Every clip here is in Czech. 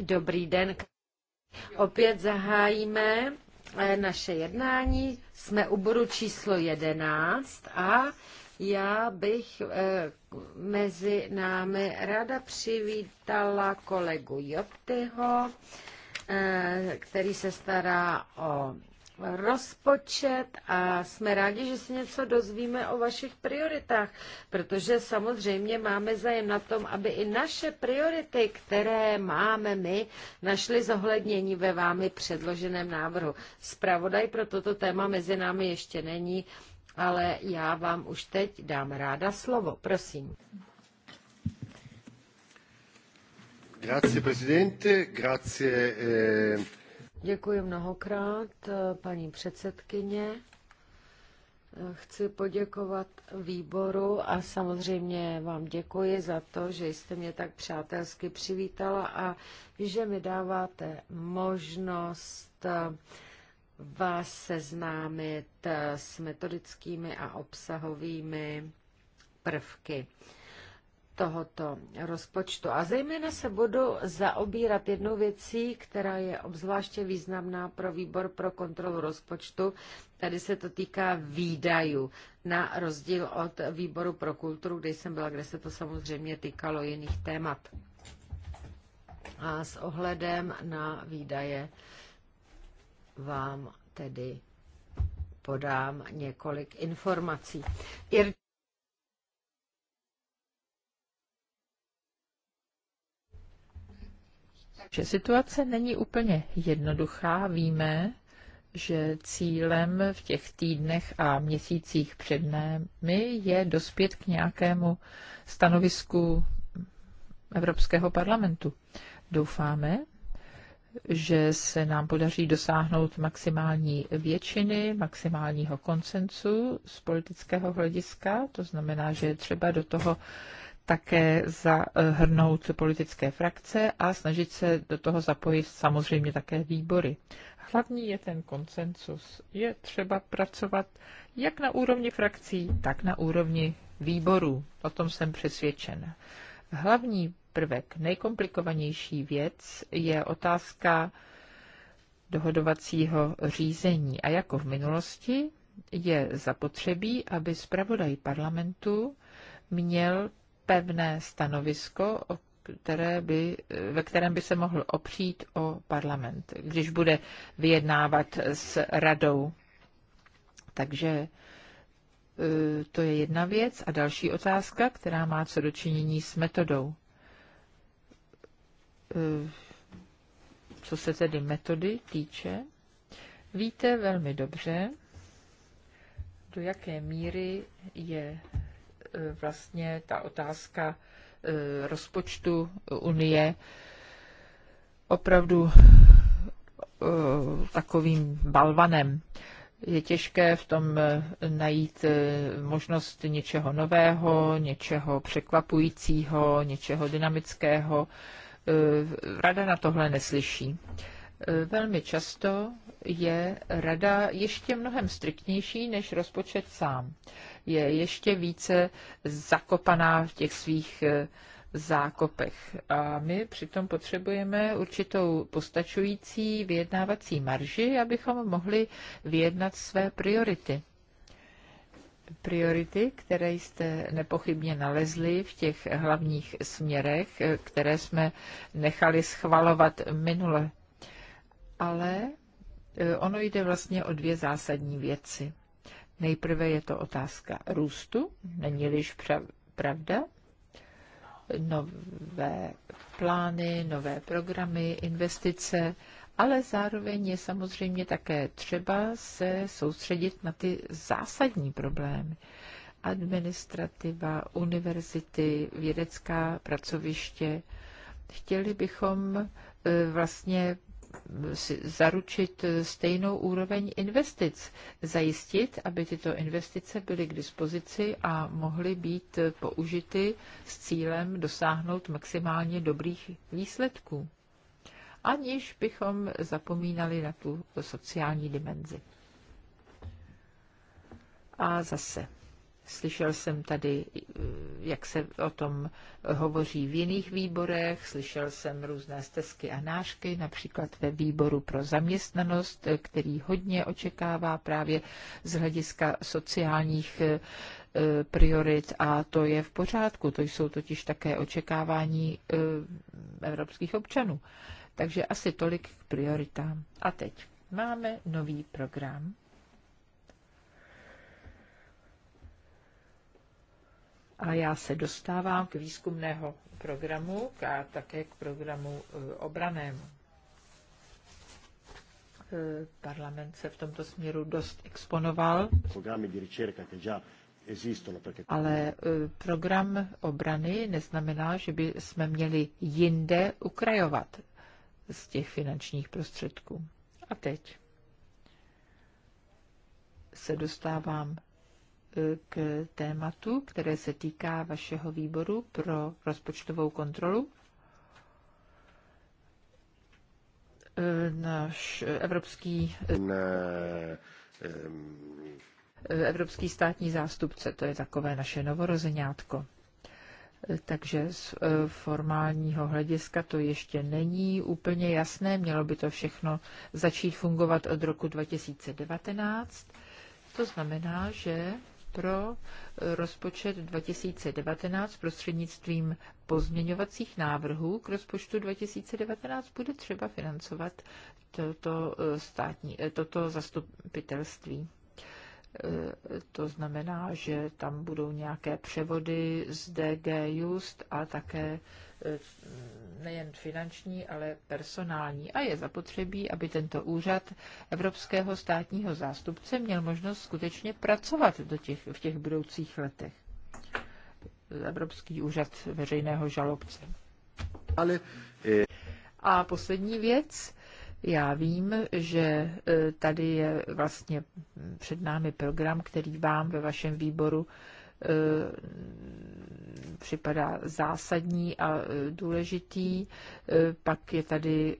Dobrý den. Opět zahájíme eh, naše jednání. Jsme u bodu číslo 11 a já bych eh, mezi námi ráda přivítala kolegu Joptyho, eh, který se stará o rozpočet a jsme rádi, že se něco dozvíme o vašich prioritách, protože samozřejmě máme zájem na tom, aby i naše priority, které máme my, našly zohlednění ve vámi předloženém návrhu. Spravodaj pro toto téma mezi námi ještě není, ale já vám už teď dám ráda slovo. Prosím. Grazie Presidente, grazie eh, Děkuji mnohokrát, paní předsedkyně. Chci poděkovat výboru a samozřejmě vám děkuji za to, že jste mě tak přátelsky přivítala a že mi dáváte možnost vás seznámit s metodickými a obsahovými prvky tohoto rozpočtu. A zejména se budu zaobírat jednou věcí, která je obzvláště významná pro výbor pro kontrolu rozpočtu. Tady se to týká výdajů, na rozdíl od výboru pro kulturu, kde jsem byla, kde se to samozřejmě týkalo jiných témat. A s ohledem na výdaje vám tedy podám několik informací. Ir že situace není úplně jednoduchá. Víme, že cílem v těch týdnech a měsících před námi je dospět k nějakému stanovisku Evropského parlamentu. Doufáme, že se nám podaří dosáhnout maximální většiny, maximálního koncensu z politického hlediska. To znamená, že je třeba do toho také zahrnout politické frakce a snažit se do toho zapojit samozřejmě také výbory. Hlavní je ten koncensus, Je třeba pracovat jak na úrovni frakcí, tak na úrovni výborů. O tom jsem přesvědčen. Hlavní prvek, nejkomplikovanější věc je otázka dohodovacího řízení. A jako v minulosti je zapotřebí, aby zpravodaj parlamentu měl pevné stanovisko, které by, ve kterém by se mohl opřít o parlament, když bude vyjednávat s radou. Takže eh, to je jedna věc. A další otázka, která má co dočinění s metodou. Eh, co se tedy metody týče, víte velmi dobře, do jaké míry je E, vlastně ta otázka e, rozpočtu Unie opravdu e, takovým balvanem. Je těžké v tom najít možnost něčeho nového, něčeho překvapujícího, něčeho dynamického. Rada na tohle neslyší. Velmi často je rada ještě mnohem striktnější než rozpočet sám je ještě více zakopaná v těch svých eh, zákopech. A my přitom potřebujeme určitou postačující vyjednávací marži, abychom mohli vyjednat své priority. Priority, které jste nepochybně nalezli v těch hlavních směrech, eh, které jsme nechali schvalovat minule. Ale eh, ono jde vlastně o dvě zásadní věci. Nejprve je to otázka růstu, není-liž pravda, nové plány, nové programy, investice, ale zároveň je samozřejmě také třeba se soustředit na ty zásadní problémy. Administrativa, univerzity, vědecká pracoviště. Chtěli bychom e, vlastně si zaručit stejnou úroveň investic, zajistit, aby tyto investice byly k dispozici a mohly být použity s cílem dosáhnout maximálně dobrých výsledků, aniž bychom zapomínali na tu sociální dimenzi. A zase Slyšel jsem tady, jak se o tom hovoří v jiných výborech, slyšel jsem různé stezky a nášky, například ve výboru pro zaměstnanost, který hodně očekává právě z hlediska sociálních eh, priorit a to je v pořádku. To jsou totiž také očekávání eh, evropských občanů. Takže asi tolik k prioritám. A teď máme nový program A já se dostávám k výzkumného programu a také k programu e, obranému. E, parlament se v tomto směru dost exponoval. Ale e, program obrany neznamená, že by jsme měli jinde ukrajovat z těch finančních prostředků. A teď se dostávám k tématu, které se týká vašeho výboru pro rozpočtovou kontrolu. Náš evropský eh, eh, evropský státní zástupce, to je takové naše novorozeňátko. Takže z eh, formálního hlediska to ještě není úplně jasné. Mělo by to všechno začít fungovat od roku 2019. To znamená, že pro rozpočet 2019 prostřednictvím pozměňovacích návrhů k rozpočtu 2019 bude třeba financovat toto, e, státní, e, toto zastupitelství. E, to znamená, že tam budou nějaké převody z DG Just a také Eh, nejen finanční, ale personální. A je zapotřebí, aby tento úřad evropského státního zástupce měl možnost skutečně pracovat do těch, v těch budoucích letech. Evropský úřad veřejného žalobce. Ale... A poslední věc. Já vím, že eh, tady je vlastně před námi program, který vám ve vašem výboru Eh, připadá zásadní a eh, důležitý. Eh, pak je tady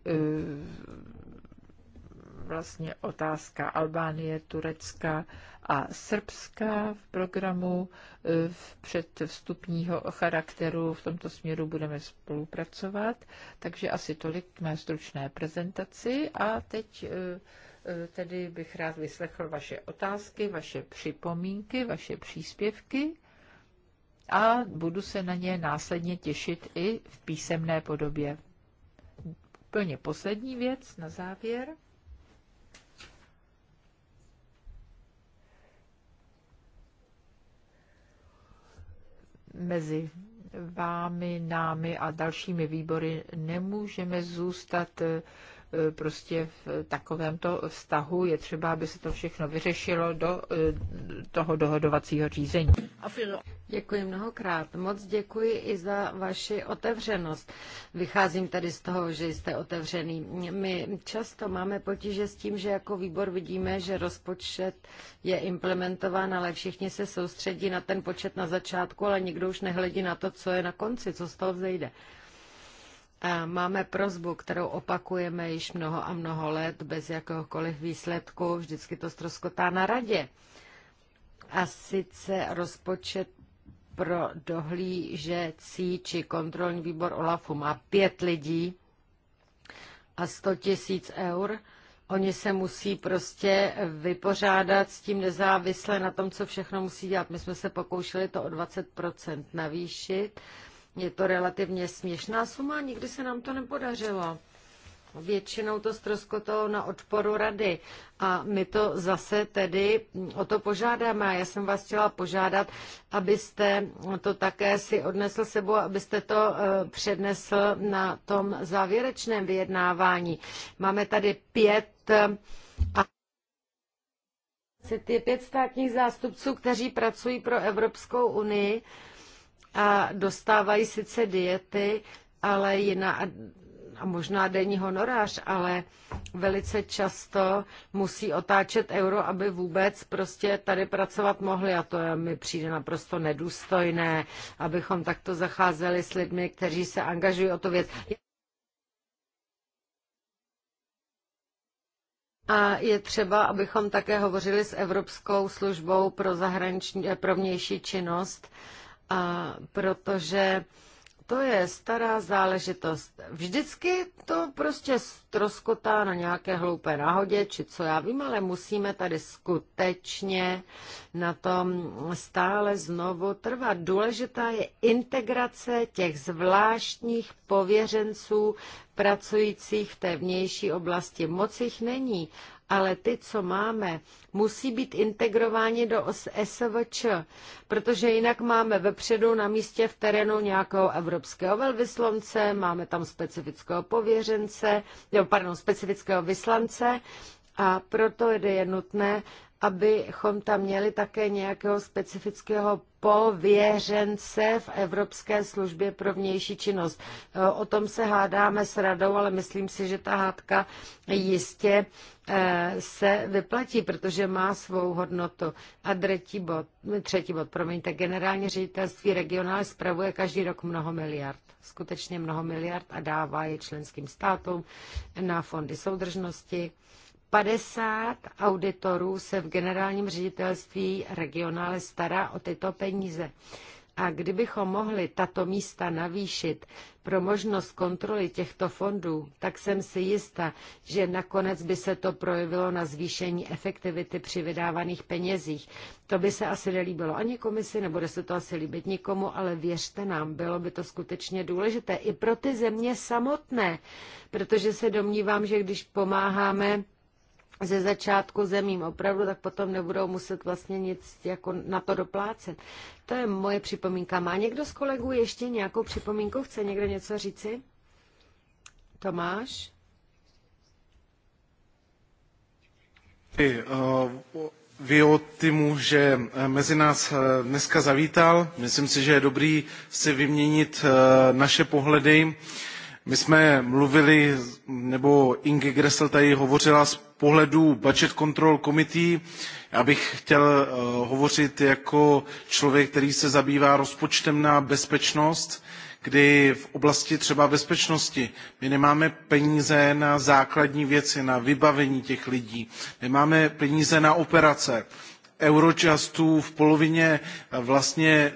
vlastně otázka Albánie, Turecka a Srbska v programu v předvstupního charakteru. V tomto směru budeme spolupracovat. Takže asi tolik k mé stručné prezentaci a teď E, tedy bych rád vyslechl vaše otázky, vaše připomínky, vaše příspěvky a budu se na ně následně těšit i v písemné podobě. Plně poslední věc na závěr. Mezi vámi, námi a dalšími výbory nemůžeme zůstat E, prostě v takovémto vztahu je třeba, aby se to všechno vyřešilo do e, toho dohodovacího řízení. Děkuji mnohokrát. Moc děkuji i za vaši otevřenost. Vycházím tady z toho, že jste otevřený. My často máme potíže s tím, že jako výbor vidíme, že rozpočet je implementován, ale všichni se soustředí na ten počet na začátku, ale nikdo už nehledí na to, co je na konci, co z toho vzejde. Máme prozbu, kterou opakujeme již mnoho a mnoho let bez jakéhokoliv výsledku, vždycky to stroskotá na radě. A sice rozpočet pro dohlížecí či kontrolní výbor OLAFu má pět lidí a 100 tisíc eur. Oni se musí prostě vypořádat s tím nezávisle na tom, co všechno musí dělat. My jsme se pokoušeli to o 20% navýšit je to relativně směšná suma, nikdy se nám to nepodařilo. Většinou to ztroskotalo na odporu rady a my to zase tedy o to požádáme. A já jsem vás chtěla požádat, abyste to také si odnesl sebou, abyste to e, přednesl na tom závěrečném vyjednávání. Máme tady pět a je pět státních zástupců, kteří pracují pro Evropskou unii a dostávají sice diety, ale jiná, a možná denní honorář, ale velice často musí otáčet euro, aby vůbec prostě tady pracovat mohli a to mi přijde naprosto nedůstojné, abychom takto zacházeli s lidmi, kteří se angažují o to věc. A je třeba, abychom také hovořili s Evropskou službou pro, zahraniční, pro vnější činnost, a protože to je stará záležitost. Vždycky to prostě stroskotá na nějaké hloupé náhodě, či co já vím, ale musíme tady skutečně na tom stále znovu trvat. Důležitá je integrace těch zvláštních pověřenců pracujících v té vnější oblasti. Moc jich není ale ty, co máme, musí být integrováni do SVČ, protože jinak máme vepředu na místě v terénu nějakého evropského velvyslance, máme tam specifického pověřence, jo, pardon, specifického vyslance, a proto je nutné, abychom tam měli také nějakého specifického pověřence v Evropské službě pro vnější činnost. E, o tom se hádáme s radou, ale myslím si, že ta hádka jistě e, se vyplatí, protože má svou hodnotu. A třetí bod, třetí bod promiňte, generální ředitelství regionál spravuje každý rok mnoho miliard. Skutečně mnoho miliard a dává je členským státům na fondy soudržnosti 50 auditorů se v generálním ředitelství regionále stará o tyto peníze. A kdybychom mohli tato místa navýšit pro možnost kontroly těchto fondů, tak jsem si jista, že nakonec by se to projevilo na zvýšení efektivity při vydávaných penězích. To by se asi nelíbilo ani komisi, nebude se to asi líbit nikomu, ale věřte nám, bylo by to skutečně důležité i pro ty země samotné, protože se domnívám, že když pomáháme ze začátku zemím opravdu, tak potom nebudou muset vlastně nic jako na to doplácet. To je moje připomínka. Má někdo z kolegů ještě nějakou připomínku? Chce někdo něco říci? Tomáš? Ty, uh, vy o týmu, že eh, mezi nás eh, dneska zavítal. Myslím si, že je dobrý si vyměnit naše pohledy. My jsme mluvili, nebo Inge Gressel tady hovořila z pohledu Budget Control Committee. Já bych chtěl eh, hovořit jako člověk, který se zabývá rozpočtem na bezpečnost, kdy v oblasti třeba bezpečnosti my nemáme peníze na základní věci, na vybavení těch lidí, nemáme peníze na operace. Eurojustu v polovině vlastně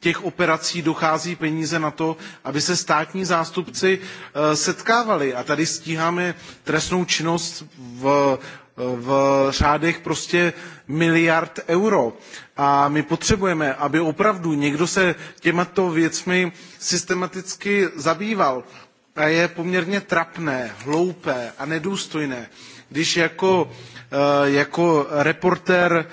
těch operací dochází peníze na to, aby se státní zástupci eh, setkávali. A tady stíháme trestnou činnost v, v řádech prostě miliard euro. A my potřebujeme, aby opravdu někdo se těmato věcmi systematicky zabýval. A je poměrně trapné, hloupé a nedůstojné, když jako, eh, jako reportér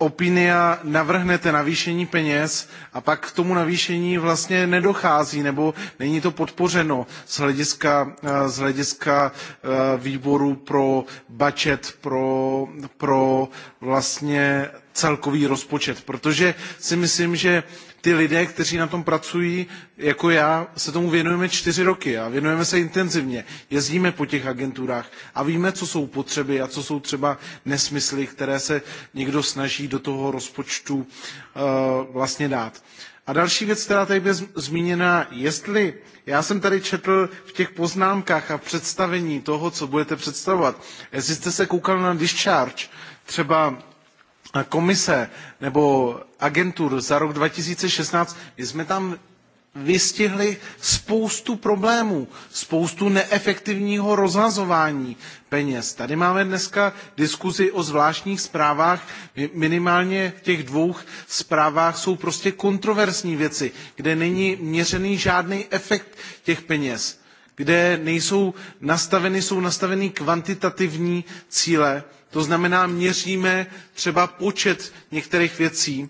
opinia navrhnete navýšení peněz a pak k tomu navýšení vlastně nedochází nebo není to podpořeno z hlediska, eh, z hlediska eh, výboru pro budget, pro, pro vlastně celkový rozpočet, protože si myslím, že ty lidé, kteří na tom pracují, jako já, se tomu věnujeme čtyři roky a věnujeme se intenzivně. Jezdíme po těch agenturách a víme, co jsou potřeby a co jsou třeba nesmysly, které se někdo snaží do toho rozpočtu uh, vlastně dát. A další věc, která tady byla zmíněna, jestli já jsem tady četl v těch poznámkách a představení toho, co budete představovat, jestli jste se koukal na discharge, třeba komise nebo agentur za rok 2016, my jsme tam vystihli spoustu problémů, spoustu neefektivního rozhazování peněz. Tady máme dneska diskuzi o zvláštních zprávách, minimálně v těch dvou zprávách jsou prostě kontroverzní věci, kde není měřený žádný efekt těch peněz, kde nejsou nastaveny, jsou nastaveny kvantitativní cíle, to znamená, měříme třeba počet některých věcí,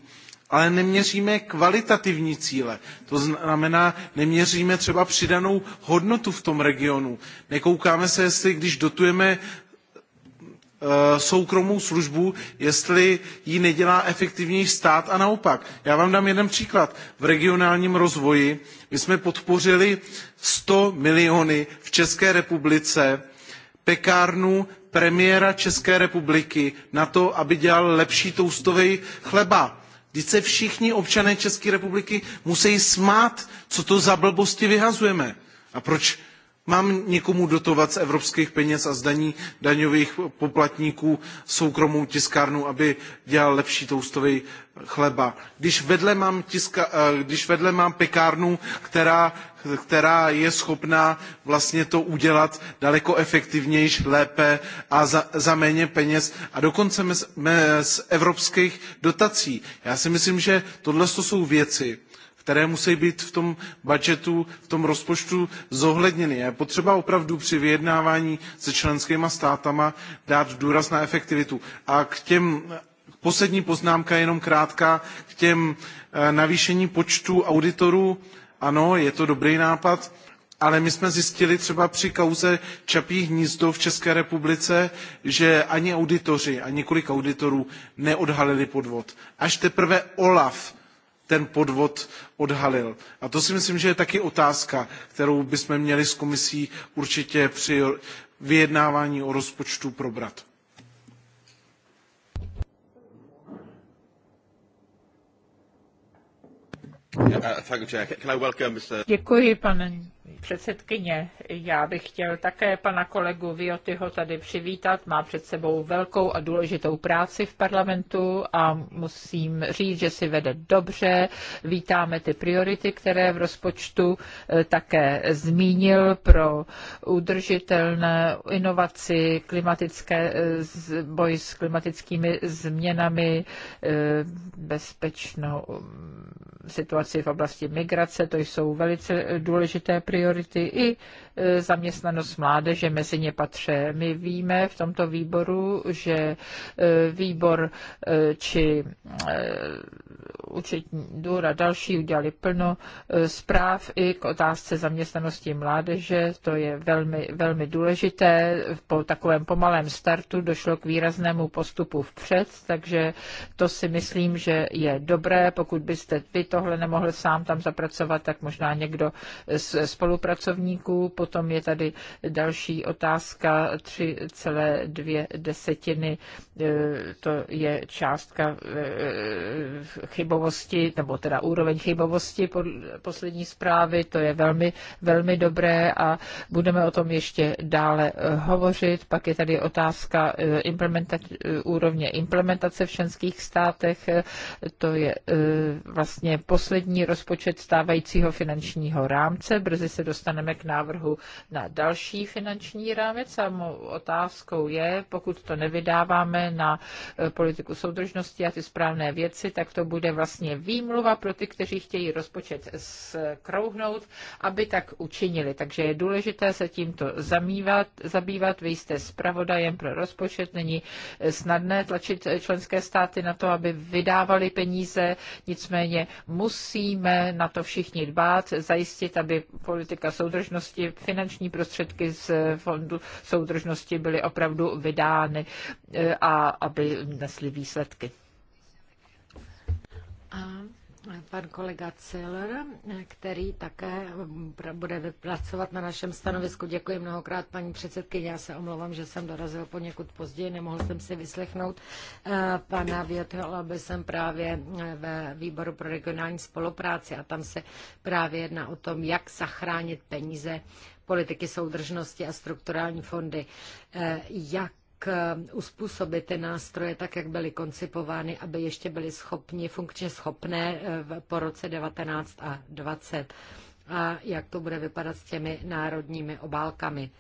ale neměříme kvalitativní cíle. To znamená, neměříme třeba přidanou hodnotu v tom regionu. Nekoukáme se, jestli když dotujeme eh, soukromou službu, jestli ji nedělá efektivněji stát a naopak. Já vám dám jeden příklad. V regionálním rozvoji my jsme podpořili 100 miliony v České republice pekárnu premiéra České republiky na to, aby dělal lepší toustovej chleba. Vždyť se všichni občané České republiky musí smát, co to za blbosti vyhazujeme. A proč Mám někomu dotovat z evropských peněz a z daní daňových poplatníků soukromou tiskárnu, aby dělal lepší toustový chleba. Když vedle mám, tiska, eh, když vedle mám pekárnu, která, která je schopná vlastně to udělat daleko efektivněji, lépe a za, za méně peněz a dokonce z evropských dotací. Já si myslím, že tohle jsou věci, které musí být v tom budžetu, v tom rozpočtu zohledněny. Je potřeba opravdu při vyjednávání se členskými státama dát důraz na efektivitu. A k těm poslední poznámka jenom krátká k těm eh, navýšení počtu auditorů. Ano, je to dobrý nápad, ale my jsme zjistili třeba při kauze Čapí hnízdo v České republice, že ani auditoři, a několik auditorů neodhalili podvod. Až teprve OLAF ten podvod odhalil. A to si myslím, že je taky otázka, kterou bychom měli s komisí určitě při vyjednávání o rozpočtu probrat. Uh, Děkuji, pane předsedkyně, já bych chtěl také pana kolegu Viotyho tady přivítat. Má před sebou velkou a důležitou práci v parlamentu a musím říct, že si vede dobře. Vítáme ty priority, které v rozpočtu eh, také zmínil pro udržitelné inovaci, klimatické, eh, boj s klimatickými změnami, eh, bezpečnou mm, situaci v oblasti migrace. To jsou velice důležité priority priority i e, zaměstnanost mládeže mezi ně patře. My víme v tomto výboru, že e, výbor e, či účetní důr a další udělali plno zpráv i k otázce zaměstnanosti mládeže. To je velmi, velmi důležité. Po takovém pomalém startu došlo k výraznému postupu vpřed, takže to si myslím, že je dobré. Pokud byste vy tohle nemohl sám tam zapracovat, tak možná někdo z spolu spolupracovníků. Potom je tady další otázka 3,2 desetiny. E, to je částka e, e, chybovosti, nebo teda úroveň chybovosti poslední zprávy. To je velmi, velmi dobré a budeme o tom ještě dále hovořit. Pak je tady otázka implementa- úrovně implementace v členských státech. To je vlastně poslední rozpočet stávajícího finančního rámce. Brzy se dostaneme k návrhu na další finanční rámec. Samou otázkou je, pokud to nevydáváme na eh, politiku soudržnosti a ty správné věci, tak to bude vlastně výmluva pro ty, kteří chtějí rozpočet zkrouhnout, aby tak učinili. Takže je důležité se tímto zamývat, zabývat. Vy jste zpravodajem pro rozpočet. Není eh, snadné tlačit eh, členské státy na to, aby vydávali peníze. Nicméně musíme na to všichni dbát, zajistit, aby politika politika soudržnosti, finanční prostředky z fondu soudržnosti byly opravdu vydány eh, a aby nesly výsledky pan kolega Ciller, který také bude pracovat na našem stanovisku. Děkuji mnohokrát, paní předsedkyně. Já se omlouvám, že jsem dorazil poněkud později, nemohl jsem si vyslechnout eh, pana Větela, byl jsem právě eh, ve výboru pro regionální spolupráci a tam se právě jedná o tom, jak zachránit peníze politiky soudržnosti a strukturální fondy. Eh, jak Eh, uspůsobit ty nástroje tak, jak byly koncipovány, aby ještě byly schopni, funkčně schopné eh, po roce 19 a 20. A jak to bude vypadat s těmi národními obálkami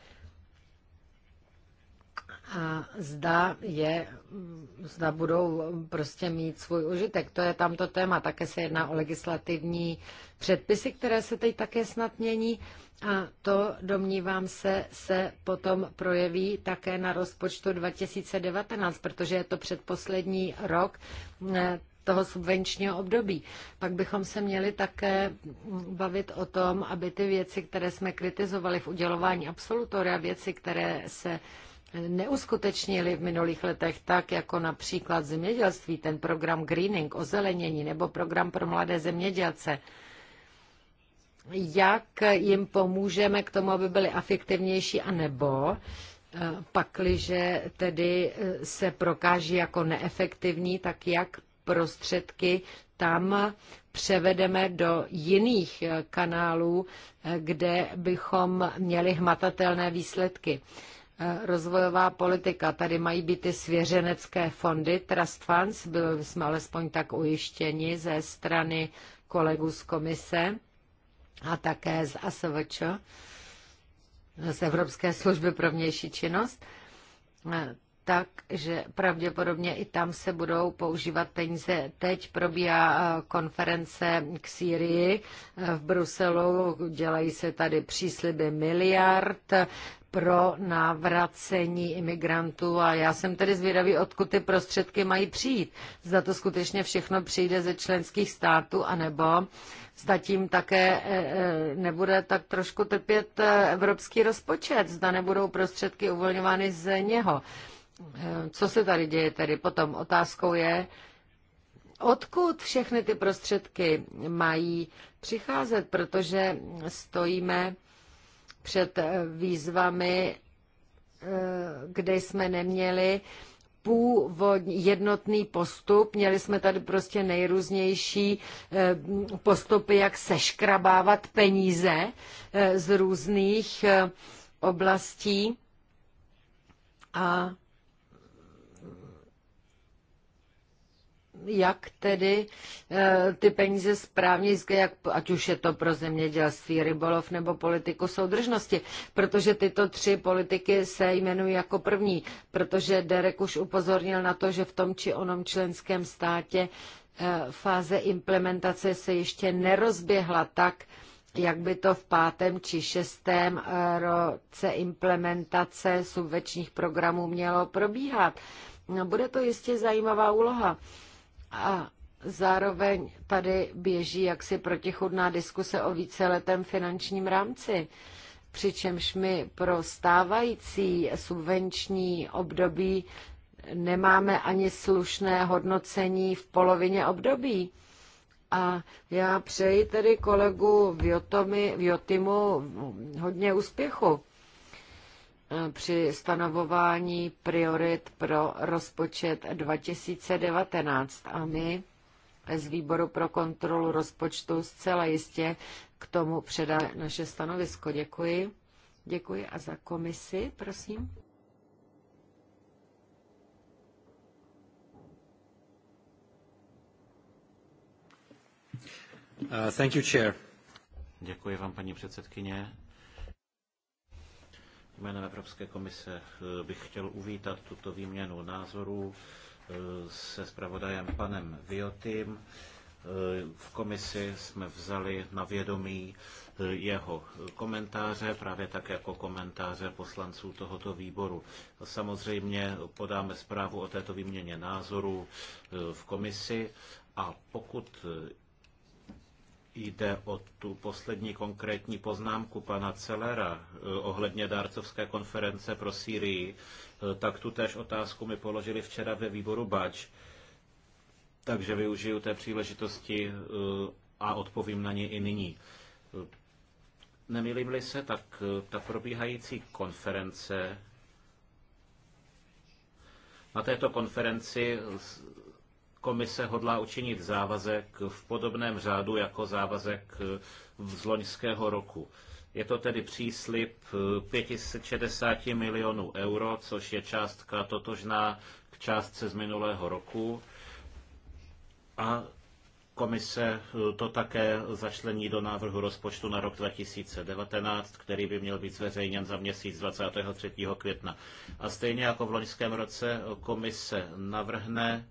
a zda je, zda budou prostě mít svůj užitek. To je tamto téma. Také se jedná o legislativní předpisy, které se teď také snad mění a to, domnívám se, se potom projeví také na rozpočtu 2019, protože je to předposlední rok eh, toho subvenčního období. Pak bychom se měli také bavit o tom, aby ty věci, které jsme kritizovali v udělování absolutoria, věci, které se neuskutečnili v minulých letech, tak jako například zemědělství, ten program Greening, ozelenění nebo program pro mladé zemědělce, jak jim pomůžeme k tomu, aby byli afektivnější, anebo eh, pakliže tedy eh, se prokáží jako neefektivní, tak jak prostředky tam převedeme do jiných eh, kanálů, kde bychom měli hmatatelné výsledky rozvojová politika. Tady mají být ty svěřenecké fondy, trust funds, byli jsme alespoň tak ujištěni ze strany kolegů z komise a také z ASVČ, z Evropské služby pro vnější činnost, Takže pravděpodobně i tam se budou používat peníze. Teď probíhá eh, konference k Sýrii eh, v Bruselu, dělají se tady přísliby miliard, pro návracení imigrantů a já jsem tedy zvědavý, odkud ty prostředky mají přijít. Zda to skutečně všechno přijde ze členských států, anebo zatím tím také e, e, nebude tak trošku trpět e, evropský rozpočet, zda nebudou prostředky uvolňovány z něho. Co se tady děje tedy? Potom otázkou je, odkud všechny ty prostředky mají přicházet, protože stojíme před eh, výzvami, eh, kde jsme neměli původní jednotný postup. Měli jsme tady prostě nejrůznější eh, postupy, jak seškrabávat peníze z různých oblastí. A jak tedy eh, ty peníze správně jak, ať už je to pro zemědělství, rybolov nebo politiku soudržnosti, protože tyto tři politiky se jmenují jako první, protože Derek už upozornil na to, že v tom či onom členském státě eh, fáze implementace se ještě nerozběhla tak, jak by to v pátém či šestém eh, roce implementace subvečních programů mělo probíhat. No, bude to jistě zajímavá úloha. A zároveň tady běží jaksi protichudná diskuse o víceletém finančním rámci. Přičemž my pro stávající subvenční období nemáme ani slušné hodnocení v polovině období. A já přeji tedy kolegu Vjotimu hodně úspěchu. Eh, při stanovování priorit pro rozpočet 2019 a my z výboru pro kontrolu rozpočtu zcela jistě k tomu předá naše stanovisko. Děkuji. Děkuji a za komisi, prosím. Uh, thank you, chair. Děkuji vám, paní předsedkyně. Jménem Evropské komise eh, bych chtěl uvítat tuto výměnu názorů eh, se zpravodajem panem Viotym. Eh, v komisi jsme vzali na vědomí jeho komentáře, právě tak jako komentáře poslanců tohoto výboru. Samozřejmě podáme zprávu o této výměně názorů v komisi a pokud Jde o tu poslední konkrétní poznámku pana Celera eh, ohledně dárcovské konference pro Sýrii, eh, tak tu též otázku mi položili včera ve výboru Bač. Takže využiju té příležitosti eh, a odpovím na ně i nyní. Nemýlím-li se, tak ta probíhající konference na této konferenci komise hodlá učinit závazek v podobném řádu jako závazek eh, z loňského roku. Je to tedy příslip 560 eh, milionů euro, což je částka totožná k částce z minulého roku. A komise eh, to také začlení do návrhu rozpočtu na rok 2019, který by měl být zveřejněn za měsíc 23. května. A stejně jako v loňském roce komise navrhne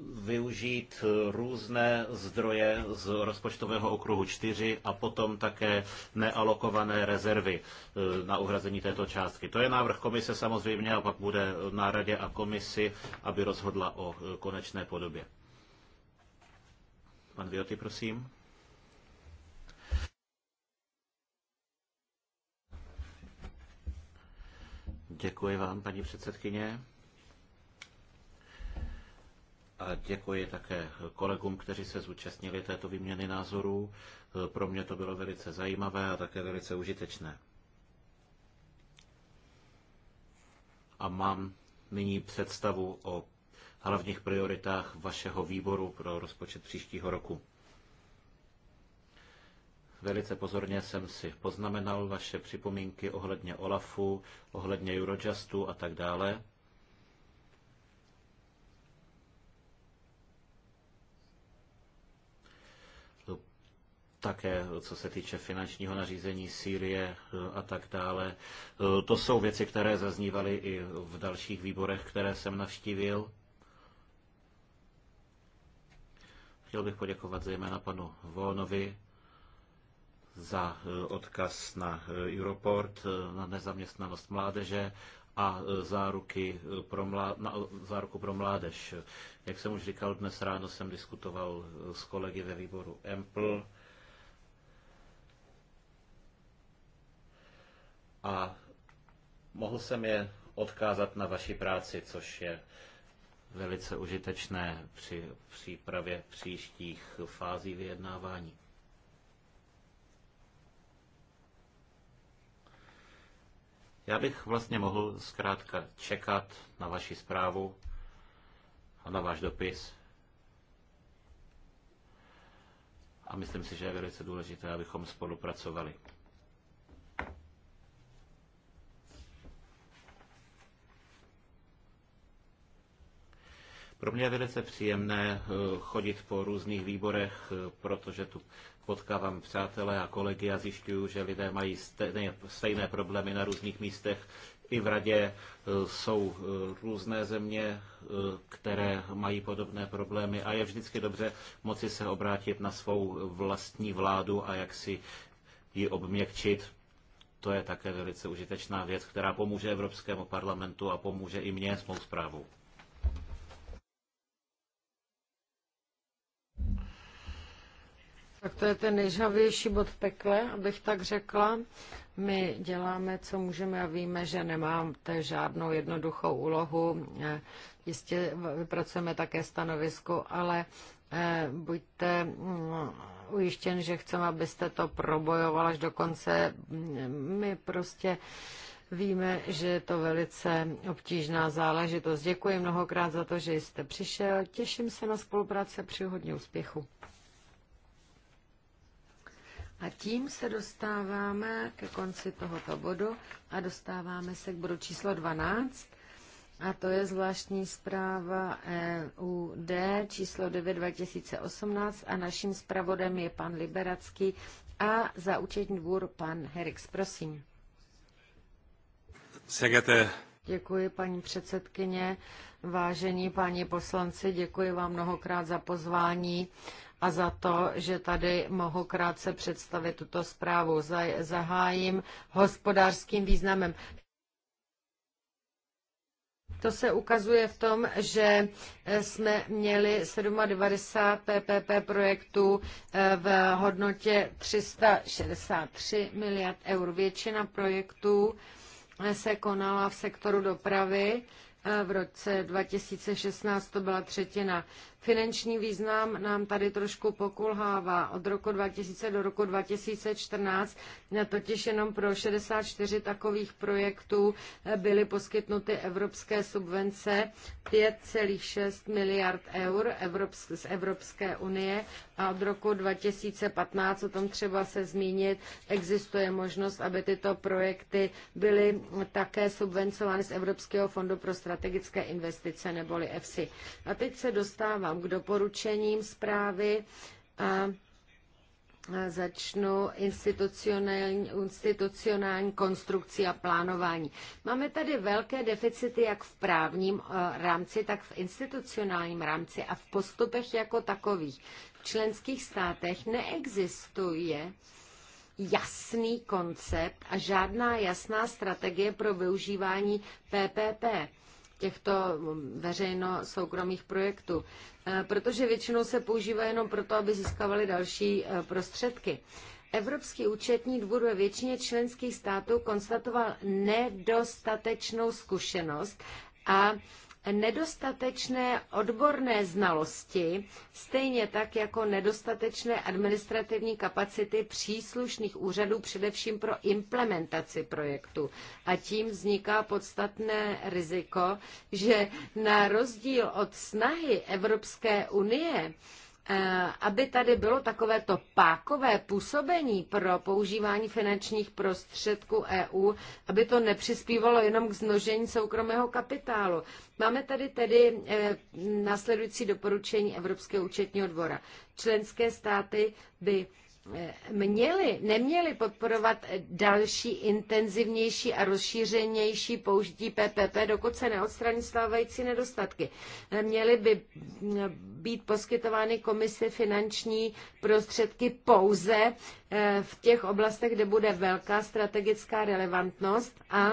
využít různé zdroje z rozpočtového okruhu 4 a potom také nealokované rezervy e, na uhrazení této částky. To je návrh komise samozřejmě a pak bude na radě a komisi, aby rozhodla o e, konečné podobě. Pan Vioty, prosím. Děkuji vám, paní předsedkyně. A děkuji také kolegům, kteří se zúčastnili této výměny názorů. Pro mě to bylo velice zajímavé a také velice užitečné. A mám nyní představu o hlavních prioritách vašeho výboru pro rozpočet příštího roku. Velice pozorně jsem si poznamenal vaše připomínky ohledně OLAFu, ohledně Eurojustu a tak dále. také co se týče finančního nařízení Sýrie e, a tak dále. E, to jsou věci, které zaznívaly i v dalších výborech, které jsem navštívil. Chtěl bych poděkovat zejména panu Volnovi za e, odkaz na Europort, na nezaměstnanost mládeže a záruky pro, mlá, na, záruku pro mládež. Jak jsem už říkal, dnes ráno jsem diskutoval s kolegy ve výboru EMPL a mohl jsem je odkázat na vaši práci, což je velice užitečné při přípravě příštích fází vyjednávání. Já bych vlastně mohl zkrátka čekat na vaši zprávu a na váš dopis. A myslím si, že je velice důležité, abychom spolupracovali. Pro mě je velice příjemné eh, chodit po různých výborech, eh, protože tu potkávám přátelé a kolegy a zjišťuju, že lidé mají stejné, stejné problémy na různých místech. I v radě eh, jsou různé země, které mají podobné problémy a je vždycky dobře moci se obrátit na svou vlastní vládu a jak si ji obměkčit. To je také velice užitečná věc, která pomůže Evropskému parlamentu a pomůže i mně s mou zprávou. Tak to je ten nejžavější bod v pekle, abych tak řekla. My děláme, co můžeme a víme, že nemáte žádnou jednoduchou úlohu. Eh, jistě vypracujeme také stanovisko, ale eh, buďte mm, ujištěn, že chceme, abyste to probojoval až do konce. Mm, my prostě Víme, že je to velice obtížná záležitost. Děkuji mnohokrát za to, že jste přišel. Těším se na spolupráce a hodně úspěchu. A tím se dostáváme ke konci tohoto bodu a dostáváme se k bodu číslo 12. A to je zvláštní zpráva EUD číslo 9 2018 a naším zpravodem je pan Liberacký a za účetní dvůr pan Herix. Prosím. Segete. Děkuji, paní předsedkyně. Vážení páni poslanci, děkuji vám mnohokrát za pozvání a za to, že tady mohu krátce představit tuto zprávu. Zahájím hospodářským významem. To se ukazuje v tom, že eh, jsme měli 97 PPP projektů eh, v hodnotě 363 miliard eur. Většina projektů eh, se konala v sektoru dopravy. V roce 2016 to byla třetina. Finanční význam nám tady trošku pokulhává od roku 2000 do roku 2014, totiž jenom pro 64 takových projektů eh, byly poskytnuty evropské subvence 5,6 miliard eur z Evropské unie a od roku 2015, o tom třeba se zmínit, existuje možnost, aby tyto projekty byly také subvencovány z Evropského fondu pro strategické investice neboli EFSI. A teď se dostávám k doporučením zprávy a začnu institucionální, institucionální konstrukci a plánování. Máme tady velké deficity jak v právním e, rámci, tak v institucionálním rámci a v postupech jako takových. V členských státech neexistuje jasný koncept a žádná jasná strategie pro využívání PPP těchto veřejno-soukromých projektů, eh, protože většinou se používá jenom proto, aby získávali další eh, prostředky. Evropský účetní dvůr ve většině členských států konstatoval nedostatečnou zkušenost a nedostatečné odborné znalosti, stejně tak jako nedostatečné administrativní kapacity příslušných úřadů, především pro implementaci projektu. A tím vzniká podstatné riziko, že na rozdíl od snahy Evropské unie, Eh, aby tady bylo takovéto pákové působení pro používání finančních prostředků EU, aby to nepřispívalo jenom k znožení soukromého kapitálu. Máme tady tedy eh, následující doporučení Evropského účetního dvora. Členské státy by měli, neměli podporovat další intenzivnější a rozšířenější použití PPP, dokud se neodstraní stávající nedostatky. Měly by být poskytovány komisi finanční prostředky pouze eh, v těch oblastech, kde bude velká strategická relevantnost a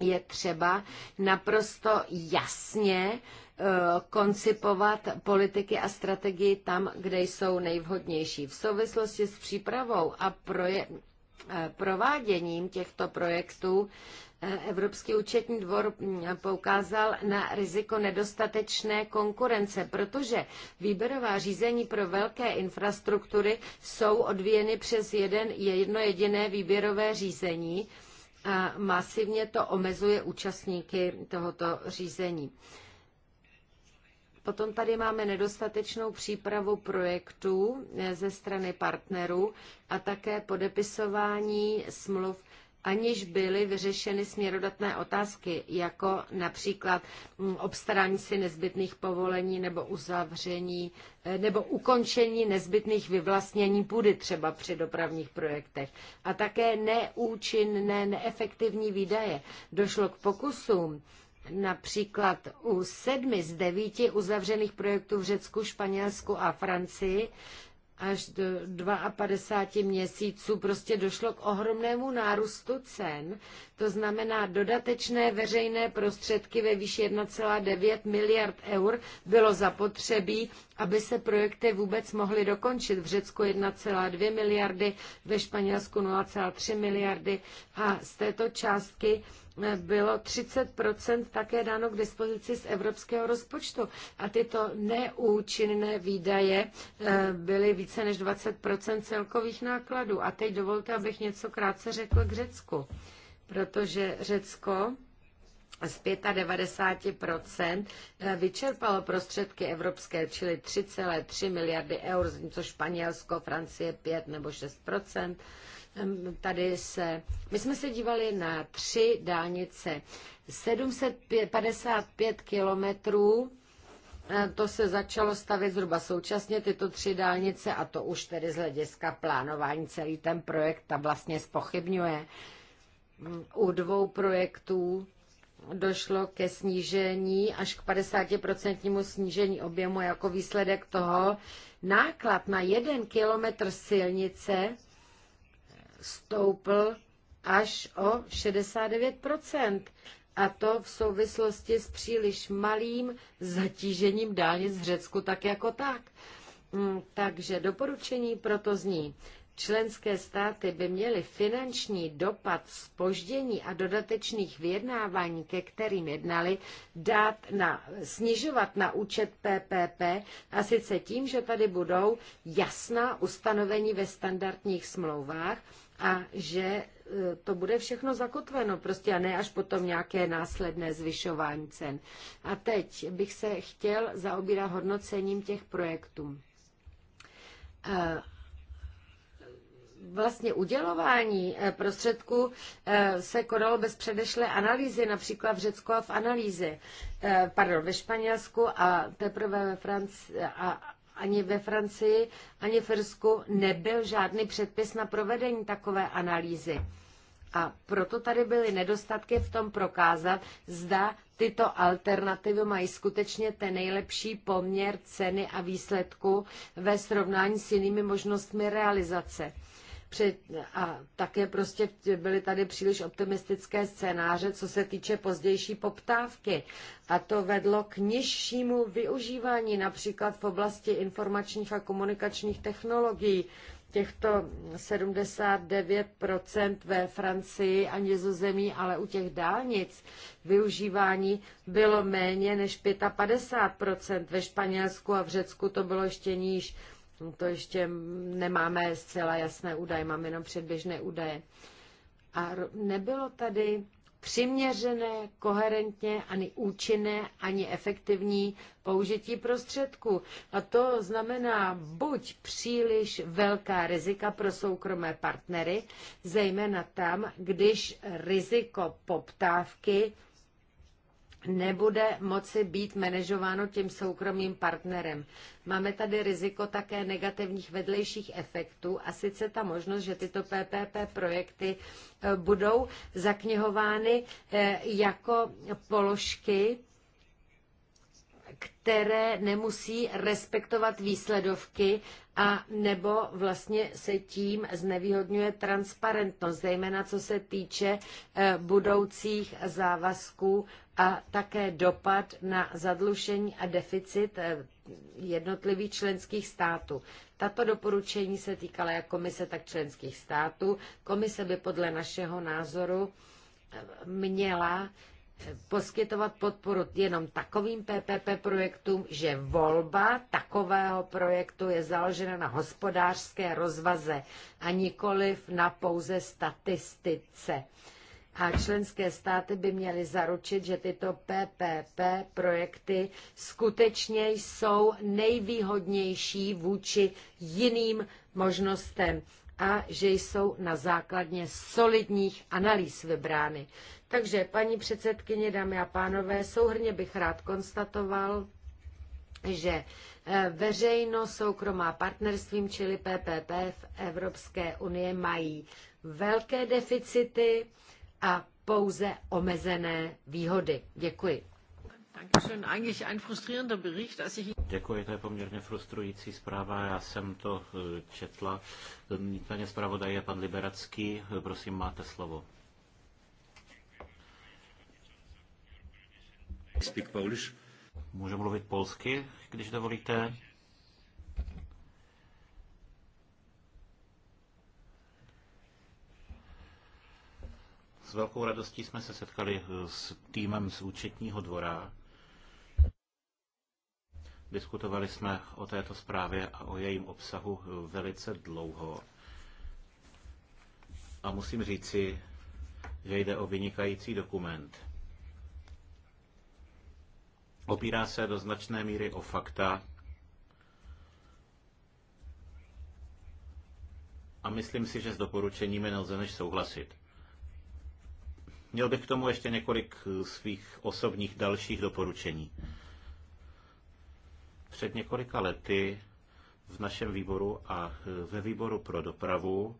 je třeba naprosto jasně Eh, koncipovat politiky a strategii tam, kde jsou nejvhodnější. V souvislosti s přípravou a proje- eh, prováděním těchto projektů eh, Evropský účetní dvor hm, poukázal na riziko nedostatečné konkurence, protože výběrová řízení pro velké infrastruktury jsou odvíjeny přes jeden, jedno jediné výběrové řízení a masivně to omezuje účastníky tohoto řízení. Potom tady máme nedostatečnou přípravu projektů eh, ze strany partnerů a také podepisování smluv aniž byly vyřešeny směrodatné otázky, jako například mm, obstarání si nezbytných povolení nebo uzavření eh, nebo ukončení nezbytných vyvlastnění půdy třeba při dopravních projektech. A také neúčinné, neefektivní výdaje. Došlo k pokusům Například u sedmi z devíti uzavřených projektů v Řecku, Španělsku a Francii až do 52 měsíců prostě došlo k ohromnému nárůstu cen. To znamená, dodatečné veřejné prostředky ve výši 1,9 miliard eur bylo zapotřebí aby se projekty vůbec mohly dokončit. V Řecku 1,2 miliardy, ve Španělsku 0,3 miliardy a z této částky eh, bylo 30 také dáno k dispozici z evropského rozpočtu. A tyto neúčinné výdaje eh, byly více než 20 celkových nákladů. A teď dovolte, abych něco krátce řekl k Řecku. Protože Řecko z 95% eh, vyčerpalo prostředky evropské, čili 3,3 miliardy eur, což Španělsko, Francie 5 nebo 6%. Tady se, my jsme se dívali na tři dálnice. 755 kilometrů eh, to se začalo stavět zhruba současně tyto tři dálnice a to už tedy z hlediska plánování celý ten projekt ta vlastně spochybňuje. U dvou projektů došlo ke snížení až k 50% snížení objemu jako výsledek toho. Náklad na jeden kilometr silnice stoupl až o 69%. A to v souvislosti s příliš malým zatížením dálnic z Řecku tak jako tak. Hmm, takže doporučení proto zní Členské státy by měly finanční dopad spoždění a dodatečných vyjednávání, ke kterým jednali, dát na, snižovat na účet PPP a sice tím, že tady budou jasná ustanovení ve standardních smlouvách a že e, to bude všechno zakotveno, prostě a ne až potom nějaké následné zvyšování cen. A teď bych se chtěl zaobírat hodnocením těch projektů e, vlastně udělování eh, prostředků eh, se konalo bez předešlé analýzy, například v Řecku a v analýze, eh, pardon, ve Španělsku a teprve ve Francii a ani ve Francii, ani v Irsku nebyl žádný předpis na provedení takové analýzy. A proto tady byly nedostatky v tom prokázat, zda tyto alternativy mají skutečně ten nejlepší poměr ceny a výsledku ve srovnání s jinými možnostmi realizace před, a také prostě byly tady příliš optimistické scénáře, co se týče pozdější poptávky. A to vedlo k nižšímu využívání například v oblasti informačních a komunikačních technologií. Těchto 79% ve Francii a Nizozemí, ale u těch dálnic využívání bylo méně než 55%. Ve Španělsku a v Řecku to bylo ještě níž. No to ještě nemáme zcela jasné údaje, máme jenom předběžné údaje. A nebylo tady přiměřené, koherentně, ani účinné, ani efektivní použití prostředků. A to znamená buď příliš velká rizika pro soukromé partnery, zejména tam, když riziko poptávky nebude moci být manažováno tím soukromým partnerem. Máme tady riziko také negativních vedlejších efektů a sice ta možnost, že tyto PPP projekty eh, budou zaknihovány eh, jako položky které nemusí respektovat výsledovky a nebo vlastně se tím znevýhodňuje transparentnost, zejména co se týče eh, budoucích závazků a také dopad na zadlužení a deficit eh, jednotlivých členských států. Tato doporučení se týkala jak komise, tak členských států. Komise by podle našeho názoru eh, měla eh, poskytovat podporu jenom takovým PPP projektům, že volba takového projektu je založena na hospodářské rozvaze a nikoliv na pouze statistice a členské státy by měly zaručit, že tyto PPP projekty skutečně jsou nejvýhodnější vůči jiným možnostem a že jsou na základně solidních analýz vybrány. Takže, paní předsedkyně, dámy a pánové, souhrně bych rád konstatoval, že eh, veřejno-soukromá partnerstvím, čili PPP v Evropské unii, mají velké deficity, a pouze omezené výhody. Děkuji. Děkuji, to je poměrně frustrující zpráva, já jsem to eh, četla. Nicméně zpravodaj je pan Liberacký, prosím, máte slovo. Speak Polish. Můžu mluvit polsky, když dovolíte? S velkou radostí jsme se setkali eh, s týmem z účetního dvora. Diskutovali jsme o této zprávě a o jejím obsahu eh, velice dlouho. A musím říci, že jde o vynikající dokument. Opírá se do značné míry o fakta, a myslím si, že s doporučeními nelze než souhlasit. Měl bych k tomu ještě několik eh, svých osobních dalších doporučení. Před několika lety v našem výboru a eh, ve výboru pro dopravu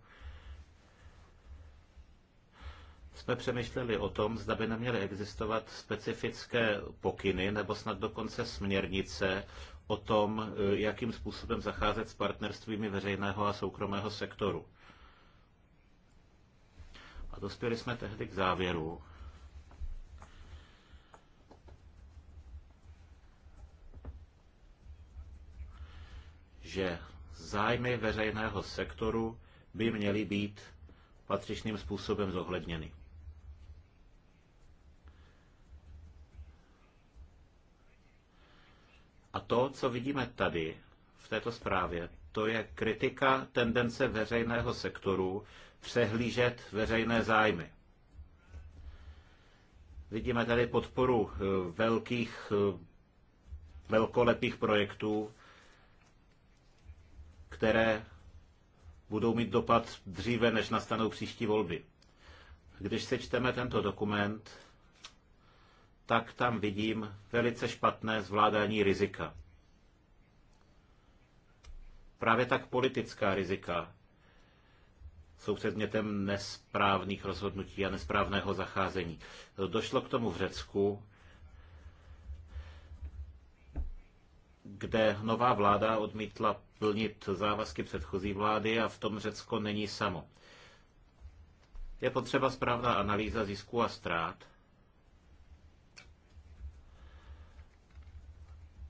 jsme přemýšleli o tom, zda by neměly existovat specifické pokyny nebo snad dokonce směrnice o tom, eh, jakým způsobem zacházet s partnerstvími veřejného a soukromého sektoru. A dospěli jsme tehdy k závěru, že zájmy veřejného sektoru by měly být patřičným způsobem zohledněny. A to, co vidíme tady v této zprávě, to je kritika tendence veřejného sektoru přehlížet veřejné zájmy. Vidíme tady podporu eh, velkých, eh, velkolepých projektů, které budou mít dopad dříve, než nastanou příští volby. Když se čteme tento dokument, tak tam vidím velice špatné zvládání rizika. Právě tak politická rizika, jsou předmětem nesprávných rozhodnutí a nesprávného zacházení. Došlo k tomu v Řecku, kde nová vláda odmítla plnit závazky předchozí vlády a v tom Řecko není samo. Je potřeba správná analýza zisku a ztrát,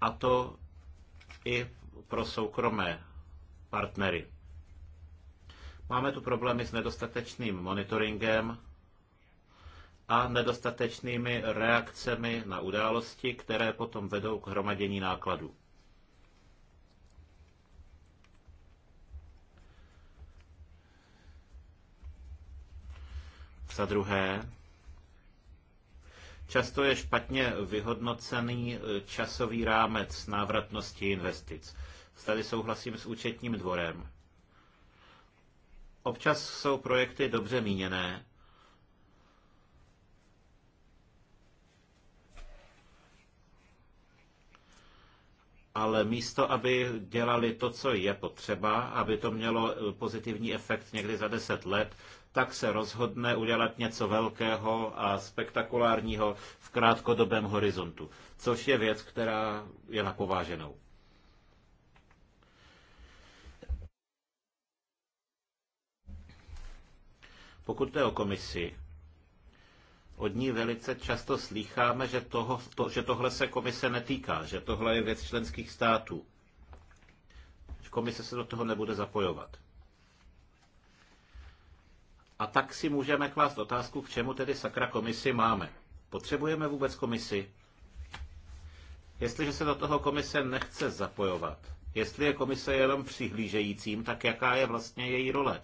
a to i pro soukromé partnery. Máme tu problémy s nedostatečným monitoringem a nedostatečnými reakcemi na události, které potom vedou k hromadění nákladů. Za druhé, často je špatně vyhodnocený eh, časový rámec návratnosti investic. Tady souhlasím s účetním dvorem. Občas jsou projekty dobře míněné, ale místo, aby dělali to, co je potřeba, aby to mělo eh, pozitivní efekt někdy za deset let, tak se rozhodne udělat něco velkého a spektakulárního v krátkodobém horizontu, což je věc, která je napováženou. Pokud jde o komisi, od ní velice často slýcháme, že, toho, to, že tohle se komise netýká, že tohle je věc členských států. že Komise se do toho nebude zapojovat. A tak si můžeme klást otázku, k čemu tedy sakra komisi máme. Potřebujeme vůbec komisi? Jestliže se do toho komise nechce zapojovat, jestli je komise jenom přihlížejícím, tak jaká je vlastně její role?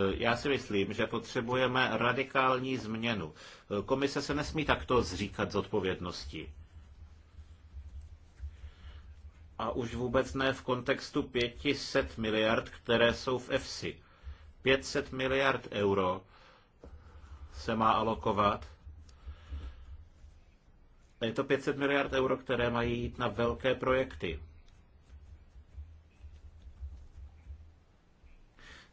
Eh, já si myslím, že potřebujeme radikální změnu. Eh, komise se nesmí takto zříkat z odpovědnosti. A už vůbec ne v kontextu 500 miliard, které jsou v EFSI. 500 miliard euro se má alokovat. Je to 500 miliard euro, které mají jít na velké projekty.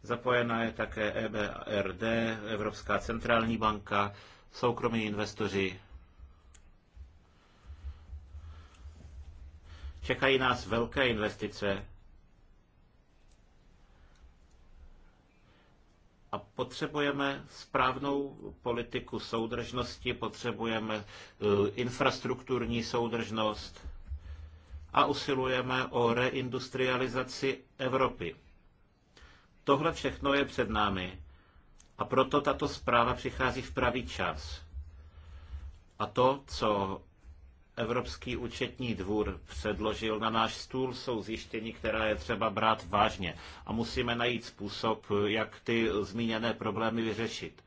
Zapojena je také EBRD, Evropská centrální banka, soukromí investoři. Čekají nás velké investice a potřebujeme správnou politiku soudržnosti, potřebujeme eh, infrastrukturní soudržnost a usilujeme o reindustrializaci Evropy. Tohle všechno je před námi a proto tato zpráva přichází v pravý čas. A to, co Evropský účetní dvůr předložil na náš stůl, jsou zjištění, která je třeba brát vážně a musíme najít způsob, jak ty zmíněné problémy vyřešit.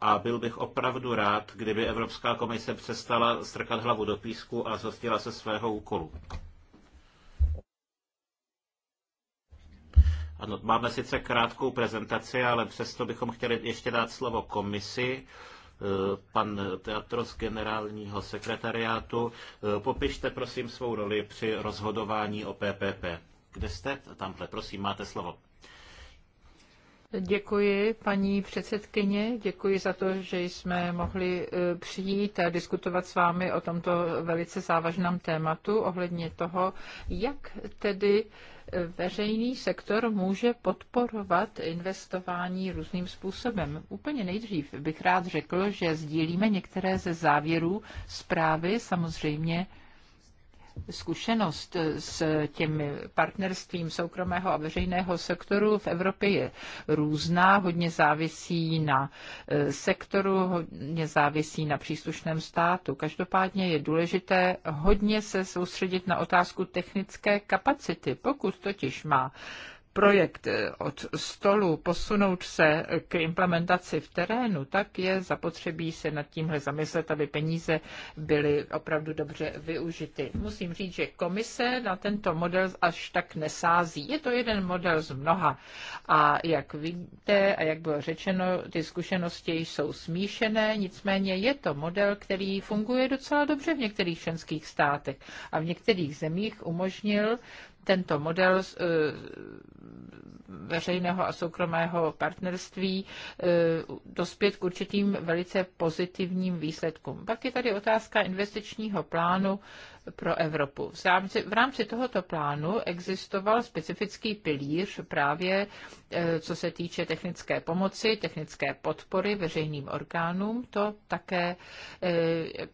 A byl bych opravdu rád, kdyby Evropská komise přestala strkat hlavu do písku a zhostila se svého úkolu. Ano, máme sice krátkou prezentaci, ale přesto bychom chtěli ještě dát slovo komisi. Eh, pan Teatros generálního sekretariátu, eh, popište prosím svou roli při rozhodování o PPP. Kde jste? Tamhle, prosím, máte slovo. Děkuji, paní předsedkyně, děkuji za to, že jsme mohli e, přijít a diskutovat s vámi o tomto velice závažném tématu ohledně toho, jak tedy e, veřejný sektor může podporovat investování různým způsobem. Úplně nejdřív bych rád řekl, že sdílíme některé ze závěrů zprávy, samozřejmě zkušenost s tím partnerstvím soukromého a veřejného sektoru v Evropě je různá, hodně závisí na eh, sektoru, hodně závisí na příslušném státu. Každopádně je důležité hodně se soustředit na otázku technické kapacity. Pokud totiž má projekt eh, od stolu posunout se k implementaci v terénu, tak je zapotřebí se nad tímhle zamyslet, aby peníze byly opravdu dobře využity. Musím říct, že komise na tento model až tak nesází. Je to jeden model z mnoha. A jak víte a jak bylo řečeno, ty zkušenosti jsou smíšené, nicméně je to model, který funguje docela dobře v některých členských státech a v některých zemích umožnil tento model eh, veřejného a soukromého partnerství eh, dospět k určitým velice pozitivním výsledkům. Pak je tady otázka investičního plánu pro Evropu. V rámci, v rámci tohoto plánu existoval specifický pilíř právě eh, co se týče technické pomoci, technické podpory veřejným orgánům. To také eh,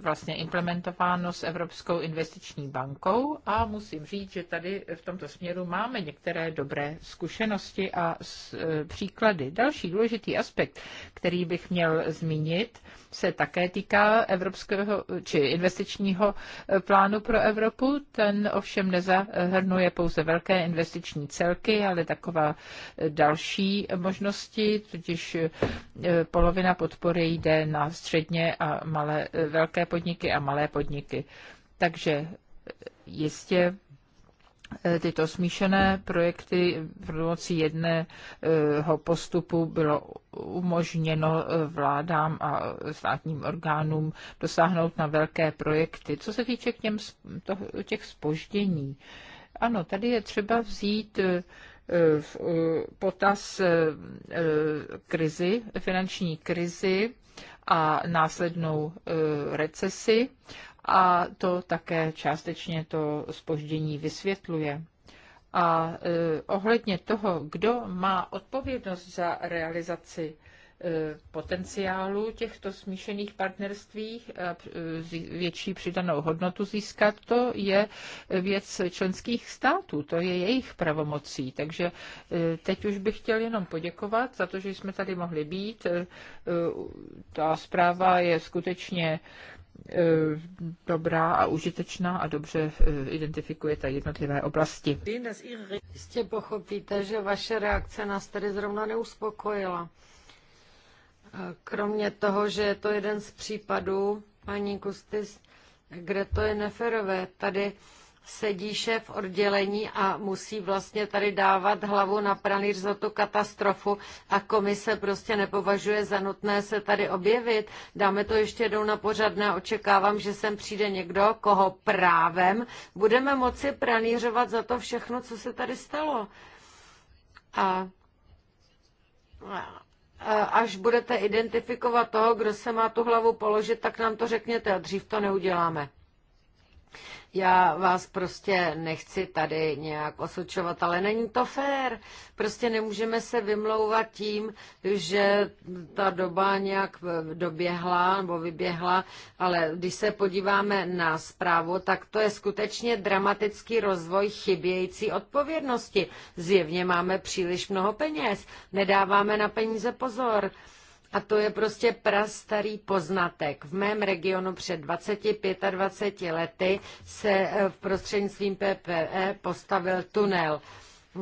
vlastně implementováno s Evropskou investiční bankou a musím říct, že tady v tomto směru máme některé dobré zkušenosti a eh, příklady. Další důležitý aspekt, který bych měl zmínit, se také týká evropského či investičního eh, plánu pro Evropu. Ten ovšem nezahrnuje pouze velké investiční celky, ale taková eh, další možnosti, totiž eh, polovina podpory jde na středně a malé, velké podniky a malé podniky. Takže jistě Eh, tyto smíšené projekty v pomocí jedného postupu bylo umožněno eh, vládám a státním orgánům dosáhnout na velké projekty. Co se týče k těm, to, těch spoždění, ano, tady je třeba vzít eh, v potaz krizi, finanční krizi a následnou recesi a to také částečně to spoždění vysvětluje. A e, ohledně toho, kdo má odpovědnost za realizaci e, potenciálu těchto smíšených a e, větší přidanou hodnotu získat, to je věc členských států, to je jejich pravomocí. Takže teď už bych chtěl jenom poděkovat za to, že jsme tady mohli být. Ta zpráva je skutečně E, dobrá a užitečná a dobře e, identifikuje ta jednotlivé oblasti. Jistě pochopíte, že vaše reakce nás tedy zrovna neuspokojila. E, kromě toho, že je to jeden z případů, paní Kustis, kde to je neferové, tady sedí šéf oddělení a musí vlastně tady dávat hlavu na pranýř za tu katastrofu a komise prostě nepovažuje za nutné se tady objevit. Dáme to ještě jednou na pořadné, očekávám, že sem přijde někdo, koho právem budeme moci pranýřovat za to všechno, co se tady stalo. A, a až budete identifikovat toho, kdo se má tu hlavu položit, tak nám to řekněte a dřív to neuděláme. Já vás prostě nechci tady nějak osočovat, ale není to fér. Prostě nemůžeme se vymlouvat tím, že ta doba nějak doběhla nebo vyběhla, ale když se podíváme na zprávu, tak to je skutečně dramatický rozvoj chybějící odpovědnosti. Zjevně máme příliš mnoho peněz, nedáváme na peníze pozor. A to je prostě prastarý poznatek. V mém regionu před 20-25 lety se eh, v prostřednictvím PPE postavil tunel. Eh,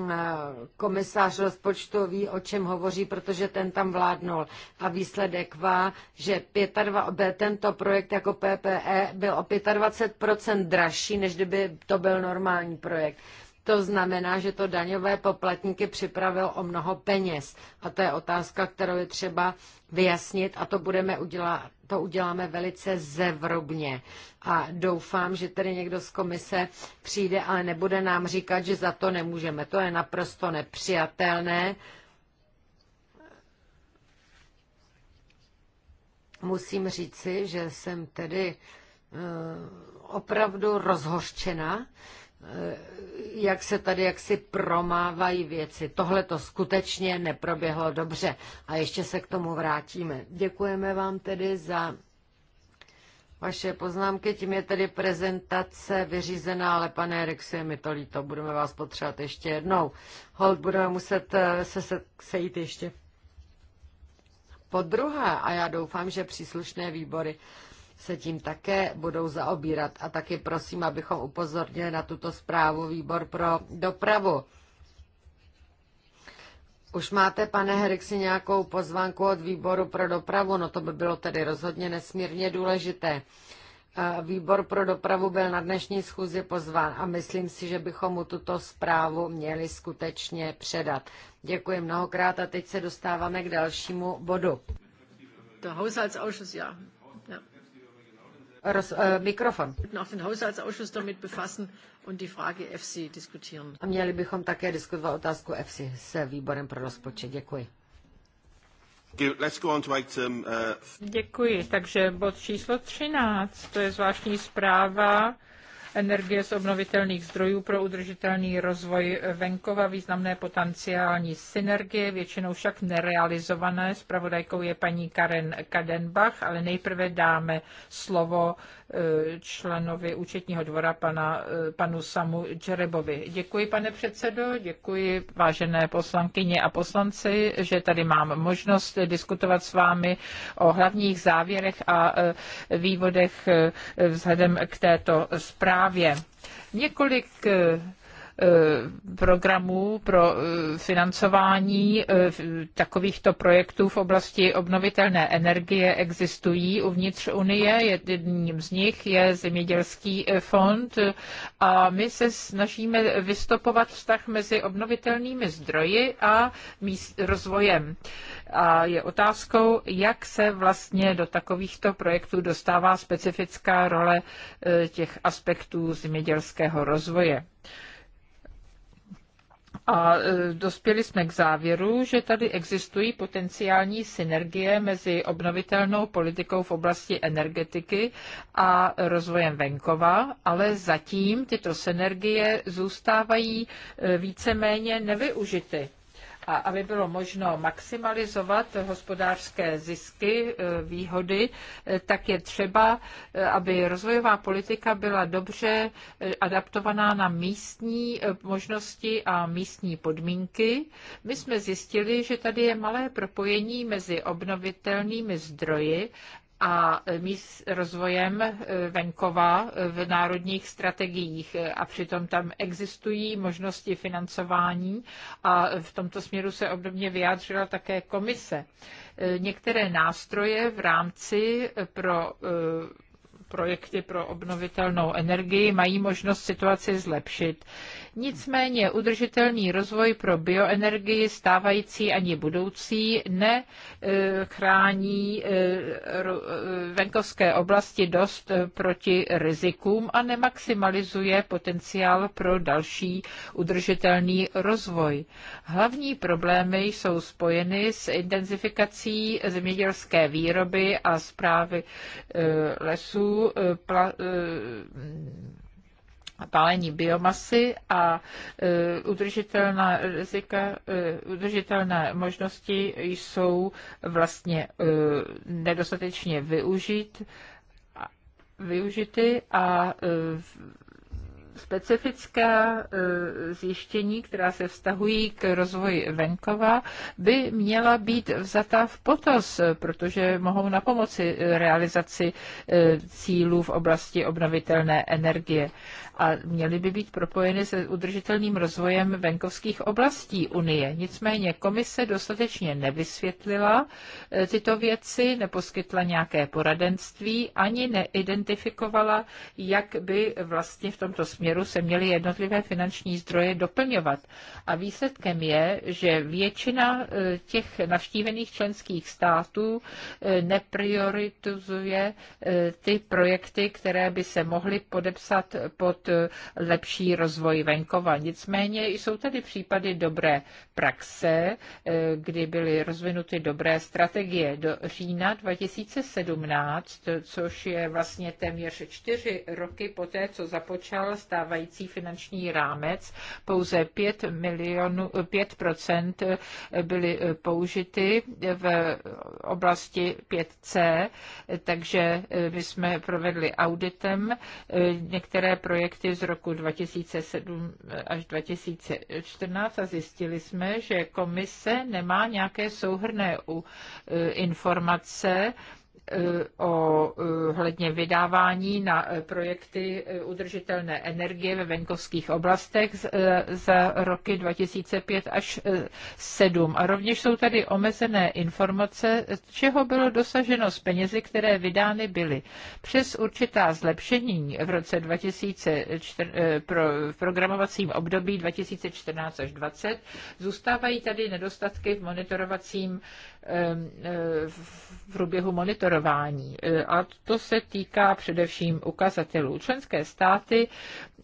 komisář rozpočtový o čem hovoří, protože ten tam vládnul. A výsledek vá, že 25, tento projekt jako PPE byl o 25 dražší, než kdyby to byl normální projekt. To znamená, že to daňové poplatníky připravil o mnoho peněz. A to je otázka, kterou je třeba vyjasnit a to, budeme udělat, to uděláme velice zevrubně. A doufám, že tedy někdo z komise přijde, ale nebude nám říkat, že za to nemůžeme. To je naprosto nepřijatelné. Musím říci, že jsem tedy eh, opravdu rozhořčena, jak se tady jaksi promávají věci. Tohle to skutečně neproběhlo dobře a ještě se k tomu vrátíme. Děkujeme vám tedy za vaše poznámky. Tím je tedy prezentace vyřízená, ale pane Eriksu, je mi to líto, budeme vás potřebovat ještě jednou. Hold, budeme muset eh, se, se sejít ještě po druhé a já doufám, že příslušné výbory se tím také budou zaobírat. A taky prosím, abychom upozornili na tuto zprávu výbor pro dopravu. Už máte, pane Herixi, nějakou pozvánku od výboru pro dopravu? No to by bylo tedy rozhodně nesmírně důležité. Výbor pro dopravu byl na dnešní schůzi pozván a myslím si, že bychom mu tuto zprávu měli skutečně předat. Děkuji mnohokrát a teď se dostáváme k dalšímu bodu. Der Haushaltsausschuss, ja roz, eh, Mikrofon. A měli bychom také diskutovat otázku EFSI s výborem pro rozpočet. Děkuji. Eh, Děkuji. Takže bod číslo 13, to je zvláštní zpráva energie z obnovitelných zdrojů pro udržitelný rozvoj venkova, významné potenciální synergie, většinou však nerealizované. Spravodajkou je paní Karen Kadenbach, ale nejprve dáme slovo Eh, členovi účetního dvora pana, eh, panu Samu Džerebovi. Děkuji, pane předsedo, děkuji vážené poslankyně a poslanci, že tady mám možnost diskutovat s vámi o hlavních závěrech a eh, vývodech vzhledem k této zprávě. Několik Eh, programů pro eh, financování eh, takovýchto projektů v oblasti obnovitelné energie existují uvnitř Unie. Jedním z nich je zemědělský fond a my se snažíme vystopovat vztah mezi obnovitelnými zdroji a rozvojem. A je otázkou, jak se vlastně do takovýchto projektů dostává specifická role těch aspektů zemědělského rozvoje. A e, dospěli jsme k závěru, že tady existují potenciální synergie mezi obnovitelnou politikou v oblasti energetiky a rozvojem venkova, ale zatím tyto synergie zůstávají e, víceméně nevyužity a aby bylo možno maximalizovat hospodářské zisky, e, výhody, e, tak je třeba, e, aby rozvojová politika byla dobře adaptovaná na místní možnosti a místní podmínky. My jsme zjistili, že tady je malé propojení mezi obnovitelnými zdroji a míst rozvojem e, venkova e, v národních strategiích e, a přitom tam existují možnosti financování a v tomto směru se obdobně vyjádřila také komise. Některé nástroje v rámci pro projekty pro obnovitelnou energii mají možnost situaci zlepšit. Nicméně udržitelný rozvoj pro bioenergii stávající ani budoucí nechrání e, e, e, venkovské oblasti dost proti rizikům a nemaximalizuje potenciál pro další udržitelný rozvoj. Hlavní problémy jsou spojeny s intenzifikací zemědělské výroby a zprávy lesů zdrojů pla, eh, pálení biomasy a eh, udržitelná rizika, eh, udržitelné možnosti jsou vlastně nedostatečně využít, využity a specifická e, zjištění, která se vztahují k rozvoji venkova, by měla být vzata v potaz, protože mohou na pomoci realizaci e, cílů v oblasti obnovitelné energie a měly by být propojeny se udržitelným rozvojem venkovských oblastí Unie. Nicméně komise dostatečně nevysvětlila eh, tyto věci, neposkytla nějaké poradenství, ani neidentifikovala, jak by vlastně v tomto směru se měly jednotlivé finanční zdroje doplňovat. A výsledkem je, že většina eh, těch navštívených členských států eh, neprioritizuje ty projekty, které by se mohly podepsat pod Eh, lepší rozvoj venkova. Nicméně jsou tady případy dobré praxe, eh, kdy byly rozvinuty dobré strategie. Do října 2017, což je vlastně téměř čtyři roky poté, co započal stávající finanční rámec, pouze 5, milionů, 5 eh, byly použity v oblasti 5C, takže my jsme provedli auditem některé projekty, projekty z roku 2007 až 2014 a zjistili jsme, že komise nemá nějaké souhrné e, informace E, o e, hledně vydávání na e, projekty udržitelné energie ve venkovských oblastech za roky 2005 až 7. A rovněž jsou tady omezené informace, čeho bylo dosaženo z penězi, které vydány byly. Přes určitá zlepšení v roce 2004, pro, v programovacím období 2014 až 2020 zůstávají tady nedostatky v monitorovacím Eh, v průběhu monitorování. Eh, a to se týká především ukazatelů. Členské státy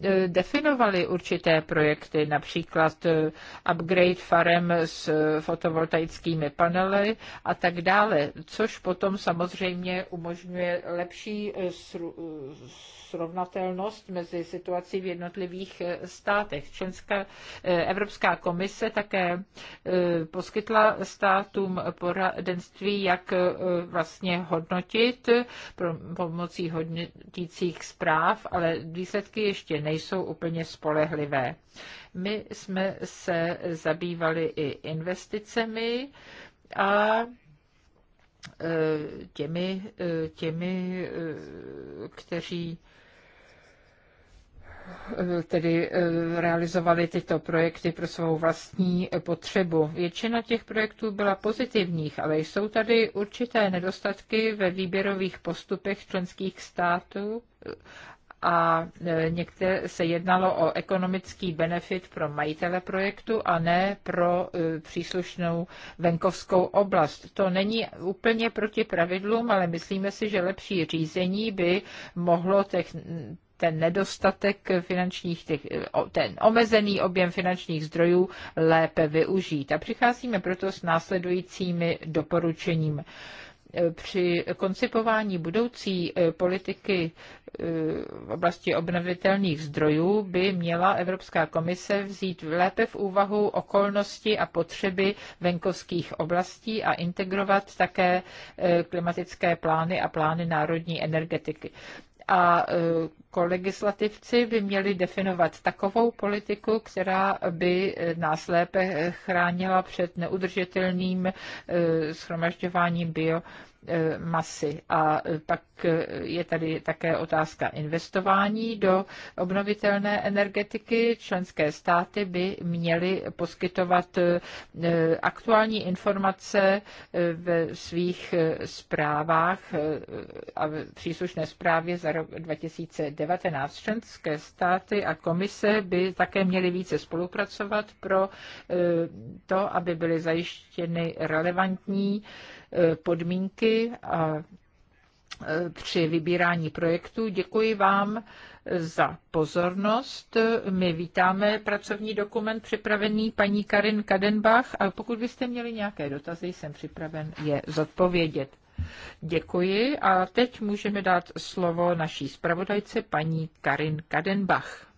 eh, definovaly určité projekty, například upgrade farem s fotovoltaickými panely a tak dále, což potom samozřejmě umožňuje lepší srovnatelnost mezi situací v jednotlivých státech. Členská Evropská komise také poskytla státům po poradenství, jak e, vlastně hodnotit pomocí hodnotících zpráv, ale výsledky ještě nejsou úplně spolehlivé. My jsme se zabývali i investicemi a e, těmi, e, těmi kteří Eh, tedy eh, realizovali tyto projekty pro svou vlastní eh, potřebu. Většina těch projektů byla pozitivních, ale jsou tady určité nedostatky ve výběrových postupech členských států a někde se jednalo o ekonomický benefit pro majitele projektu a ne pro příslušnou venkovskou oblast. To není úplně proti pravidlům, ale myslíme si, že lepší řízení by mohlo těch ten nedostatek finančních, těch, ten omezený objem finančních zdrojů lépe využít. A přicházíme proto s následujícími doporučením e, při koncipování budoucí e, politiky e, v oblasti obnovitelných zdrojů by měla Evropská komise vzít lépe v úvahu okolnosti a potřeby venkovských oblastí a integrovat také klimatické plány a plány národní energetiky a e, kolegislativci by měli definovat takovou politiku, která by e, nás lépe chránila před neudržitelným e, schromažďováním bio E, masy. A e, pak e, je tady také otázka investování do obnovitelné energetiky. Členské státy by měly poskytovat aktuální informace ve svých zprávách a v příslušné zprávě za rok 2019. Členské státy a komise by také měly více spolupracovat pro to, aby byly zajištěny relevantní E, podmínky a e, při vybírání projektů. Děkuji vám za pozornost. My vítáme pracovní dokument připravený paní Karin Kadenbach a pokud byste měli nějaké dotazy, jsem připraven je zodpovědět. Děkuji a teď můžeme dát slovo naší zpravodajce paní Karin Kadenbach.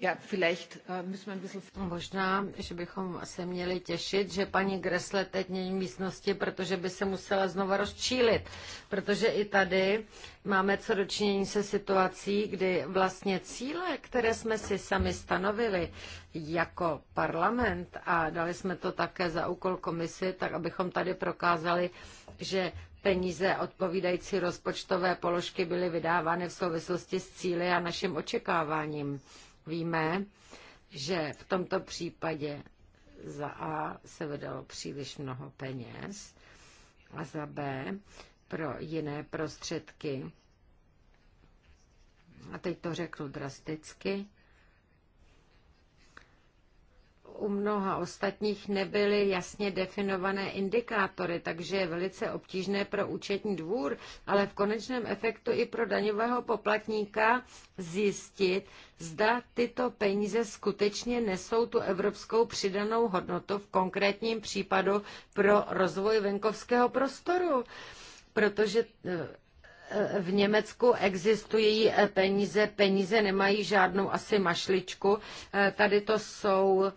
Ja, vielleicht äh, müssen wir ein bisschen... Možná, že bychom se měli těšit, že paní Gresle teď není místnosti, protože by se musela znova rozčílit. Protože i tady máme co dočinění se situací, kdy vlastně cíle, které jsme si sami stanovili jako parlament a dali jsme to také za úkol komisi, tak abychom tady prokázali, že peníze odpovídající rozpočtové položky byly vydávány v souvislosti s cíly a naším očekáváním. Víme, že v tomto případě za A se vydalo příliš mnoho peněz a za B pro jiné prostředky. A teď to řeknu drasticky u mnoha ostatních nebyly jasně definované indikátory, takže je velice obtížné pro účetní dvůr, ale v konečném efektu i pro daňového poplatníka zjistit, zda tyto peníze skutečně nesou tu evropskou přidanou hodnotu v konkrétním případu pro rozvoj venkovského prostoru. Protože eh, v Německu existují eh, peníze, peníze nemají žádnou asi mašličku. Eh, tady to jsou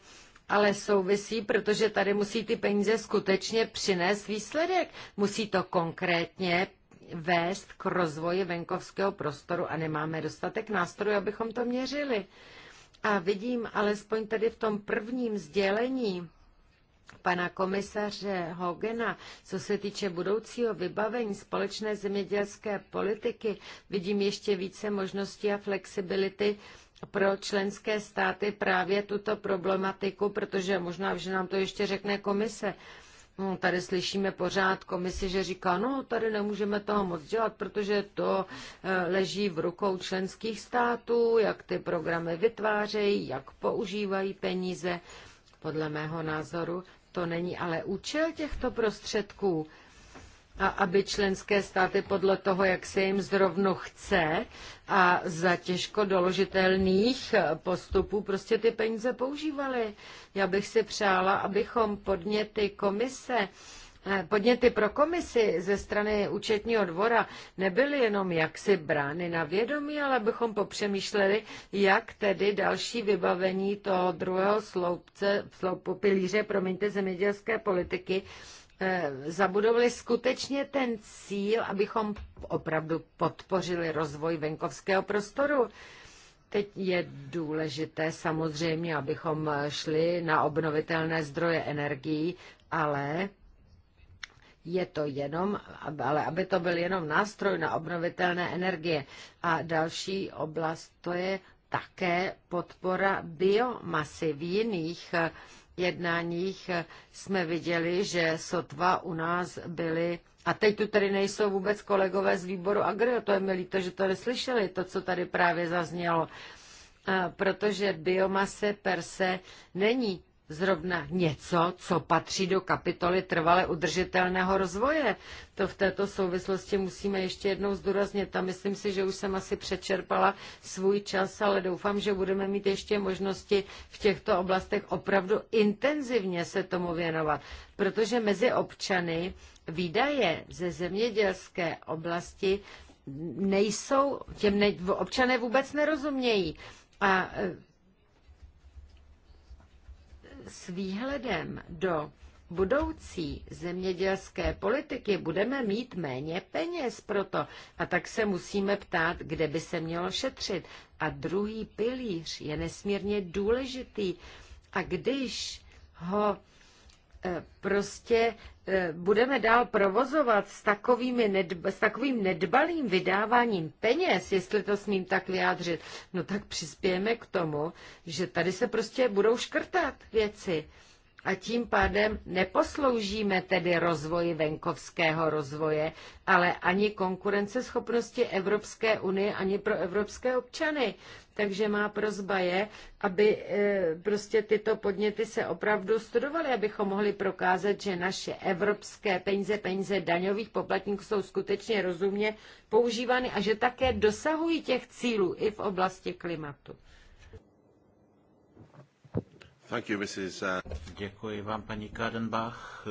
ale souvisí, protože tady musí ty peníze skutečně přinést výsledek. Musí to konkrétně vést k rozvoji venkovského prostoru a nemáme dostatek nástrojů, abychom to měřili. A vidím alespoň tady v tom prvním sdělení pana komisaře Hogena, co se týče budoucího vybavení společné zemědělské politiky, vidím ještě více možností a flexibility pro členské státy právě tuto problematiku, protože možná, že nám to ještě řekne komise. No, tady slyšíme pořád komisi, že říká, no tady nemůžeme toho moc dělat, protože to eh, leží v rukou členských států, jak ty programy vytvářejí, jak používají peníze. Podle mého názoru to není ale účel těchto prostředků a aby členské státy podle toho, jak se jim zrovno chce a za těžko doložitelných eh, postupů prostě ty peníze používaly. Já bych si přála, abychom podněty komise eh, Podněty pro komisi ze strany účetního dvora nebyly jenom jaksi brány na vědomí, ale bychom popřemýšleli, jak tedy další vybavení toho druhého sloupce, sloupu pilíře, promiňte, zemědělské politiky, Eh, zabudovali skutečně ten cíl, abychom opravdu podpořili rozvoj venkovského prostoru. Teď je důležité samozřejmě, abychom šli na obnovitelné zdroje energií, ale je to jenom, ale aby to byl jenom nástroj na obnovitelné energie. A další oblast to je také podpora biomasy v jiných uh, jednáních jsme viděli, že sotva u nás byly a teď tu tady nejsou vůbec kolegové z výboru Agrio, to je mi líto, že to neslyšeli, to, co tady právě zaznělo protože biomase per se není zrovna něco, co patří do kapitoly trvale udržitelného rozvoje. To v této souvislosti musíme ještě jednou zdůraznit a myslím si, že už jsem asi přečerpala svůj čas, ale doufám, že budeme mít ještě možnosti v těchto oblastech opravdu intenzivně se tomu věnovat, protože mezi občany výdaje ze zemědělské oblasti nejsou, těm ne, občané vůbec nerozumějí. A e, s výhledem do budoucí zemědělské politiky budeme mít méně peněz proto. A tak se musíme ptát, kde by se mělo šetřit. A druhý pilíř je nesmírně důležitý. A když ho eh, prostě E, budeme dál provozovat s, takovými s takovým nedbalým vydáváním peněz, jestli to smím tak vyjádřit, no tak přispějeme k tomu, že tady se prostě budou škrtat věci. A tím pádem neposloužíme tedy rozvoji venkovského rozvoje, ale ani konkurenceschopnosti Evropské unie, ani pro evropské občany. Takže má prozba je, aby eh, prostě tyto podněty se opravdu studovaly, abychom mohli prokázat, že naše evropské peníze, peníze daňových poplatníků jsou skutečně rozumně používány a že také dosahují těch cílů i v oblasti klimatu. Thank you, Mrs. Uh, Děkuji vám, paní Kadenbach.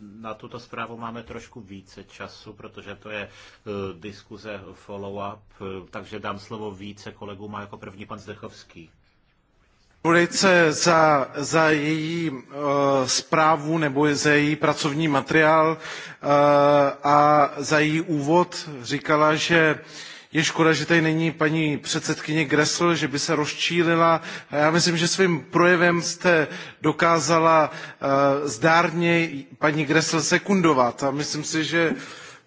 Na tuto zprávu máme trošku více času, protože to je uh, diskuze follow-up, uh, takže dám slovo více kolegům a jako první pan Zdechovský. Prodejce za, za její uh, zprávu nebo za její pracovní materiál uh, a za její úvod říkala, že uh, je škoda, že tady není paní předsedkyně Gressel, že by se rozčílila. Já myslím, že svým projevem jste dokázala uh, zdárně paní Gressel sekundovat. A myslím si, že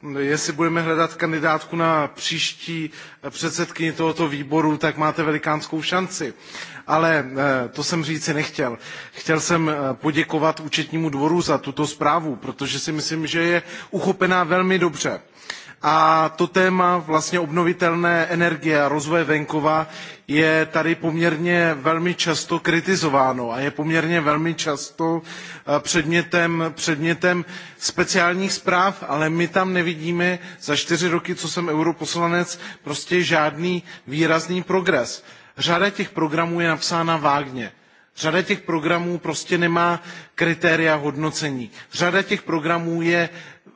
hm, jestli budeme hledat kandidátku na příští eh, předsedkyni tohoto výboru, tak máte velikánskou šanci. Ale eh, to jsem říci nechtěl. Chtěl jsem poděkovat účetnímu dvoru za tuto zprávu, protože si myslím, že je uchopená velmi dobře a to téma vlastně obnovitelné energie a rozvoje venkova je tady poměrně velmi často kritizováno a je poměrně velmi často eh, předmětem, předmětem speciálních zpráv, ale my tam nevidíme za čtyři roky, co jsem europoslanec, prostě žádný výrazný progres. Řada těch programů je napsána vágně. Řada těch programů prostě nemá kritéria hodnocení. Řada těch programů je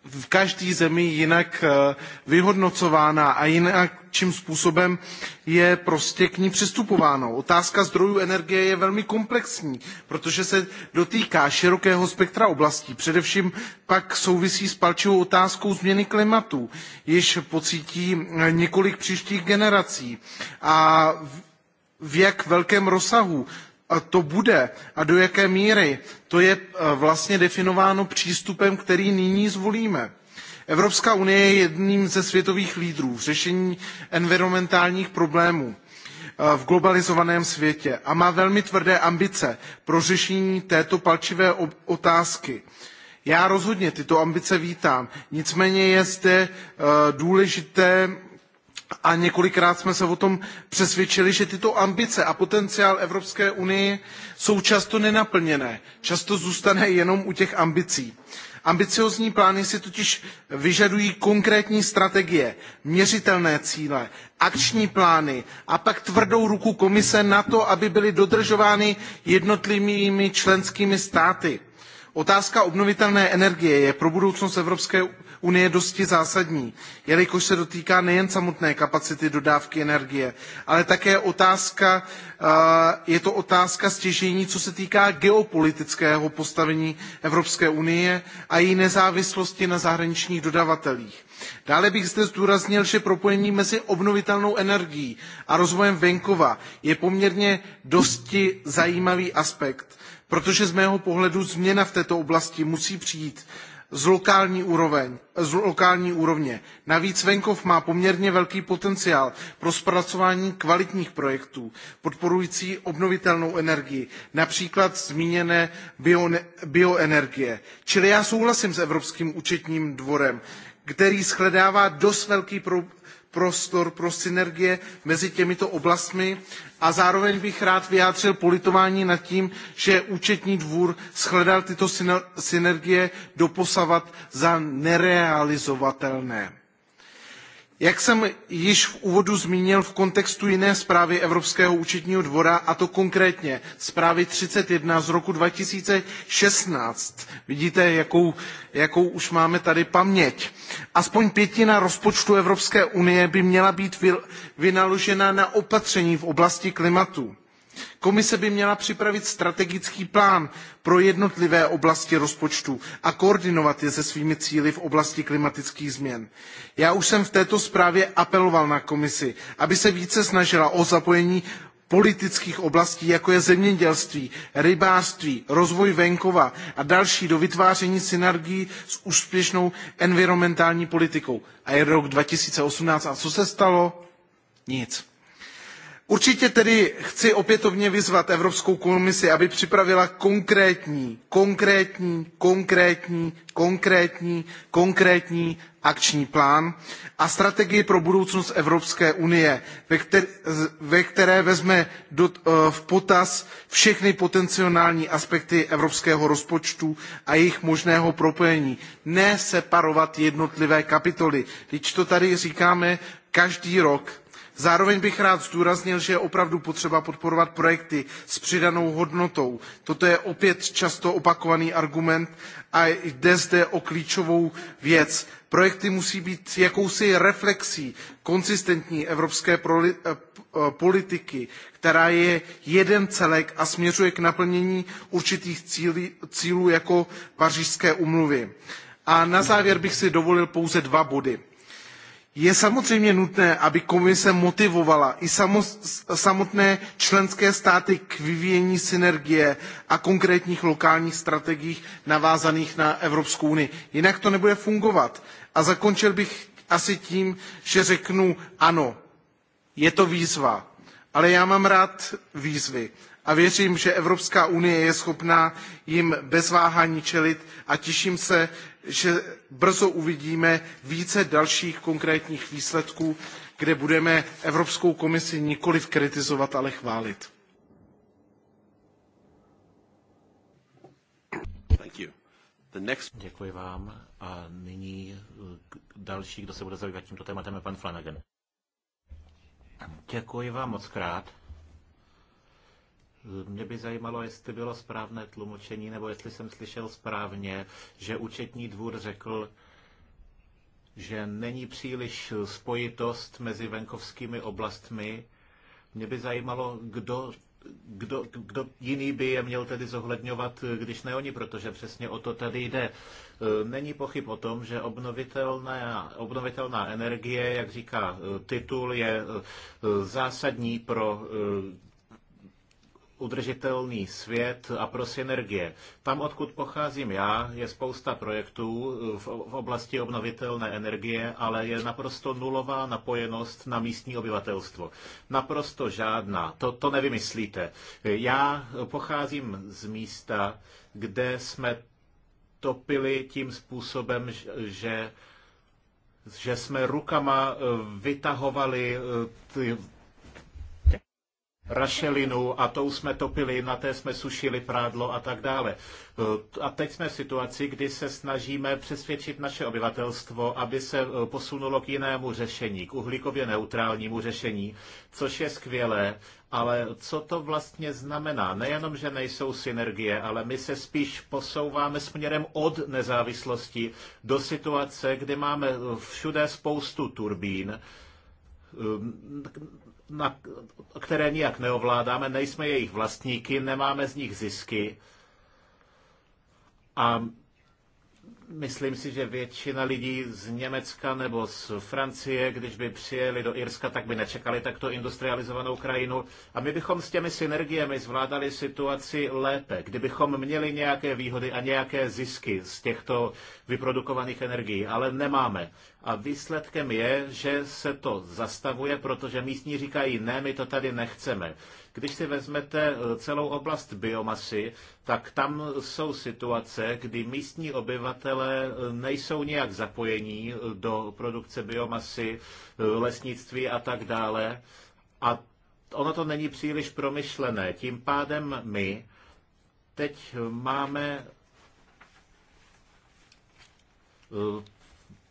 v každé zemi jinak eh, vyhodnocována a jinak čím způsobem je prostě k ní přistupováno. Otázka zdrojů energie je velmi komplexní, protože se dotýká širokého spektra oblastí. Především pak souvisí s palčivou otázkou změny klimatu, již pocítí eh, několik příštích generací. A v jak velkém rozsahu to bude a do jaké míry, to je eh, vlastně definováno přístupem, který nyní zvolíme. Evropská unie je jedním ze světových lídrů v řešení environmentálních problémů eh, v globalizovaném světě a má velmi tvrdé ambice pro řešení této palčivé otázky. Já rozhodně tyto ambice vítám, nicméně je zde eh, důležité a několikrát jsme se o tom přesvědčili, že tyto ambice a potenciál Evropské unie jsou často nenaplněné. Často zůstane jenom u těch ambicí. Ambiciózní plány si totiž vyžadují konkrétní strategie, měřitelné cíle, akční plány a pak tvrdou ruku komise na to, aby byly dodržovány jednotlivými členskými státy. Otázka obnovitelné energie je pro budoucnost Evropské unie unie dosti zásadní jelikož se dotýká nejen samotné kapacity dodávky energie ale také otázka, eh, je to otázka stěžejní co se týká geopolitického postavení evropské unie a její nezávislosti na zahraničních dodavatelích. dále bych zde zdůraznil že propojení mezi obnovitelnou energií a rozvojem venkova je poměrně dosti zajímavý aspekt protože z mého pohledu změna v této oblasti musí přijít z lokální, úroveň, z lokální úrovně. Navíc venkov má poměrně velký potenciál pro zpracování kvalitních projektů podporující obnovitelnou energii, například zmíněné bio, bioenergie. Čili já souhlasím s Evropským účetním dvorem, který shledává dost velký pro, prostor pro synergie mezi těmito oblastmi a zároveň bych rád vyjádřil politování nad tím, že účetní dvůr shledal tyto synergie doposavat za nerealizovatelné jak jsem již v úvodu zmínil v kontextu jiné zprávy Evropského účetního dvora, a to konkrétně zprávy 31 z roku 2016, vidíte, jakou, jakou už máme tady paměť, aspoň pětina rozpočtu Evropské unie by měla být vynaložena na opatření v oblasti klimatu komise by měla připravit strategický plán pro jednotlivé oblasti rozpočtu a koordinovat je se svými cíli v oblasti klimatických změn. já už jsem v této zprávě apeloval na komisi aby se více snažila o zapojení politických oblastí jako je zemědělství rybářství rozvoj venkova a další do vytváření synergií s úspěšnou environmentální politikou. a je rok two thousand and eighteen a co se stalo? nic určitě tedy chci opětovně vyzvat evropskou komisi aby připravila konkrétní konkrétní konkrétní konkrétní konkrétní akční plán a strategii pro budoucnost evropské unie ve, ve které vezme do, eh, v potaz všechny potenciální aspekty evropského rozpočtu a jejich možného propojení ne separovat jednotlivé kapitoly vždyť to tady říkáme každý rok Zároveň bych rád zdůraznil, že je opravdu potřeba podporovat projekty s přidanou hodnotou. Toto je opět často opakovaný argument a jde zde o klíčovou věc. Projekty musí být jakousi reflexí konzistentní evropské eh, eh, politiky, která je jeden celek a směřuje k naplnění určitých cílí, cílů jako pařížské umluvy. A na závěr bych si dovolil pouze dva body. Je samozřejmě nutné, aby komise motivovala i samotné členské státy k vyvíjení synergie a konkrétních lokálních strategií navázaných na Evropskou unii. Jinak to nebude fungovat. A zakončil bych asi tím, že řeknu ano, je to výzva, ale já mám rád výzvy a věřím, že Evropská unie je schopná jim bez váhání čelit a těším se, že brzo uvidíme více dalších konkrétních výsledků, kde budeme Evropskou komisi nikoliv kritizovat, ale chválit. Next... Děkuji vám. A nyní eh, další, kdo se bude zabývat tímto tématem, je pan Flanagan. Děkuji vám moc krát. Mě by zajímalo, jestli bylo správné tlumočení, nebo jestli jsem slyšel správně, že účetní dvůr řekl, že není příliš spojitost mezi venkovskými oblastmi. Mě by zajímalo, kdo, kdo, kdo jiný by je měl tedy zohledňovat, když ne oni, protože přesně o to tady jde. Není pochyb o tom, že obnovitelná, obnovitelná energie, jak říká eh, titul, je eh, zásadní pro eh, udržitelný svět a pro synergie. Tam, odkud pocházím já, je spousta projektů eh, v oblasti obnovitelné energie, ale je naprosto nulová napojenost na místní obyvatelstvo. Naprosto žádná. To, to nevymyslíte. Já pocházím z místa, kde jsme topili tím způsobem, že že jsme rukama eh, vytahovali eh, ty rašelinu a tou jsme topili, na té jsme sušili prádlo a tak dále. E, a teď jsme v situaci, kdy se snažíme přesvědčit naše obyvatelstvo, aby se e, posunulo k jinému řešení, k uhlíkově neutrálnímu řešení, což je skvělé, ale co to vlastně znamená? Nejenom, že nejsou synergie, ale my se spíš posouváme směrem od nezávislosti do situace, kdy máme e, všude spoustu turbín, na, které nijak neovládáme, nejsme jejich vlastníky, nemáme z nich zisky. A Myslím si, že většina lidí z Německa nebo z Francie, když by přijeli do Irska, tak by nečekali takto industrializovanou krajinu. A my bychom s těmi synergiemi zvládali situaci lépe, kdybychom měli nějaké výhody a nějaké zisky z těchto vyprodukovaných energií, ale nemáme. A výsledkem je, že se to zastavuje, protože místní říkají, ne, my to tady nechceme. Když si vezmete eh, celou oblast biomasy, tak tam jsou situace, kdy místní obyvatele eh, nejsou nějak zapojení eh, do produkce biomasy, lesnictví a tak dále. A ono to není příliš promyšlené. Tím pádem my teď máme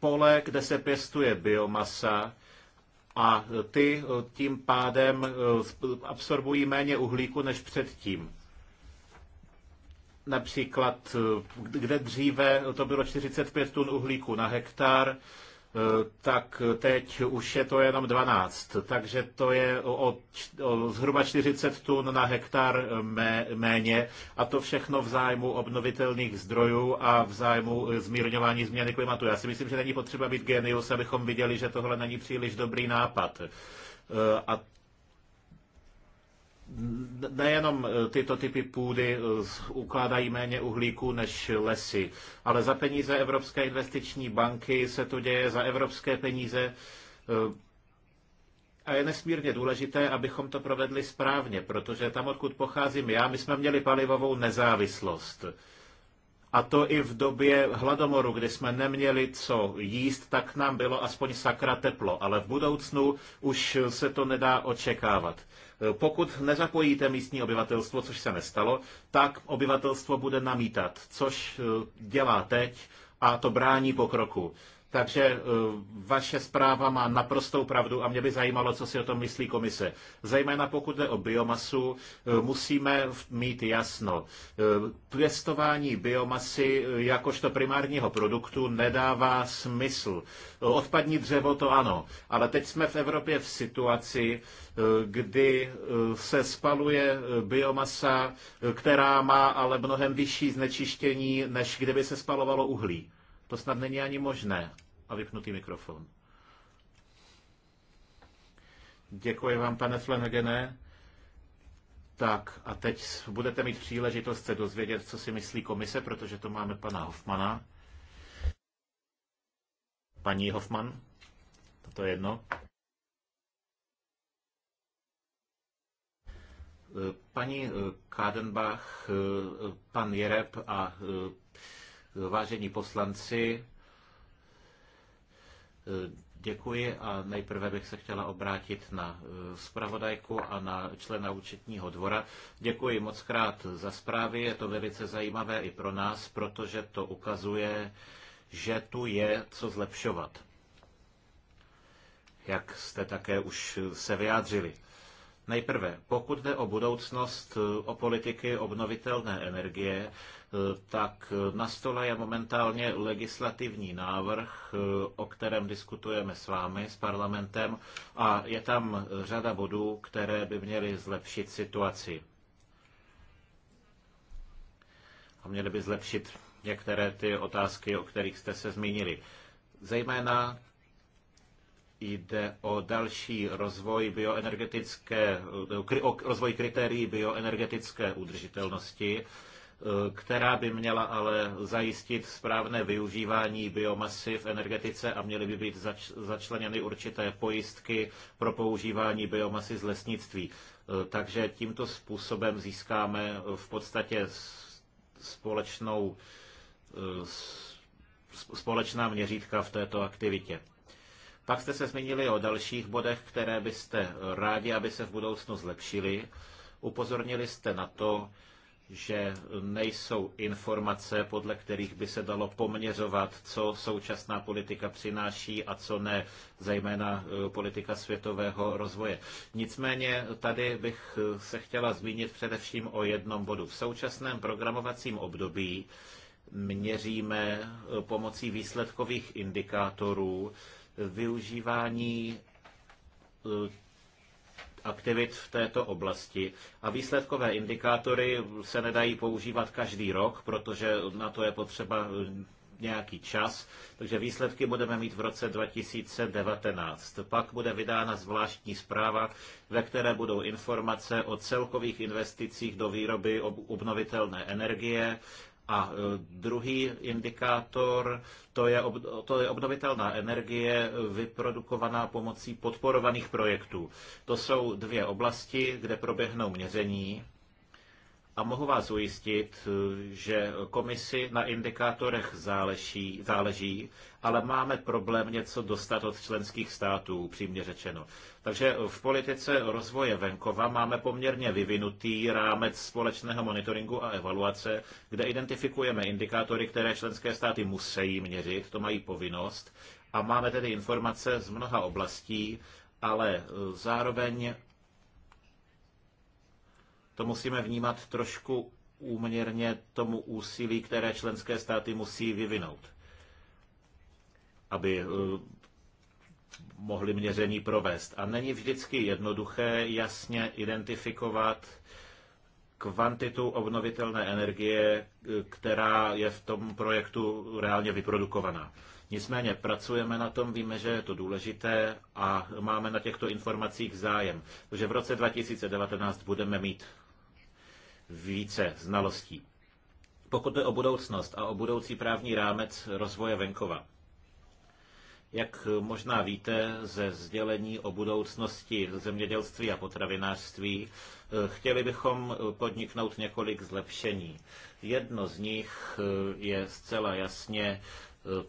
pole, kde se pěstuje biomasa a ty eh, tím pádem eh, absorbují méně uhlíku než předtím. Například, eh, kde dříve to bylo 45 tun uhlíku na hektar, Eh, tak teď už je to jenom 12, takže to je o, o zhruba 40 tun na hektar eh, mé, méně a to všechno v zájmu obnovitelných zdrojů a v zájmu eh, zmírňování změny klimatu. Já si myslím, že není potřeba být genius, abychom viděli, že tohle není příliš dobrý nápad. A nejenom eh, tyto typy půdy eh, ukládají méně uhlíku než lesy, ale za peníze Evropské investiční banky se to děje za evropské peníze eh, a je nesmírně důležité, abychom to provedli správně, protože tam, odkud pocházím já, my jsme měli palivovou nezávislost. A to i v době hladomoru, kdy jsme neměli co jíst, tak nám bylo aspoň sakra teplo, ale v budoucnu už se to nedá očekávat. Pokud nezapojíte místní obyvatelstvo, což se nestalo, tak obyvatelstvo bude namítat, což eh, dělá teď a to brání pokroku. Takže eh, vaše zpráva má naprostou pravdu a mě by zajímalo, co si o tom myslí komise. Zejména pokud jde o biomasu, eh, musíme mít jasno. Pěstování eh, biomasy jakožto primárního produktu nedává smysl. Odpadní dřevo to ano, ale teď jsme v Evropě v situaci, kdy se spaluje biomasa, která má ale mnohem vyšší znečištění, než kdyby se spalovalo uhlí. To snad není ani možné. A vypnutý mikrofon. Děkuji vám, pane Flanagene. Tak a teď budete mít příležitost se dozvědět, co si myslí komise, protože to máme pana Hofmana. Paní Hofman, to je jedno. Paní Kádenbach, pan Jereb a Vážení poslanci, Děkuji a nejprve bych se chtěla obrátit na eh, zpravodajku a na člena účetního dvora. Děkuji moc krát za zprávy, je to velice zajímavé i pro nás, protože to ukazuje, že tu je co zlepšovat. Jak jste také už se vyjádřili. Nejprve, pokud jde o budoucnost eh, o politiky obnovitelné energie, tak na stole je momentálně legislativní návrh, o kterém diskutujeme s vámi, s parlamentem, a je tam řada bodů, které by měly zlepšit situaci. A měly by zlepšit některé ty otázky, o kterých jste se zmínili. Zejména jde o další rozvoj bioenergetické, o rozvoj kritérií bioenergetické udržitelnosti Eh, která by měla ale zajistit správné využívání biomasy v energetice a měly by být zač- začleněny určité pojistky pro používání biomasy z lesnictví. Eh, takže tímto způsobem získáme v podstatě společnou, eh, společná měřítka v této aktivitě. Pak jste se zmínili o dalších bodech, které byste rádi, aby se v budoucnu zlepšily. Upozornili jste na to, že nejsou informace, podle kterých by se dalo poměřovat, co současná politika přináší a co ne, zejména e, politika světového rozvoje. Nicméně tady bych e, se chtěla zmínit především o jednom bodu. V současném programovacím období měříme e, pomocí výsledkových indikátorů využívání aktivit v této oblasti. A výsledkové indikátory se nedají používat každý rok, protože na to je potřeba eh, nějaký čas, takže výsledky budeme mít v roce 2019. Pak bude vydána zvláštní zpráva, ve které budou informace o celkových investicích do výroby obnovitelné energie, a e, druhý indikátor, to je, ob, to je obnovitelná energie e, vyprodukovaná pomocí podporovaných projektů. To jsou dvě oblasti, kde proběhnou měření a mohu vás ujistit, eh, že komisi na indikátorech záleží, záleží, ale máme problém něco dostat od členských států, přímě řečeno. Takže v politice rozvoje venkova máme poměrně vyvinutý rámec společného monitoringu a evaluace, kde identifikujeme indikátory, které členské státy musí měřit, to mají povinnost. A máme tedy informace z mnoha oblastí, ale eh, zároveň to musíme vnímat trošku úměrně tomu úsilí, které členské státy musí vyvinout, aby eh, mohli měření provést. A není vždycky jednoduché jasně identifikovat kvantitu obnovitelné energie, eh, která je v tom projektu reálně vyprodukovaná. Nicméně pracujeme na tom, víme, že je to důležité a máme na těchto informacích zájem, že v roce 2019 budeme mít více znalostí. Pokud jde o budoucnost a o budoucí právní rámec rozvoje venkova, jak možná víte ze sdělení o budoucnosti zemědělství a potravinářství, eh, chtěli bychom podniknout několik zlepšení. Jedno z nich eh, je zcela jasně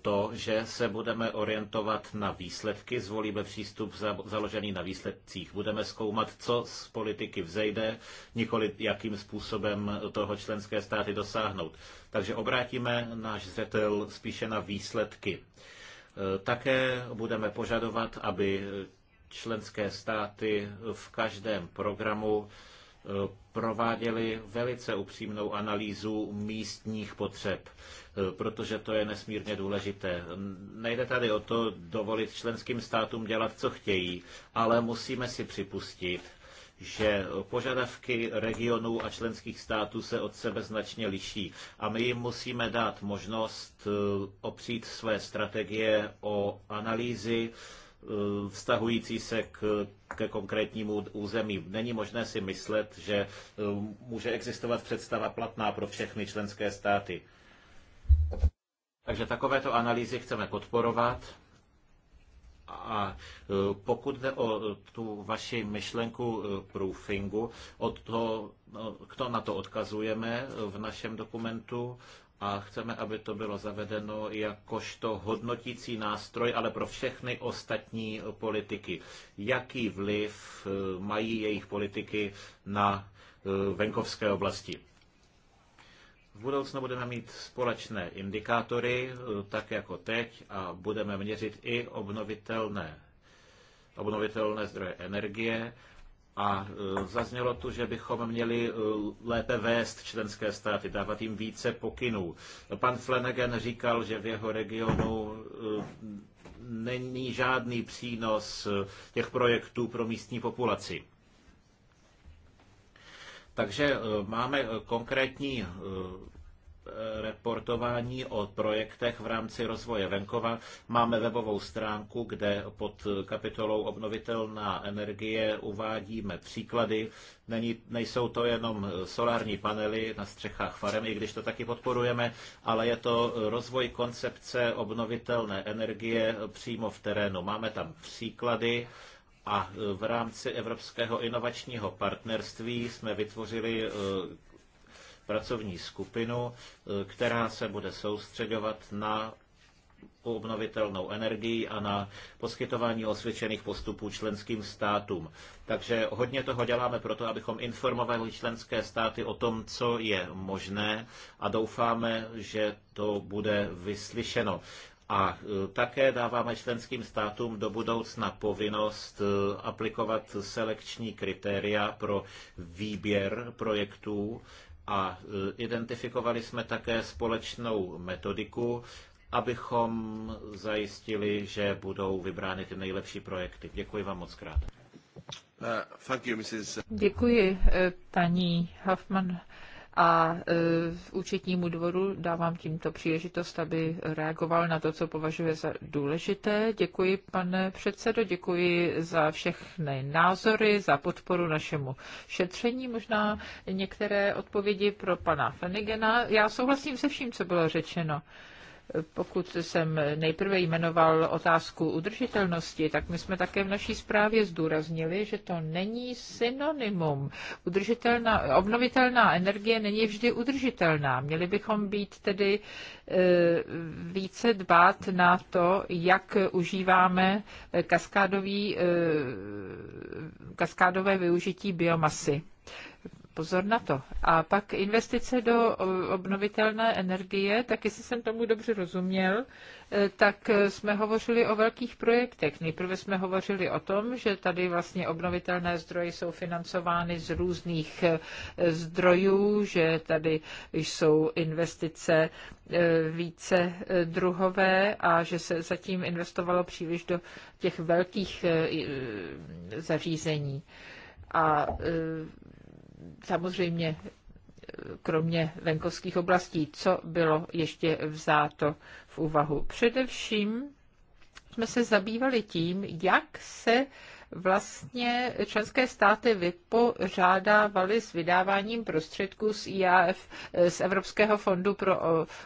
to, že se budeme orientovat na výsledky, zvolíme přístup založený na výsledcích. Budeme zkoumat, co z politiky vzejde, nikoli jakým způsobem toho členské státy dosáhnout. Takže obrátíme náš zřetel spíše na výsledky. E, také budeme požadovat, aby členské státy v každém programu prováděli velice upřímnou analýzu místních potřeb, eh, protože to je nesmírně důležité. Nejde tady o to dovolit členským státům dělat, co chtějí, ale musíme si připustit, že požadavky regionů a členských států se od sebe značně liší a my jim musíme dát možnost eh, opřít své strategie o analýzy, Eh, vztahující se k, ke konkrétnímu území. Není možné si myslet, že eh, může existovat představa platná pro všechny členské státy. Takže takovéto analýzy chceme podporovat. A eh, pokud jde o tu vaši myšlenku proofingu, od toho, kdo na to odkazujeme v našem dokumentu a chceme, aby to bylo zavedeno jakožto hodnotící nástroj, ale pro všechny ostatní politiky. Jaký vliv eh, mají jejich politiky na eh, venkovské oblasti? V budoucnu budeme mít společné indikátory, eh, tak jako teď, a budeme měřit i obnovitelné, obnovitelné zdroje energie a e, zaznělo tu, že bychom měli e, lépe vést členské státy, dávat jim více pokynů. Pan Flanagan říkal, že v jeho regionu e, není žádný přínos těch projektů pro místní populaci. Takže máme konkrétní reportování o projektech v rámci rozvoje venkova. Máme webovou stránku, kde pod kapitolou obnovitelná energie uvádíme příklady. Není, nejsou to jenom solární panely na střechách farem, i když to taky podporujeme, ale je to rozvoj koncepce obnovitelné energie přímo v terénu. Máme tam příklady a v rámci Evropského inovačního partnerství jsme vytvořili eh, pracovní skupinu, e, která se bude soustředovat na obnovitelnou energii a na poskytování osvědčených postupů členským státům. Takže hodně toho děláme proto, abychom informovali členské státy o tom, co je možné a doufáme, že to bude vyslyšeno. A e, také dáváme členským státům do budoucna povinnost e, aplikovat selekční kritéria pro výběr projektů, a e, identifikovali jsme také společnou metodiku, abychom zajistili, že budou vybrány ty nejlepší projekty. Děkuji vám moc krát. Uh, Děkuji, e, paní Hoffman a e, v účetnímu dvoru dávám tímto příležitost, aby reagoval na to, co považuje za důležité. Děkuji, pane předsedo, děkuji za všechny názory, za podporu našemu šetření. Možná některé odpovědi pro pana Fenigena. Já souhlasím se vším, co bylo řečeno. Pokud jsem nejprve jmenoval otázku udržitelnosti, tak my jsme také v naší zprávě zdůraznili, že to není synonymum. Udržitelná, obnovitelná energie není vždy udržitelná. Měli bychom být tedy e, více dbát na to, jak užíváme kaskádový, e, kaskádové využití biomasy pozor na to. A pak investice do eh, obnovitelné energie, tak jestli jsem tomu dobře rozuměl, eh, tak eh, jsme hovořili o velkých projektech. Nejprve jsme hovořili o tom, že tady vlastně obnovitelné zdroje jsou financovány z různých zdrojů, že tady jsou investice více druhové a že se zatím investovalo příliš do těch velkých zařízení. A samozřejmě eh, kromě venkovských oblastí, co bylo ještě vzáto v úvahu. Především jsme se zabývali tím, jak se vlastně členské státy vypořádávaly s vydáváním prostředků z IAF, z Evropského fondu pro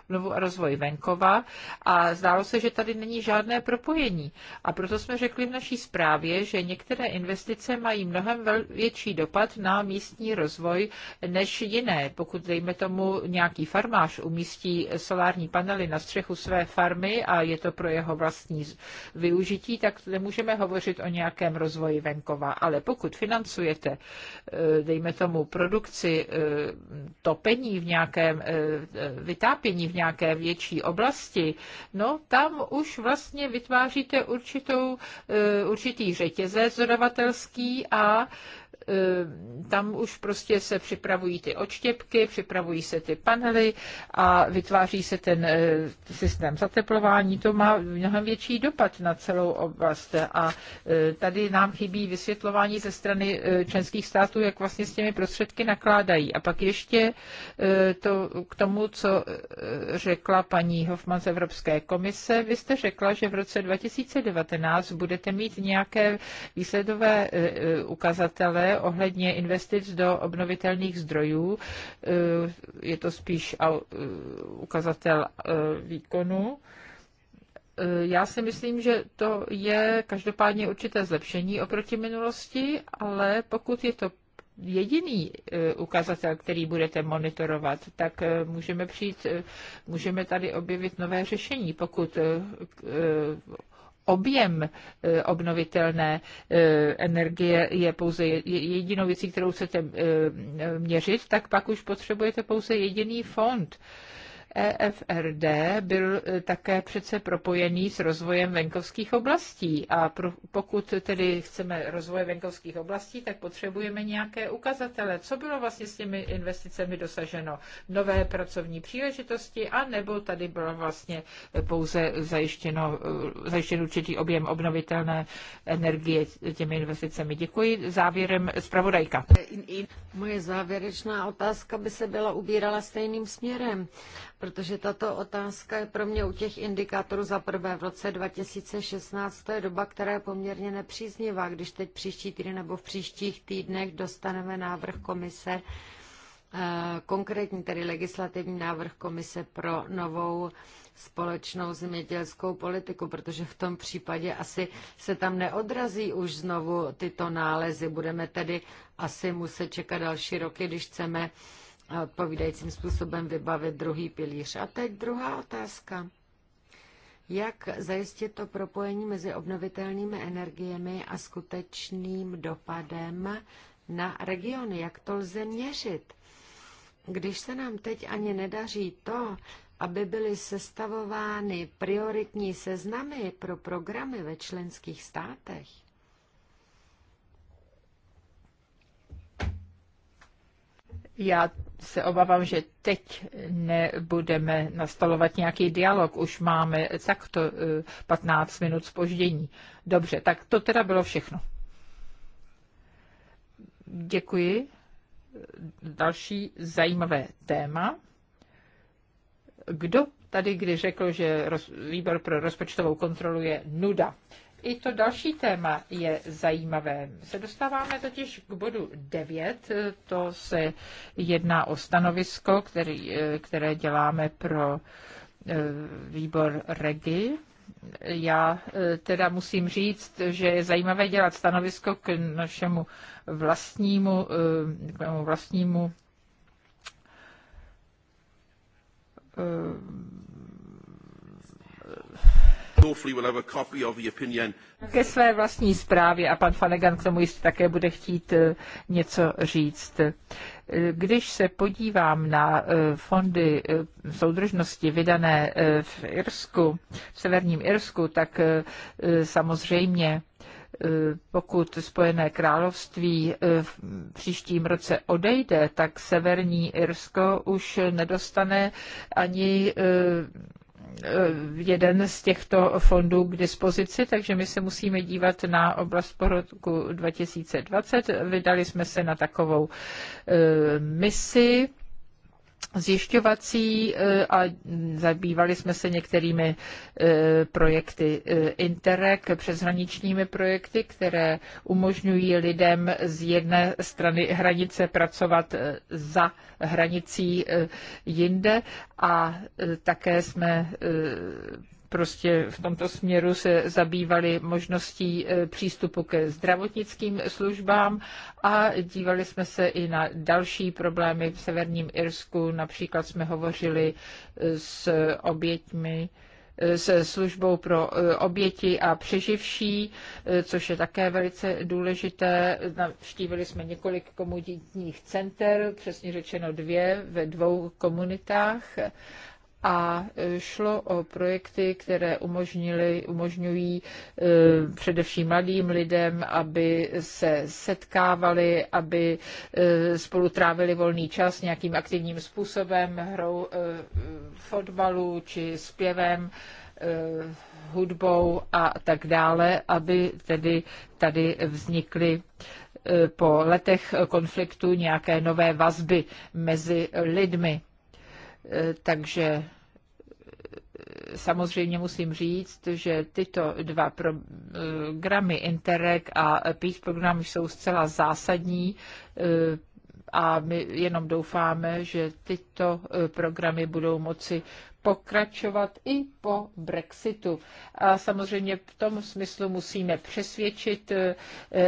obnovu a rozvoj venkova a zdálo se, že tady není žádné propojení. A proto jsme řekli v naší zprávě, že některé investice mají mnohem větší dopad na místní rozvoj než jiné. Pokud, dejme tomu, nějaký farmář umístí solární panely na střechu své farmy a je to pro jeho vlastní využití, tak nemůžeme hovořit o nějakém rozvoji rozvoji venkova, ale pokud financujete, eh, dejme tomu, produkci eh, topení v nějakém, eh, vytápění v nějaké větší oblasti, no tam už vlastně vytváříte určitou, určitý řetězec dodavatelský a Eh, tam už prostě se připravují ty odštěpky, připravují se ty panely a vytváří se ten eh, systém zateplování. To má mnohem větší dopad na celou oblast a eh, tady nám chybí vysvětlování ze strany členských států, jak vlastně s těmi prostředky nakládají. A pak ještě to k tomu, co řekla paní Hofman z Evropské komise. Vy jste řekla, že v roce 2019 budete mít nějaké výsledové ukazatele ohledně investic do obnovitelných zdrojů. Eh, je to spíš eh, ukazatel eh, výkonu. Já si myslím, že to je každopádně určité zlepšení oproti minulosti, ale pokud je to jediný ukazatel, který budete monitorovat, tak můžeme přijít, můžeme tady objevit nové řešení. Pokud objem eh, obnovitelné eh, energie je pouze jedinou věcí, kterou chcete eh, měřit, tak pak už potřebujete pouze jediný fond. EFRD byl eh, také přece propojený s rozvojem venkovských oblastí a pro, pokud tedy chceme rozvoj venkovských oblastí, tak potřebujeme nějaké ukazatele. Co bylo vlastně s těmi investicemi dosaženo? Nové pracovní příležitosti a nebo tady bylo vlastně pouze zajištěno, eh, zajištěn určitý objem obnovitelné energie těmi investicemi? Děkuji. Závěrem zpravodajka. Moje závěrečná otázka by se byla ubírala stejným směrem protože tato otázka je pro mě u těch indikátorů za prvé v roce 2016, to je doba, která je poměrně nepříznivá, když teď příští týden nebo v příštích týdnech dostaneme návrh komise, eh, konkrétní tedy legislativní návrh komise pro novou společnou zemědělskou politiku, protože v tom případě asi se tam neodrazí už znovu tyto nálezy. Budeme tedy asi muset čekat další roky, když chceme uh, odpovídajícím způsobem vybavit druhý pilíř. A teď druhá otázka. Jak zajistit to propojení mezi obnovitelnými energiemi a skutečným dopadem na regiony? Jak to lze měřit? Když se nám teď ani nedaří to, aby byly sestavovány prioritní seznamy pro programy ve členských státech, Já se obávám, že teď nebudeme nastalovat nějaký dialog, už máme takto 15 eh, minut spoždění. Dobře, tak to teda bylo všechno. Děkuji. Další zajímavé téma. Kdo tady kdy řekl, že výbor pro rozpočtovou kontrolu je nuda? I to další téma je zajímavé. Se dostáváme totiž k bodu 9. To se jedná o stanovisko, který, eh, které děláme pro eh, výbor REGI. Já eh, teda musím říct, že je zajímavé dělat stanovisko k našemu vlastnímu, k našemu vlastnímu ke své vlastní zprávě a pan Fanegan k tomu jistě také bude chtít eh, něco říct. Eh, když se podívám na eh, fondy soudržnosti vydané v Irsku, v severním Irsku, tak samozřejmě pokud Spojené království v příštím roce odejde, tak Severní Irsko už nedostane ani Eh, jeden z těchto fondů k dispozici, takže my se musíme dívat na oblast po roku 2020. Vydali jsme se na takovou eh, misi zjišťovací e, a zabývali jsme se některými e, projekty e, Interreg, přeshraničními projekty, které umožňují lidem z jedné strany hranice pracovat za hranicí jinde a také jsme prostě v tomto směru se zabývali možností e, přístupu ke zdravotnickým službám a dívali jsme se i na další problémy v severním Irsku. Například jsme hovořili e, s oběťmi e, se službou pro oběti a přeživší, což je také velice důležité. Navštívili jsme několik komunitních center, přesně řečeno dvě ve dvou komunitách a e, šlo o projekty, které umožnili, umožňují e, především mladým lidem, aby se setkávali, aby e, spolu trávili volný čas nějakým aktivním způsobem, hrou fotbalu či zpěvem hudbou a tak dále, aby tedy tady vznikly po letech konfliktu nějaké nové vazby mezi lidmi. Eh, takže eh, samozřejmě musím říct, že tyto dva programy eh, Interreg a PEACE program jsou zcela zásadní a my jenom doufáme, že tyto programy budou moci pokračovat i po Brexitu. A samozřejmě v tom smyslu musíme přesvědčit eh,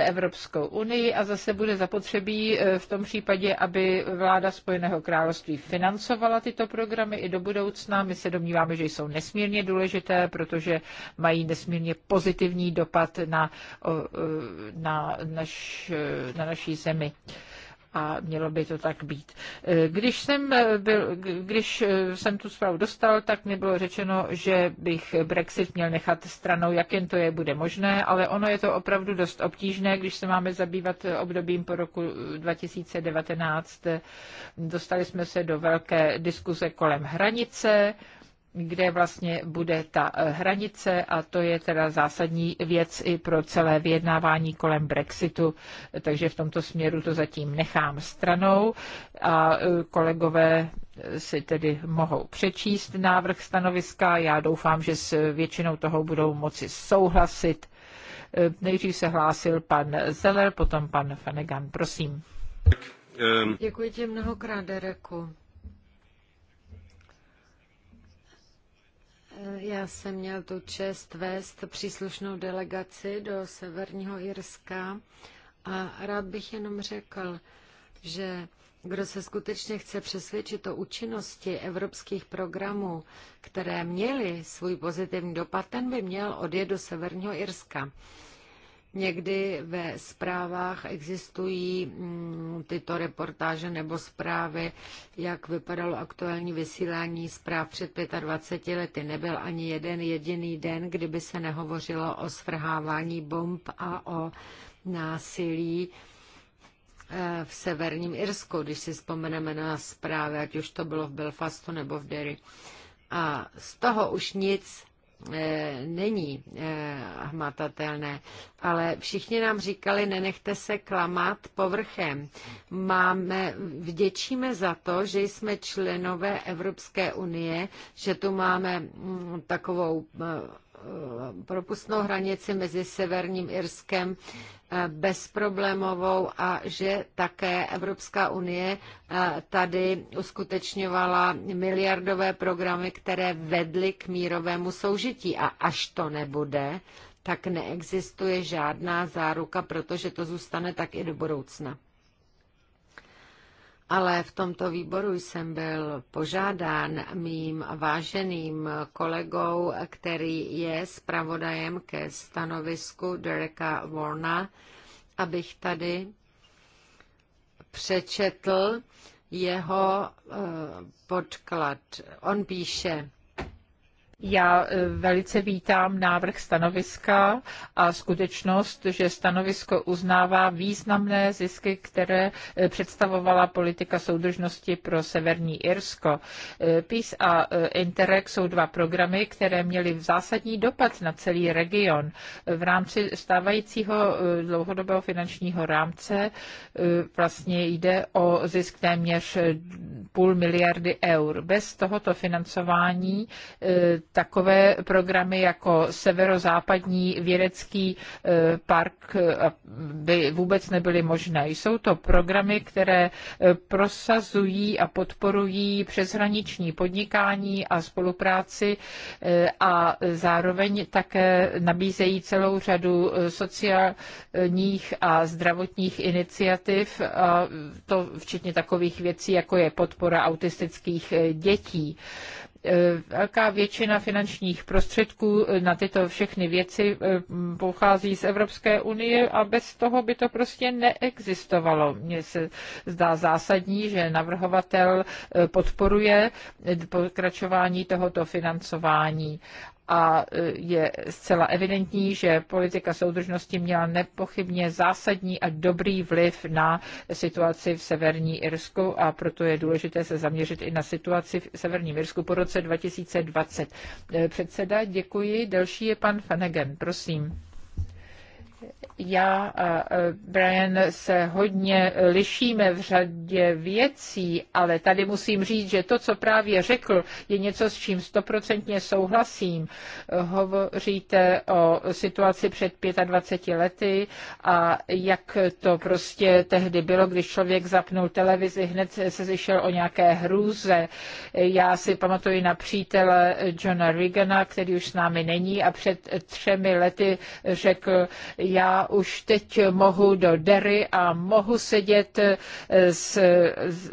Evropskou unii a zase bude zapotřebí eh, v tom případě, aby vláda Spojeného království financovala tyto programy i do budoucna. My se domníváme, že jsou nesmírně důležité, protože mají nesmírně pozitivní dopad na, eh, na, naš, na naší zemi a mělo by to tak být. Když jsem, byl, když jsem tu zprávu dostal, tak mi bylo řečeno, že bych Brexit měl nechat stranou, jak jen to je bude možné, ale ono je to opravdu dost obtížné, když se máme zabývat obdobím po roku 2019. Dostali jsme se do velké diskuze kolem hranice, kde vlastně bude ta eh, hranice a to je teda zásadní věc i pro celé vyjednávání kolem Brexitu, takže v tomto směru to zatím nechám stranou a eh, kolegové eh, si tedy mohou přečíst návrh stanoviska. Já doufám, že s většinou toho budou moci souhlasit. Nejdřív se hlásil pan Zeller, potom pan Fanegan. Prosím. Ehm, Děkuji ti mnohokrát, Dereku. Eh, já jsem měl tu čest vést příslušnou delegaci do Severního Irska a rád bych jenom řekl, že kdo se skutečně chce přesvědčit o účinnosti evropských programů, které měly svůj pozitivní dopad, ten by měl odjet do Severního Irska. Někdy ve zprávách existují mm, tyto reportáže nebo zprávy, jak vypadalo aktuální vysílání zpráv před 25 lety. Nebyl ani jeden jediný den, kdyby se nehovořilo o svrhávání bomb a o násilí eh, v severním Irsku, když si vzpomeneme na zprávy, ať už to bylo v Belfastu nebo v Derry. A z toho už nic Eh, není eh, hmatatelné. Ale všichni nám říkali, nenechte se klamat povrchem. Máme, vděčíme za to, že jsme členové Evropské unie, že tu máme mm, takovou eh, propustnou hranici mezi Severním Irskem eh, bezproblémovou a že také Evropská unie eh, tady uskutečňovala miliardové programy, které vedly k mírovému soužití. A až to nebude, tak neexistuje žádná záruka, protože to zůstane tak i do budoucna ale v tomto výboru jsem byl požádán mým váženým kolegou, který je zpravodajem ke stanovisku Dereka Warna, abych tady přečetl jeho eh, podklad. On píše, já e, velice vítám návrh stanoviska a skutečnost, že stanovisko uznává významné zisky, které e, představovala politika soudržnosti pro Severní Irsko. E, PIS a Interreg jsou dva programy, které měly zásadní dopad na celý region. V rámci stávajícího dlouhodobého finančního rámce vlastně jde o zisk téměř půl miliardy eur. Bez tohoto financování takové programy jako severozápadní vědecký e, park e, by vůbec nebyly možné. Jsou to programy, které e, prosazují a podporují přeshraniční podnikání a spolupráci a zároveň také nabízejí celou řadu sociálních a zdravotních iniciativ, a to včetně takových věcí, jako je podpora autistických dětí. Eh, velká většina finančních prostředků eh, na tyto všechny věci eh, pochází z Evropské unie a bez toho by to prostě neexistovalo. Mně se zdá zásadní, že navrhovatel podporuje pokračování tohoto financování a e, je zcela evidentní, že politika soudržnosti měla nepochybně zásadní a dobrý vliv na situaci v Severní Irsku a proto je důležité se zaměřit i na situaci v Severním Irsku po roce 2020. E, předseda, děkuji. Další je pan Fenegen, prosím. Já a Brian se hodně lišíme v řadě věcí, ale tady musím říct, že to, co právě řekl, je něco, s čím stoprocentně souhlasím. Hovoříte o situaci před 25 lety a jak to prostě tehdy bylo, když člověk zapnul televizi, hned se zišel o nějaké hrůze. Já si pamatuji na přítele Johna Regana, který už s námi není a před třemi lety řekl, já už teď mohu do dery a mohu sedět eh, s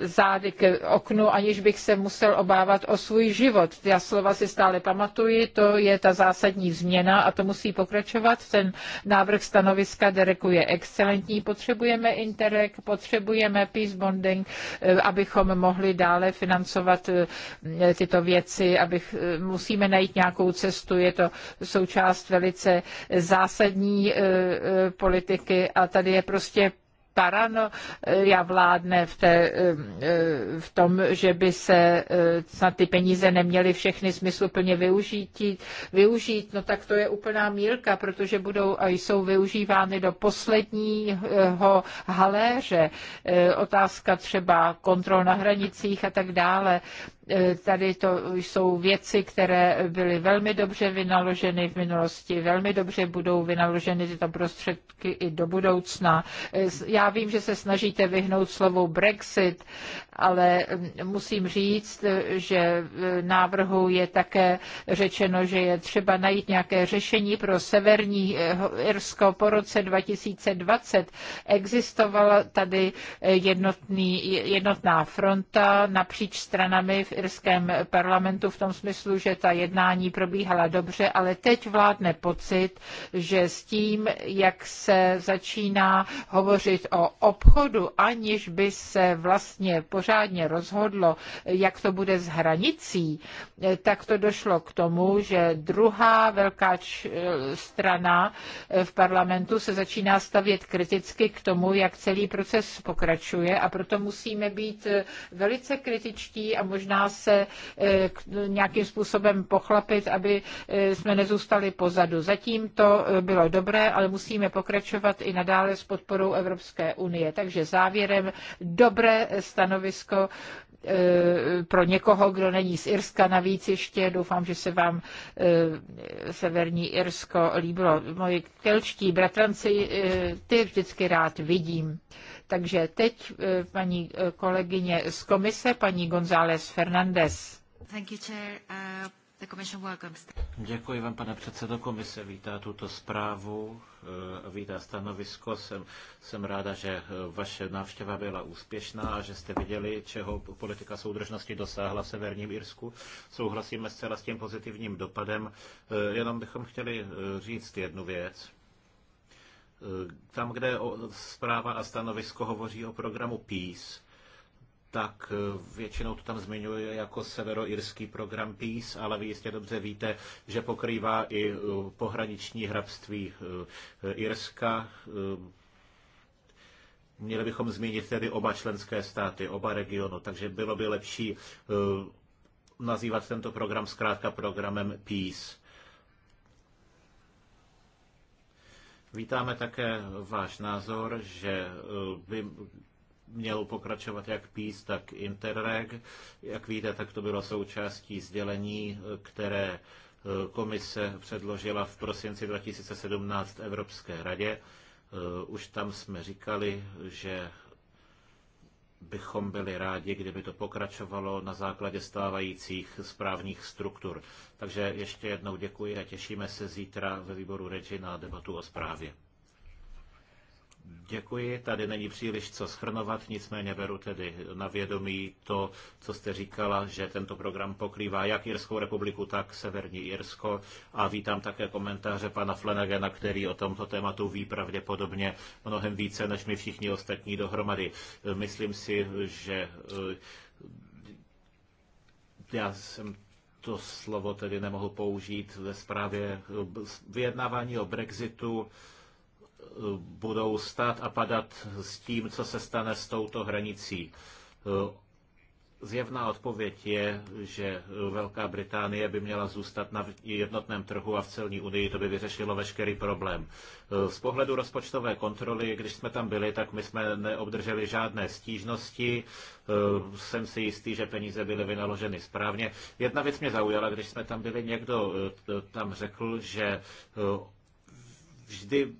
zády k oknu, aniž bych se musel obávat o svůj život. Já slova si stále pamatuji, to je ta zásadní změna a to musí pokračovat. Ten návrh stanoviska Dereku je excelentní. Potřebujeme Interreg, potřebujeme peace bonding, eh, abychom mohli dále financovat eh, tyto věci, abych, musíme najít nějakou cestu. Je to součást velice zásadní Eh, politiky a tady je prostě eh, já vládne v, té, eh, v tom, že by se snad ty peníze neměly všechny smysluplně využít, využít, no tak to je úplná mílka, protože budou a jsou využívány do posledního haléře. Otázka třeba kontrol na hranicích a tak dále. E, tady to jsou věci, které byly velmi dobře vynaloženy v minulosti, velmi dobře budou vynaloženy tyto prostředky i do budoucna. E, já vím, že se snažíte vyhnout slovu Brexit, ale mm, musím říct, že v návrhu je také řečeno, že je třeba najít nějaké řešení pro severní eh, Irsko po roce 2020. Existovala tady eh, jednotný, jednotná fronta napříč stranami v irském parlamentu v tom smyslu, že ta jednání probíhala dobře, ale teď vládne pocit, že s tím, jak se začíná hovořit o obchodu, aniž by se vlastně po pořádně rozhodlo, jak to bude s hranicí, tak to došlo k tomu, že druhá velká eh, strana eh, v parlamentu se začíná stavět kriticky k tomu, jak celý proces pokračuje a proto musíme být eh, velice kritičtí a možná se nějakým způsobem pochlapit, aby jsme nezůstali pozadu. Zatím to bylo dobré, ale musíme pokračovat i nadále s podporou Evropské unie. Takže závěrem dobré stanovisko stanovisko e, pro někoho, kdo není z Irska navíc ještě. Doufám, že se vám e, Severní Irsko líbilo. Moji kelčtí bratranci, e, ty vždycky rád vidím. Takže teď paní kolegyně z komise, paní González Fernández. Thank you, chair. Uh... Děkuji vám, pane předsedo komise. Vítá tuto zprávu, eh, vítá stanovisko. Jsem, jsem ráda, že eh, vaše návštěva byla úspěšná a že jste viděli, čeho politika soudržnosti dosáhla v Severním Irsku. Souhlasíme zcela s tím pozitivním dopadem. Eh, jenom bychom chtěli říct jednu věc. Tam, kde zpráva a stanovisko hovoří o programu PEACE, tak eh, většinou to tam zmiňuje jako severoirský program Peace, ale vy jistě dobře víte, že pokrývá i eh, pohraniční hrabství eh, Irska. Měli bychom zmínit tedy oba členské státy, oba regionu, takže bylo by lepší nazývat tento program zkrátka programem Peace. Vítáme také váš názor, že by měl pokračovat jak PIS, tak Interreg. Jak víte, tak to bylo součástí sdělení, které eh, komise předložila v prosinci 2017 Evropské radě. Eh, už tam jsme říkali, že bychom byli rádi, kdyby to pokračovalo na základě stávajících správních struktur. Takže ještě jednou děkuji a těšíme se zítra ve výboru Regina na debatu o zprávě. Děkuji, tady není příliš co schrnovat, nicméně beru tedy na vědomí to, co jste říkala, že tento program pokrývá jak Irskou republiku, tak Severní Irsko a vítám také komentáře pana Flanagena, který o tomto tématu ví pravděpodobně mnohem více než my všichni ostatní dohromady. Myslím si, že eh, já jsem to slovo tedy nemohl použít ve zprávě eh, vyjednávání o Brexitu budou stát a padat s tím, co se stane s touto hranicí. Zjevná odpověď je, že Velká Británie by měla zůstat na jednotném trhu a v celní unii, to by vyřešilo veškerý problém. Z pohledu rozpočtové kontroly, když jsme tam byli, tak my jsme neobdrželi žádné stížnosti. Jsem si jistý, že peníze byly vynaloženy správně. Jedna věc mě zaujala, když jsme tam byli, někdo tam řekl, že vždy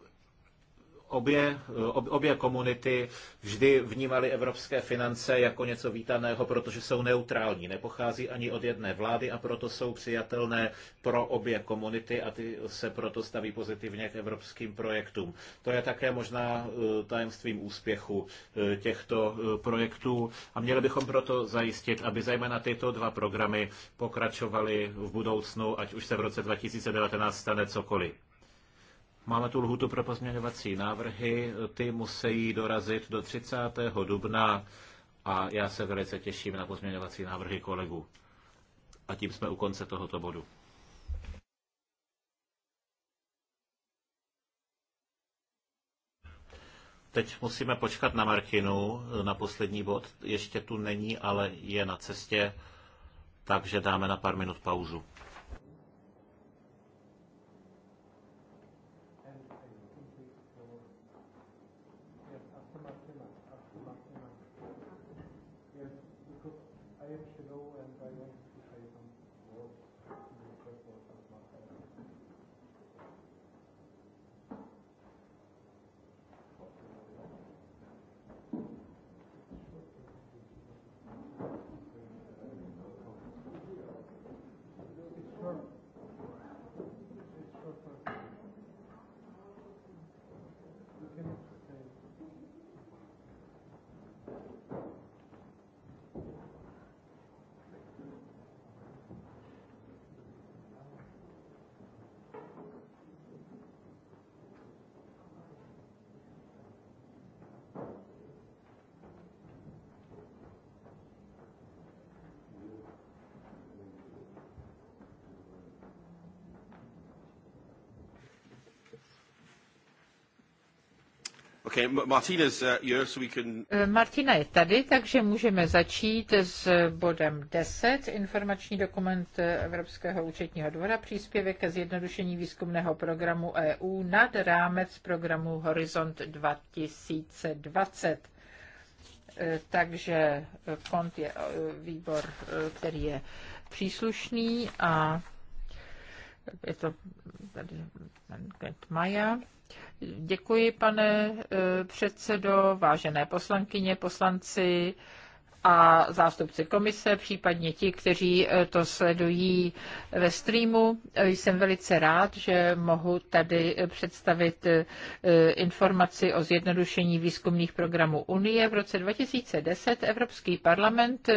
obě, ob, obě komunity vždy vnímaly evropské finance jako něco vítaného, protože jsou neutrální, nepochází ani od jedné vlády a proto jsou přijatelné pro obě komunity a ty se proto staví pozitivně k evropským projektům. To je také možná eh, tajemstvím úspěchu eh, těchto eh, projektů a měli bychom proto zajistit, aby zejména tyto dva programy pokračovaly v budoucnu, ať už se v roce 2019 stane cokoliv. Máme tu lhutu pro pozměňovací návrhy, ty musí dorazit do 30. dubna a já se velice těším na pozměňovací návrhy kolegů. A tím jsme u konce tohoto bodu. Teď musíme počkat na Martinu, na poslední bod. Ještě tu není, ale je na cestě, takže dáme na pár minut pauzu. Okay, uh, here, so we can... Eh, Martina je tady, takže můžeme začít s bodem 10, informační dokument eh, Evropského účetního dvora, příspěvek ke zjednodušení výzkumného programu EU nad rámec programu Horizont 2020. Eh, takže fond je výbor, který je příslušný a je to tady Maja. Děkuji, pane eh, předsedo, vážené poslankyně, poslanci a zástupci komise, případně ti, kteří eh, to sledují eh, ve streamu. Eh, jsem velice rád, že mohu tady představit informaci o zjednodušení výzkumných programů Unie. V roce 2010 Evropský parlament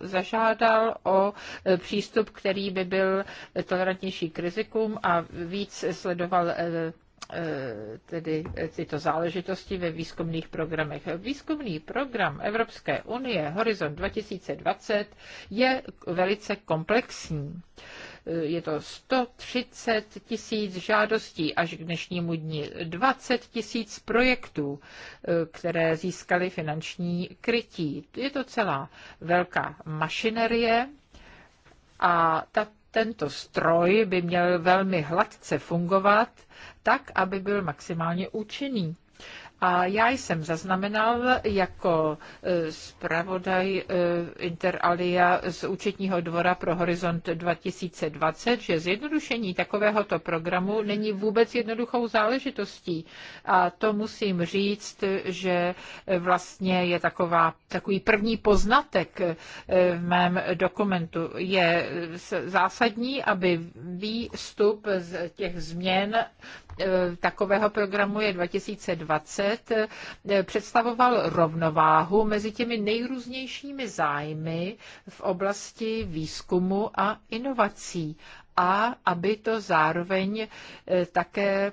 zažádal o přístup, který by byl tolerantnější k rizikům a víc sledoval Eh, tedy eh, tyto záležitosti ve výzkumných programech. Výzkumný program Evropské unie Horizon 2020 je velice komplexní. Eh, je to 130 tisíc žádostí až k dnešnímu dni, 20 tisíc projektů, které získaly finanční krytí. Je to celá velká mašinerie a tak tento stroj by měl velmi hladce fungovat, tak, aby byl maximálně účinný. A já jsem zaznamenal jako e, zpravodaj e, Inter Alia z účetního dvora pro Horizont 2020, že zjednodušení takovéhoto programu není vůbec jednoduchou záležitostí. A to musím říct, že vlastně je taková, takový první poznatek e, v mém dokumentu. Je zásadní, aby výstup z těch změn E, takového programu je 2020, e, představoval rovnováhu mezi těmi nejrůznějšími zájmy v oblasti výzkumu a inovací a aby to zároveň e, také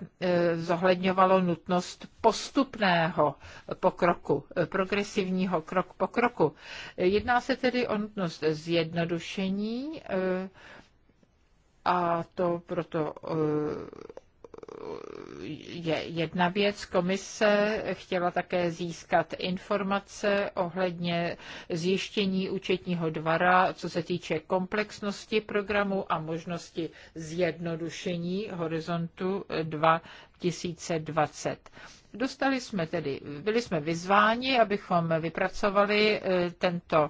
zohledňovalo nutnost postupného pokroku, progresivního krok po kroku. Jedná se tedy o nutnost zjednodušení a to proto je jedna věc. Komise chtěla také získat informace ohledně zjištění účetního dvara, co se týče komplexnosti programu a možnosti zjednodušení horizontu 2020. Dostali jsme tedy, byli jsme vyzváni, abychom vypracovali eh, tento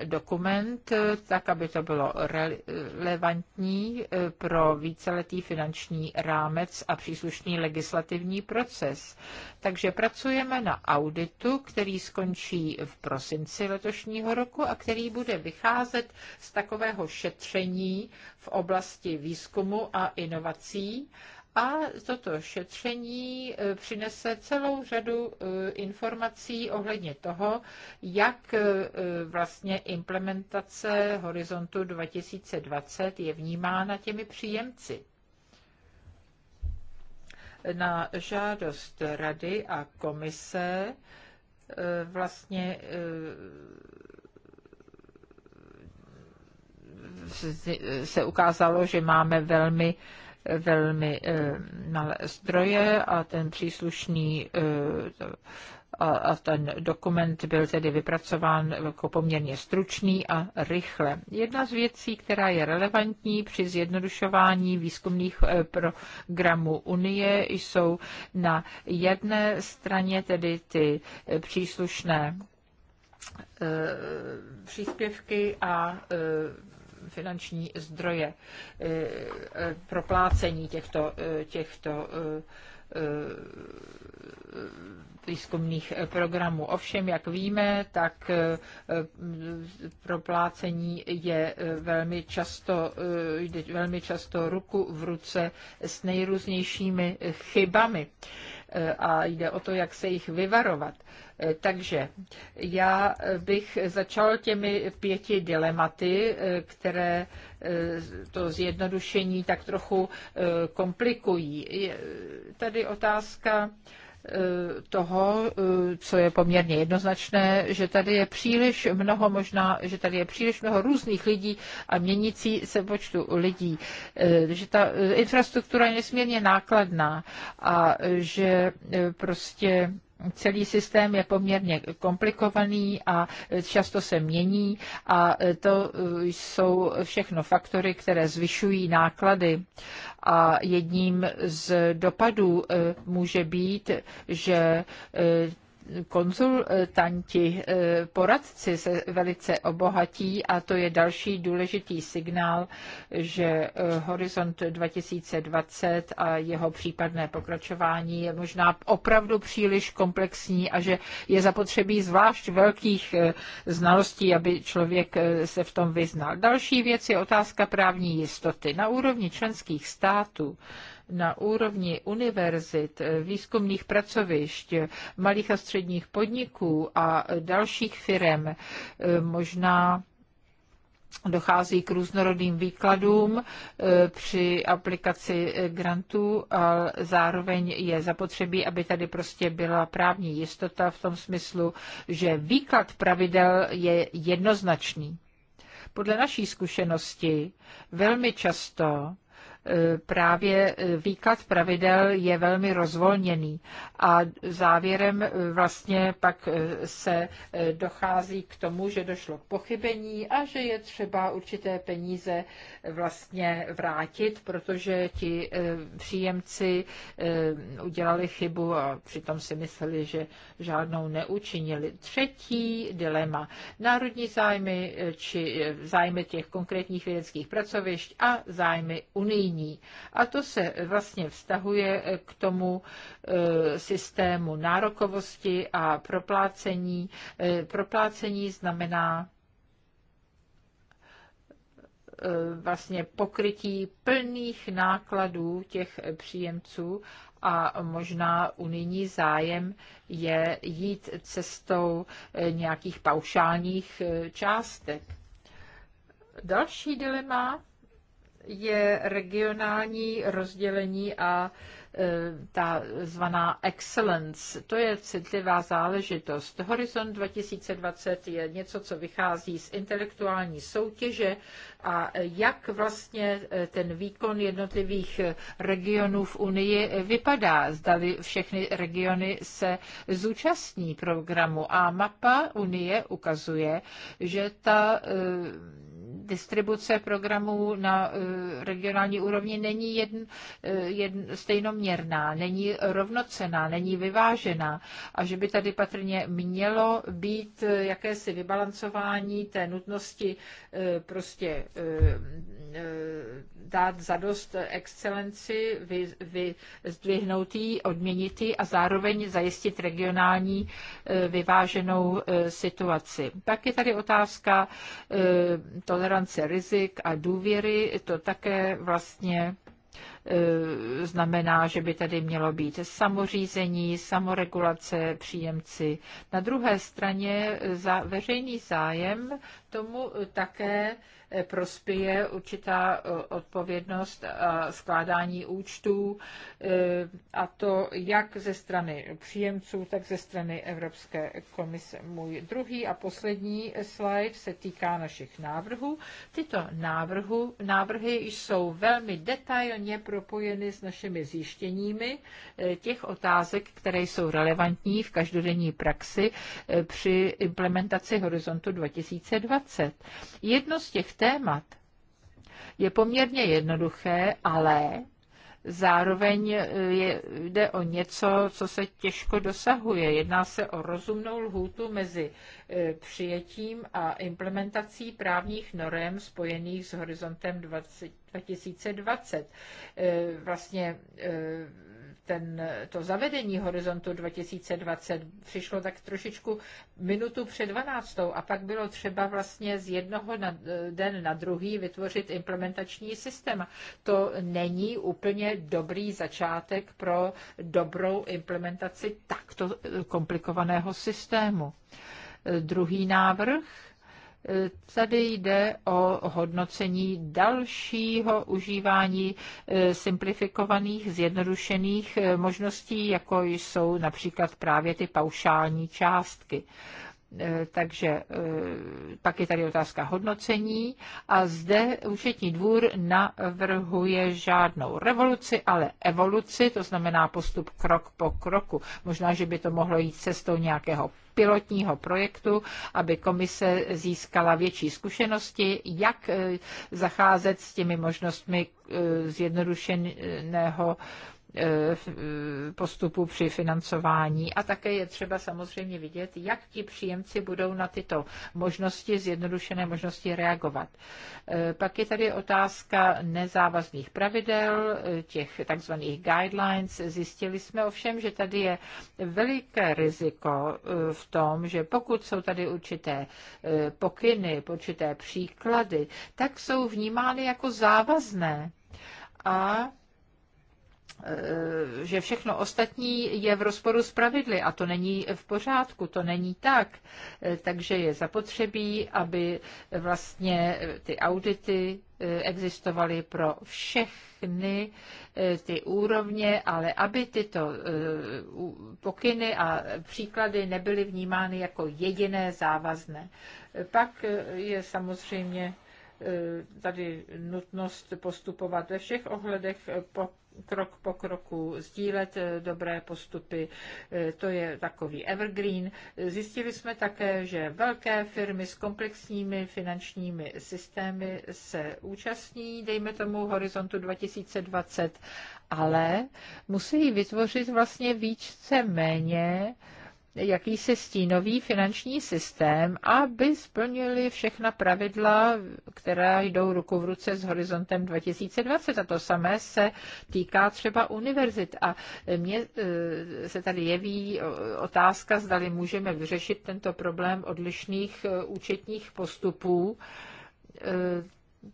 eh, dokument eh, tak, aby to bylo relevantní pro víceletý finanční rámec a příslušný legislativní proces. Takže pracujeme na auditu, který skončí v prosinci letošního roku a který bude vycházet z takového šetření v oblasti výzkumu a inovací a toto šetření eh, přinese celou řadu eh, informací ohledně toho, jak eh, vlastně implementace Horizontu 2020 je vnímána těmi příjemci na žádost rady a komise vlastně se ukázalo, že máme velmi velmi eh, malé zdroje a ten příslušný eh, a, ten dokument byl tedy vypracován jako poměrně stručný a rychle. Jedna z věcí, která je relevantní při zjednodušování výzkumných eh, programů Unie, jsou na jedné straně tedy ty příslušné příspěvky a finanční zdroje eh, eh, pro plácení těchto, eh, těchto výzkumných programů. Ovšem, jak víme, tak proplácení je velmi často, jde velmi často ruku v ruce s nejrůznějšími chybami a jde o to, jak se jich vyvarovat. Eh, takže já eh, bych začal těmi pěti dilematy, eh, které to zjednodušení tak trochu komplikují. Je tady otázka toho, co je poměrně jednoznačné, že tady je příliš mnoho možná, že tady je příliš mnoho různých lidí a měnící se počtu lidí, že ta infrastruktura je nesmírně nákladná a že prostě celý systém je poměrně komplikovaný a často se mění a to jsou všechno faktory, které zvyšují náklady. A jedním z dopadů eh, může být, že eh, konzultanti, eh, poradci se velice obohatí a to je další důležitý signál, že eh, Horizont 2020 a jeho případné pokračování je možná opravdu příliš komplexní a že je zapotřebí zvlášť velkých eh, znalostí, aby člověk se v tom vyznal. Další věc je otázka právní jistoty. Na úrovni členských států na úrovni univerzit, výzkumných pracovišť, malých a středních podniků a dalších firm možná dochází k různorodým výkladům eh, při aplikaci grantů, ale zároveň je zapotřebí, aby tady prostě byla právní jistota v tom smyslu, že výklad pravidel je jednoznačný. Podle naší zkušenosti velmi často právě e, výklad pravidel je velmi rozvolněný a závěrem e, vlastně pak e, se dochází k tomu, že došlo k pochybení a že je třeba určité peníze vlastně vrátit, protože ti příjemci udělali chybu a přitom si mysleli, že žádnou neučinili. Třetí dilema. Národní zájmy či zájmy těch konkrétních vědeckých pracovišť a zájmy unijní pojištění. A to se vlastně vztahuje k tomu e, systému nárokovosti a proplácení. E, proplácení znamená e, vlastně pokrytí plných nákladů těch příjemců a možná unijní zájem je jít cestou nějakých paušálních částek. Další dilema je regionální rozdělení a e, ta zvaná excellence. To je citlivá záležitost. Horizont 2020 je něco, co vychází z intelektuální soutěže a jak vlastně e, ten výkon jednotlivých regionů v Unii vypadá. Zdali všechny regiony se zúčastní programu a mapa Unie ukazuje, že ta e, distribuce programů na eh, regionální úrovni není jedn, eh, jedn, stejnoměrná, není rovnocená, není vyvážená a že by tady patrně mělo být eh, jakési vybalancování té nutnosti prostě dát zadost excelenci, vy, vy, zdvihnout ji, odměnit ji a zároveň zajistit regionální e, vyváženou e, situaci. Pak je tady otázka e, tolerance rizik a důvěry. To také vlastně znamená, že by tady mělo být samořízení, samoregulace příjemci. Na druhé straně za veřejný zájem tomu také prospěje určitá e, odpovědnost a skládání účtů, e, a to jak ze strany příjemců, tak ze strany Evropské komise. Můj druhý a poslední slide se týká našich návrhů. Tyto návrhu, návrhy jsou velmi detailně propojeny s našimi zjištěními e, těch otázek, které jsou relevantní v každodenní praxi při implementaci Horizontu 2020. Jedno z těch témat je poměrně jednoduché, ale zároveň e, je, jde o něco, co se těžko dosahuje. Jedná se o rozumnou lhůtu mezi e, přijetím a implementací právních norem spojených s horizontem 20, 2020. E, vlastně ten, to zavedení horizontu 2020 přišlo tak trošičku minutu před 12. a pak bylo třeba vlastně z jednoho na, den na druhý vytvořit implementační systém. To není úplně dobrý začátek pro dobrou implementaci takto komplikovaného systému. Druhý návrh Tady jde o hodnocení dalšího užívání eh, simplifikovaných, zjednodušených eh, možností, jako jsou například právě ty paušální částky. Eh, takže pak je tady otázka hodnocení a zde účetní dvůr navrhuje žádnou revoluci, ale evoluci, to znamená postup krok po kroku. Možná, že by to mohlo jít cestou nějakého pilotního projektu, aby komise získala větší zkušenosti, jak eh, zacházet s těmi možnostmi eh, zjednodušeného Eh, eh, postupu při financování. A také je třeba samozřejmě vidět, jak ti příjemci budou na tyto možnosti, zjednodušené možnosti reagovat. Eh, pak je tady otázka nezávazných pravidel, těch takzvaných guidelines. Zjistili jsme ovšem, že tady je veliké riziko v tom, že pokud jsou tady určité pokyny, určité příklady, tak jsou vnímány jako závazné. A Eh, že všechno ostatní je v rozporu s pravidly a to není v pořádku, to není tak. Eh, takže je zapotřebí, aby vlastně ty audity eh, existovaly pro všechny ty úrovně, ale aby tyto pokyny a příklady nebyly vnímány jako jediné závazné. Pak je samozřejmě tady nutnost postupovat ve všech ohledech po krok po kroku, sdílet eh, dobré postupy, eh, to je takový evergreen. Zjistili jsme také, že velké firmy s komplexními finančními systémy se účastní, dejme tomu horizontu 2020, ale musí vytvořit vlastně více méně jakýsi stínový finanční systém, aby splnili všechna pravidla, která jdou ruku v ruce s horizontem 2020. A to samé se týká třeba univerzit. A mně eh, se tady jeví otázka, zdali můžeme vyřešit tento problém odlišných eh, účetních postupů, eh,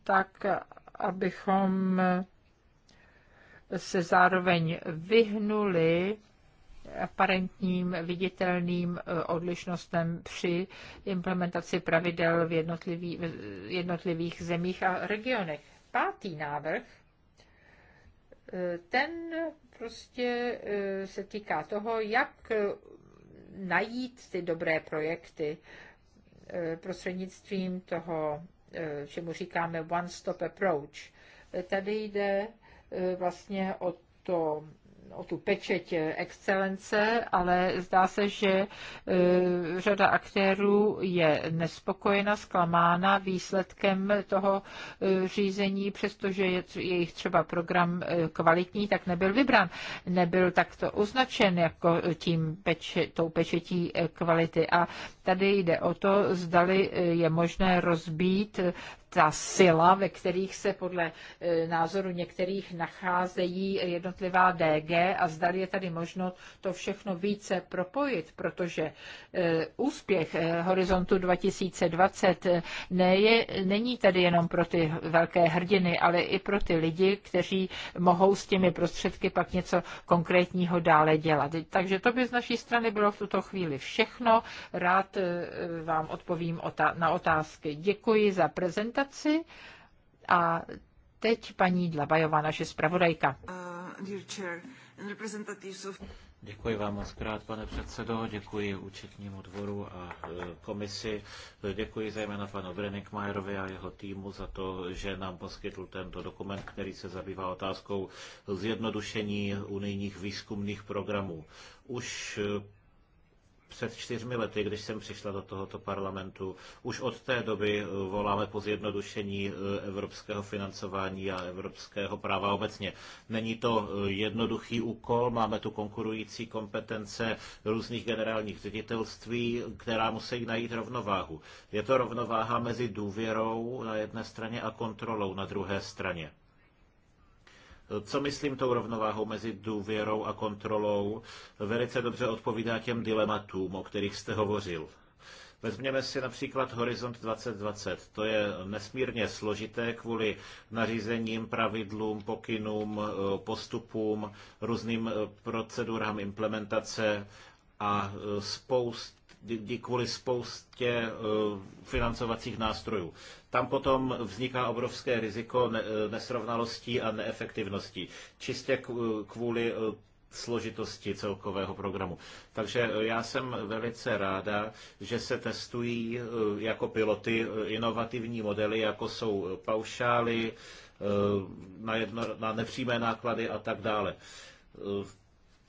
tak abychom se zároveň vyhnuli aparentním, viditelným eh, odlišnostem při implementaci pravidel v jednotlivých, jednotlivých zemích a regionech. Pátý návrh, eh, ten prostě eh, se týká toho, jak najít ty dobré projekty prostřednictvím toho, čemu říkáme one-stop approach. Tady jde vlastně o to o tu pečeť excelence, ale zdá se, že e, řada aktérů je nespokojena, zklamána výsledkem toho e, řízení, přestože je jejich třeba program e, kvalitní, tak nebyl vybrán. Nebyl takto označen jako tím peče, tou pečetí kvality. A tady jde o to, zdali je možné rozbít ta sila, ve kterých se podle e, názoru některých nacházejí jednotlivá DG a zda je tady možno to všechno více propojit, protože e, úspěch e, Horizontu 2020 ne je, není tady jenom pro ty velké hrdiny, ale i pro ty lidi, kteří mohou s těmi prostředky pak něco konkrétního dále dělat. Takže to by z naší strany bylo v tuto chvíli všechno. Rád vám odpovím na otázky. Děkuji za prezentaci prezentaci a teď paní Dlabajová, naše zpravodajka. Děkuji vám moc krát, pane předsedo, děkuji účetnímu dvoru a e, komisi, děkuji zejména panu Brenikmajerovi a jeho týmu za to, že nám poskytl tento dokument, který se zabývá otázkou zjednodušení unijních výzkumných programů. Už e, před čtyřmi lety, když jsem přišla do tohoto parlamentu. Už od té doby eh, voláme po zjednodušení eh, evropského financování a evropského práva obecně. Není to eh, jednoduchý úkol, máme tu konkurující kompetence různých generálních ředitelství, která musí najít rovnováhu. Je to rovnováha mezi důvěrou na jedné straně a kontrolou na druhé straně. Co myslím tou rovnováhou mezi důvěrou a kontrolou, velice dobře odpovídá těm dilematům, o kterých jste hovořil. Vezměme si například Horizont 2020. To je nesmírně složité kvůli nařízením, pravidlům, pokynům, eh, postupům, různým eh, procedurám implementace a eh, spoust, kdy kvůli spoustě e, financovacích nástrojů. Tam potom vzniká obrovské riziko e, nesrovnalostí a neefektivností. Čistě e, kvůli složitosti celkového programu. Takže já jsem velice ráda, že se testují jako piloty inovativní modely, jako jsou paušály na, jedno, na nepřímé náklady a tak dále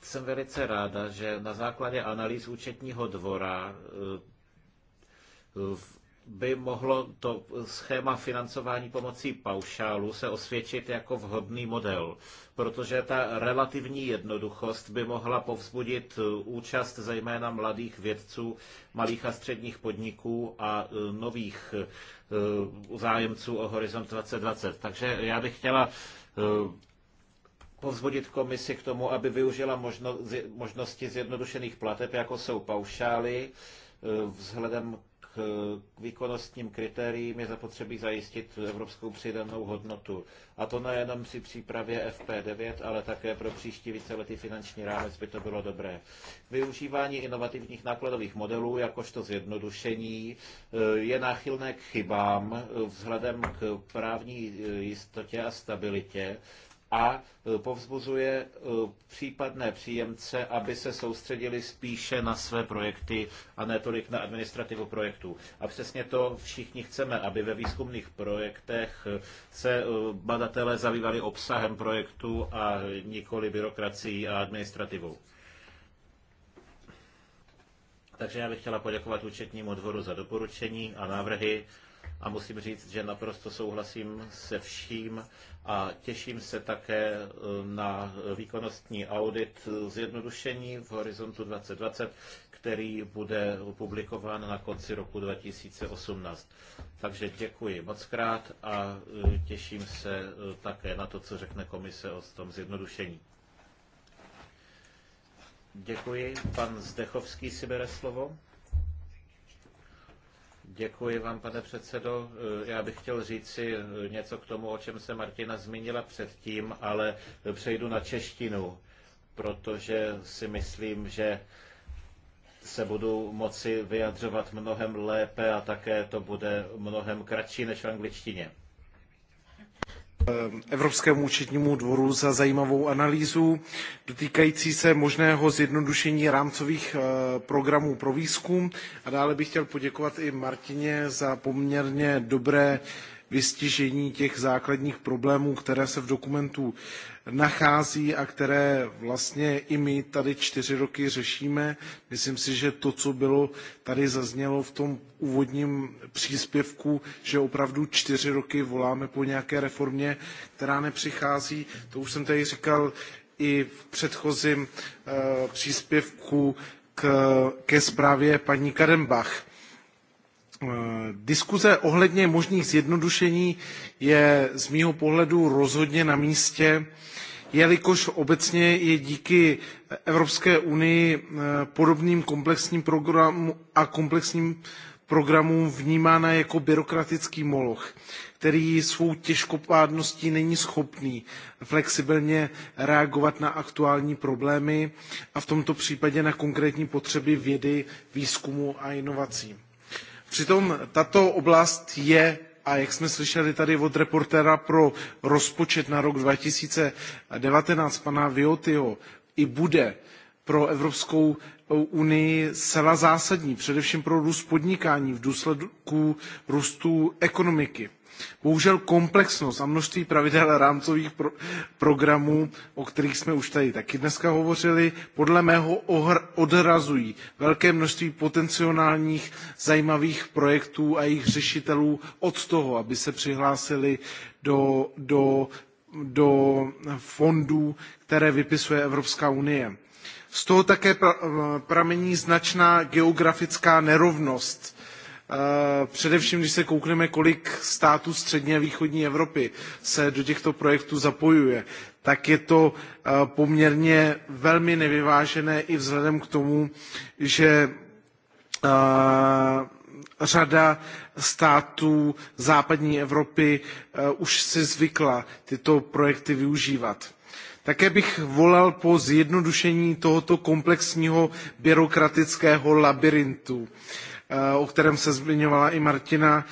jsem velice ráda, že na základě analýz účetního dvora eh, by mohlo to schéma financování pomocí paušálu se osvědčit jako vhodný model, protože ta relativní jednoduchost by mohla povzbudit eh, účast zejména mladých vědců, malých a středních podniků a eh, nových zájemců o Horizont 2020. Takže já bych chtěla povzbudit komisi k tomu, aby využila možno, možnosti zjednodušených plateb, jako jsou paušály, e, vzhledem e, k výkonnostním kritériím je zapotřebí zajistit evropskou přidanou hodnotu. A to nejenom při přípravě FP9, ale také pro příští víceletý finanční rámec by to bylo dobré. Využívání inovativních nákladových modelů jakožto zjednodušení e, je náchylné k chybám vzhledem k právní jistotě a stabilitě, a e, povzbuzuje e, případné příjemce, aby se soustředili spíše na své projekty a ne tolik na administrativu projektů. A přesně to všichni chceme, aby ve výzkumných projektech se e, badatelé zabývali obsahem projektu a nikoli byrokracií a administrativou. Takže já bych chtěla poděkovat účetnímu dvoru za doporučení a návrhy a musím říct, že naprosto souhlasím se vším, a těším se také um, na výkonnostní audit zjednodušení v Horizontu 2020, který bude publikován na konci roku 2018. Takže děkuji moc krát a uh, těším se uh, také na to, co řekne komise o tom zjednodušení. Děkuji. Pan Zdechovský si bere slovo. Děkuji vám, pane předsedo. Eh, já bych chtěl říci eh, něco k tomu, o čem se Martina zmínila předtím, ale přejdu na češtinu, protože si myslím, že se budu moci vyjadřovat mnohem lépe a také to bude mnohem kratší než v angličtině. Eh, Evropskému účetnímu dvoru za zajímavou analýzu dotýkající se možného zjednodušení rámcových eh, programů pro výzkum. A dále bych chtěl poděkovat i Martině za poměrně dobré vystižení těch základních problémů, které se v dokumentu nachází a které vlastně i my tady čtyři roky řešíme. Myslím si, že to, co bylo tady zaznělo v tom úvodním příspěvku, že opravdu čtyři roky voláme po nějaké reformě, která nepřichází, to už jsem tady říkal i v předchozím eh, příspěvku k, ke zprávě paní Kadenbach Eh, diskuze ohledně možných zjednodušení je z mýho pohledu rozhodně na místě, jelikož obecně je díky Evropské unii eh, podobným komplexním programům a komplexním programům vnímána jako byrokratický moloch, který svou těžkopádností není schopný flexibilně reagovat na aktuální problémy a v tomto případě na konkrétní potřeby vědy, výzkumu a inovací. Přitom tato oblast je a jak jsme slyšeli tady od reportéra pro rozpočet na rok 2019 pana Viotyho, i bude pro Evropskou unii zcela zásadní, především pro růst podnikání v důsledku růstu ekonomiky Bohužel komplexnost a množství pravidel rámcových pro, programů, o kterých jsme už tady taky dneska hovořili, podle mého ohr, odrazují velké množství potenciálních zajímavých projektů a jejich řešitelů od toho, aby se přihlásili do, do, do fondů, které vypisuje Evropská unie. Z toho také pramení značná geografická nerovnost Především, když se koukneme, kolik států střední a východní Evropy se do těchto projektů zapojuje, tak je to poměrně velmi nevyvážené i vzhledem k tomu, že řada států západní Evropy už si zvykla tyto projekty využívat. Také bych volal po zjednodušení tohoto komplexního byrokratického labirintu. Uh, Eh, o kterém se zmiňovala i Martina,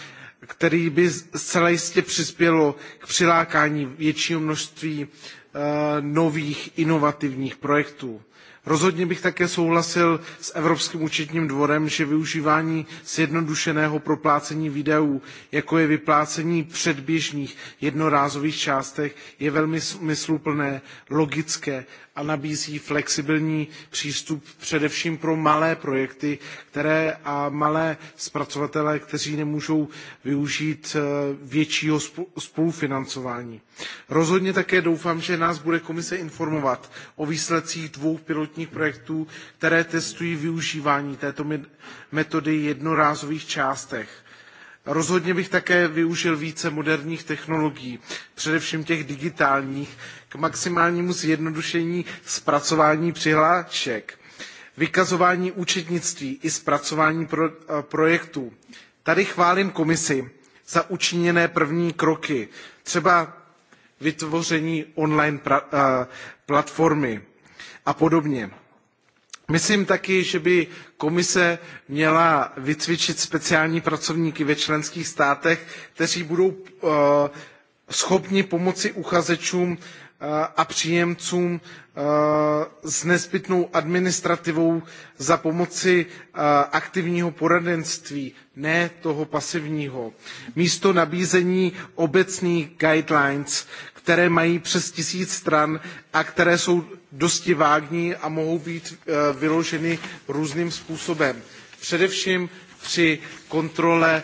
který by zcela jistě přispělo k přilákání většího množství eh, nových inovativních projektů. Rozhodně bych také souhlasil s Evropským účetním dvorem, že využívání zjednodušeného proplácení výdajů, jako je vyplácení předběžných jednorázových částek, je velmi smysluplné, logické a nabízí flexibilní přístup především pro malé projekty které a malé zpracovatele, kteří nemůžou využít eh, většího spolufinancování. Rozhodně také doufám, že nás bude komise informovat o výsledcích dvou pilotních pilotních projektů, které testují využívání této metody jednorázových částech. Rozhodně bych také využil více moderních technologií, především těch digitálních, k maximálnímu zjednodušení zpracování přihlášek, vykazování účetnictví i zpracování pro, projektů. Tady chválím komisi za učiněné první kroky, třeba vytvoření online pra, eh, platformy a podobně. Myslím taky, že by komise měla vycvičit speciální pracovníky ve členských státech, kteří budou eh, schopni pomoci uchazečům eh, a příjemcům eh, s nezbytnou administrativou za pomoci aktivního poradenství, ne toho pasivního. Místo nabízení obecných guidelines, které mají přes tisíc stran a které jsou dosti vágní a mohou být eh, vyloženy různým způsobem. Především při kontrole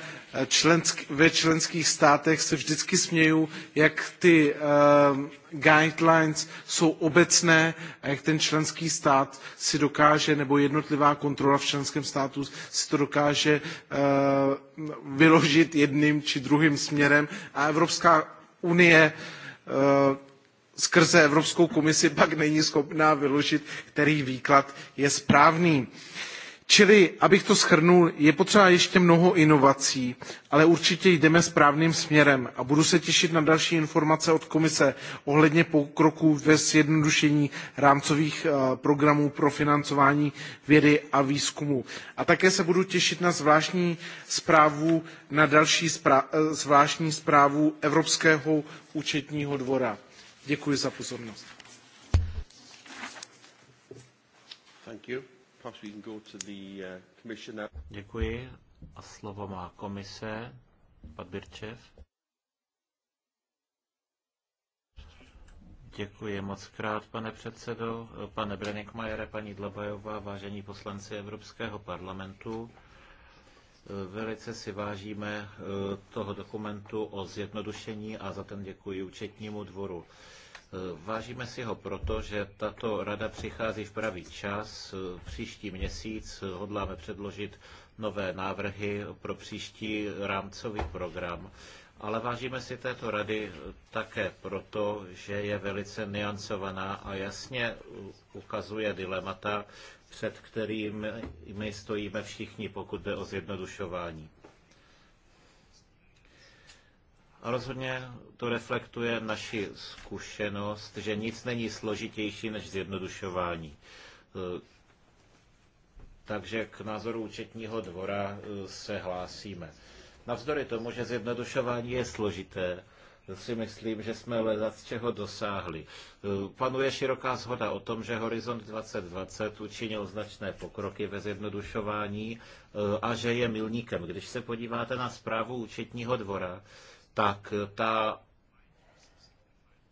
eh, ve členských státech se vždycky směju, jak ty uh, guidelines jsou obecné a jak ten členský stát si dokáže, nebo jednotlivá kontrola v členském státu si to dokáže uh, vyložit jedním či druhým směrem. A Evropská unie uh, skrze Evropskou komisi pak není schopná vyložit, který výklad je správný. Čili, abych to schrnul, je potřeba ještě mnoho inovací, ale určitě jdeme správným směrem a budu se těšit na další informace od komise ohledně pokroku ve zjednodušení rámcových eh, programů pro financování vědy a výzkumu. A také se budu těšit na zvláštní zprávu, na další eh, zvláštní zprávu Evropského účetního dvora. Děkuji za pozornost. Uh, Děkuji. A slovo má komise, pan Birčev. Děkuji moc krát, pane předsedo, pane Brenikmajere, paní Dlabajová, vážení poslanci Evropského parlamentu. Velice si vážíme eh, toho dokumentu o zjednodušení a za ten děkuji účetnímu dvoru. Eh, vážíme si ho proto, že tato rada přichází v pravý čas. Eh, příští měsíc hodláme předložit nové návrhy pro příští rámcový program. Ale vážíme si této rady také proto, že je velice niancovaná a jasně ukazuje dilemata, před kterými my stojíme všichni, pokud jde o zjednodušování. A rozhodně to reflektuje naši zkušenost, že nic není složitější než zjednodušování. Takže k názoru účetního dvora eh, se hlásíme. Navzdory tomu, že zjednodušování je složité, si myslím, že jsme lezat z čeho dosáhli. E, panuje široká zhoda o tom, že Horizont 2020 učinil značné pokroky ve zjednodušování e, a že je milníkem. Když se podíváte na zprávu účetního dvora, tak ta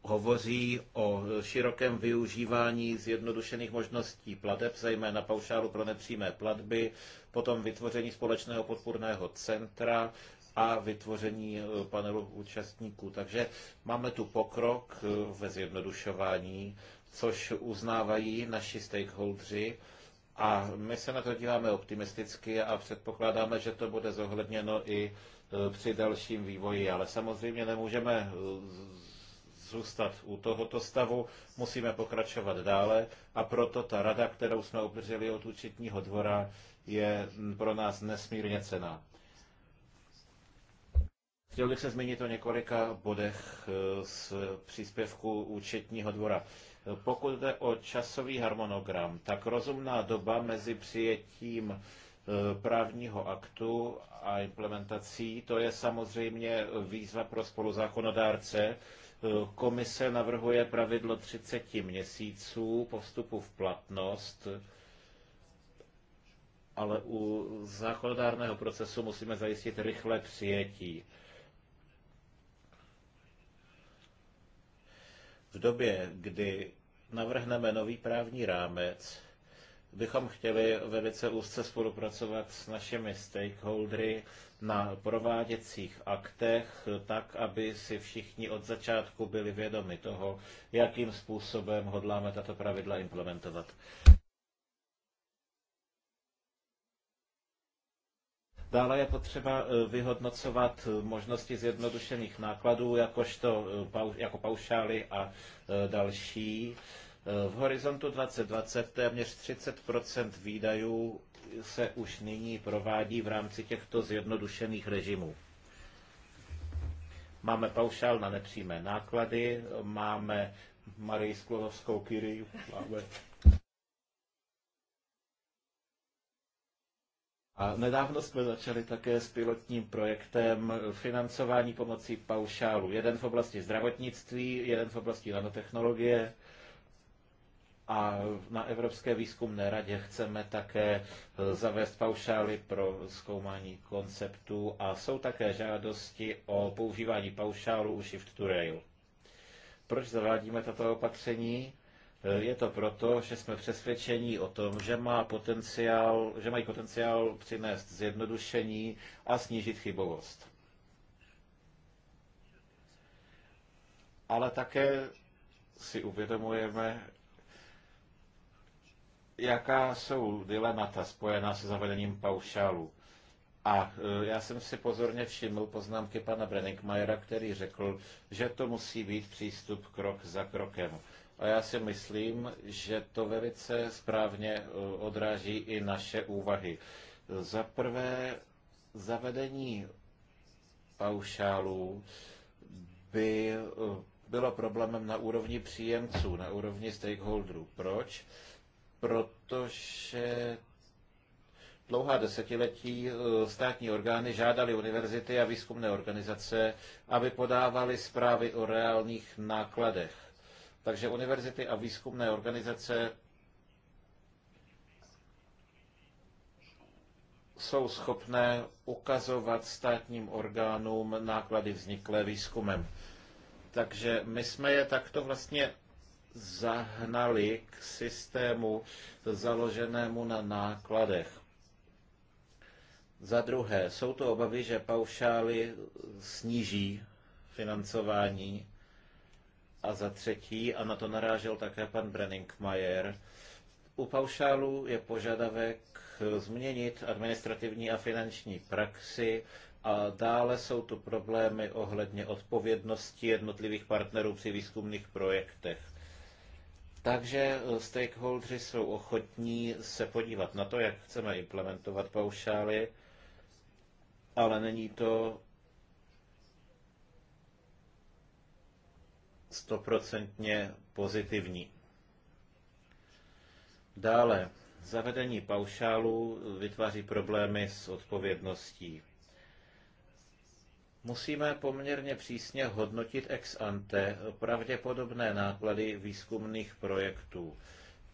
hovoří o širokém využívání zjednodušených možností plateb, zejména paušálu pro nepřímé platby, potom vytvoření společného podpůrného centra, a vytvoření eh, panelu účastníků. Takže máme tu pokrok eh, ve zjednodušování, což uznávají naši stakeholdři. A my se na to díváme optimisticky a předpokládáme, že to bude zohledněno i eh, při dalším vývoji. Ale samozřejmě nemůžeme zůstat u tohoto stavu, musíme pokračovat dále a proto ta rada, kterou jsme obdrželi od účetního dvora, je pro nás nesmírně cená. Chtěl bych se zmínit o několika bodech eh, z příspěvku účetního dvora. Pokud jde o časový harmonogram, tak rozumná doba mezi přijetím eh, právního aktu a implementací, to je samozřejmě výzva pro spoluzákonodárce. Eh, komise navrhuje pravidlo 30 měsíců po vstupu v platnost, ale u zákonodárného procesu musíme zajistit rychlé přijetí. V době, kdy navrhneme nový právní rámec, bychom chtěli velice úzce spolupracovat s našimi stakeholdery na prováděcích aktech, tak, aby si všichni od začátku byli vědomi toho, jakým způsobem hodláme tato pravidla implementovat. Dále je potřeba eh, vyhodnocovat eh, možnosti zjednodušených nákladů, jakožto, eh, jako paušály a další. V horizontu 2020 téměř 30 výdajů se už nyní provádí v rámci těchto zjednodušených režimů. Máme paušál na nepřímé náklady, máme Marii Sklodovskou Kyrii, máme A nedávno jsme začali také s pilotním projektem financování pomocí paušálu. Jeden v oblasti zdravotnictví, jeden v oblasti nanotechnologie. A na Evropské výzkumné radě chceme také eh, zavést paušály pro zkoumání konceptů a jsou také žádosti o používání paušálu u Shift to Rail. Proč zavádíme tato opatření? Je to proto, že jsme přesvědčení o tom, že, má potenciál, že mají potenciál přinést zjednodušení a snížit chybovost. Ale také si uvědomujeme, jaká jsou dilemata spojená se zavedením paušálu. A e, já jsem si pozorně všiml poznámky pana Brenningmajera, který řekl, že to musí být přístup krok za krokem. A já si myslím, že to velice správně eh, odráží i naše úvahy. Za prvé, zavedení paušálů by eh, bylo problémem na úrovni příjemců, na úrovni stakeholderů. Proč? Protože dlouhá desetiletí eh, státní orgány žádali univerzity a výzkumné organizace, aby podávali zprávy o reálných nákladech takže univerzity a výzkumné organizace jsou schopné ukazovat státním orgánům náklady vzniklé výzkumem. Takže my jsme je takto vlastně zahnali k systému založenému na nákladech. Za druhé, jsou to obavy, že paušály sníží financování a za třetí, a na to narážel také pan Brenningmajer, u paušálu je požadavek změnit administrativní a finanční praxi a dále jsou tu problémy ohledně odpovědnosti jednotlivých partnerů při výzkumných projektech. Takže eh, stakeholdři jsou ochotní se podívat na to, jak chceme implementovat paušály, ale není to stoprocentně pozitivní. Dále, zavedení paušálu vytváří problémy s odpovědností. Musíme poměrně přísně hodnotit ex ante pravděpodobné náklady výzkumných projektů.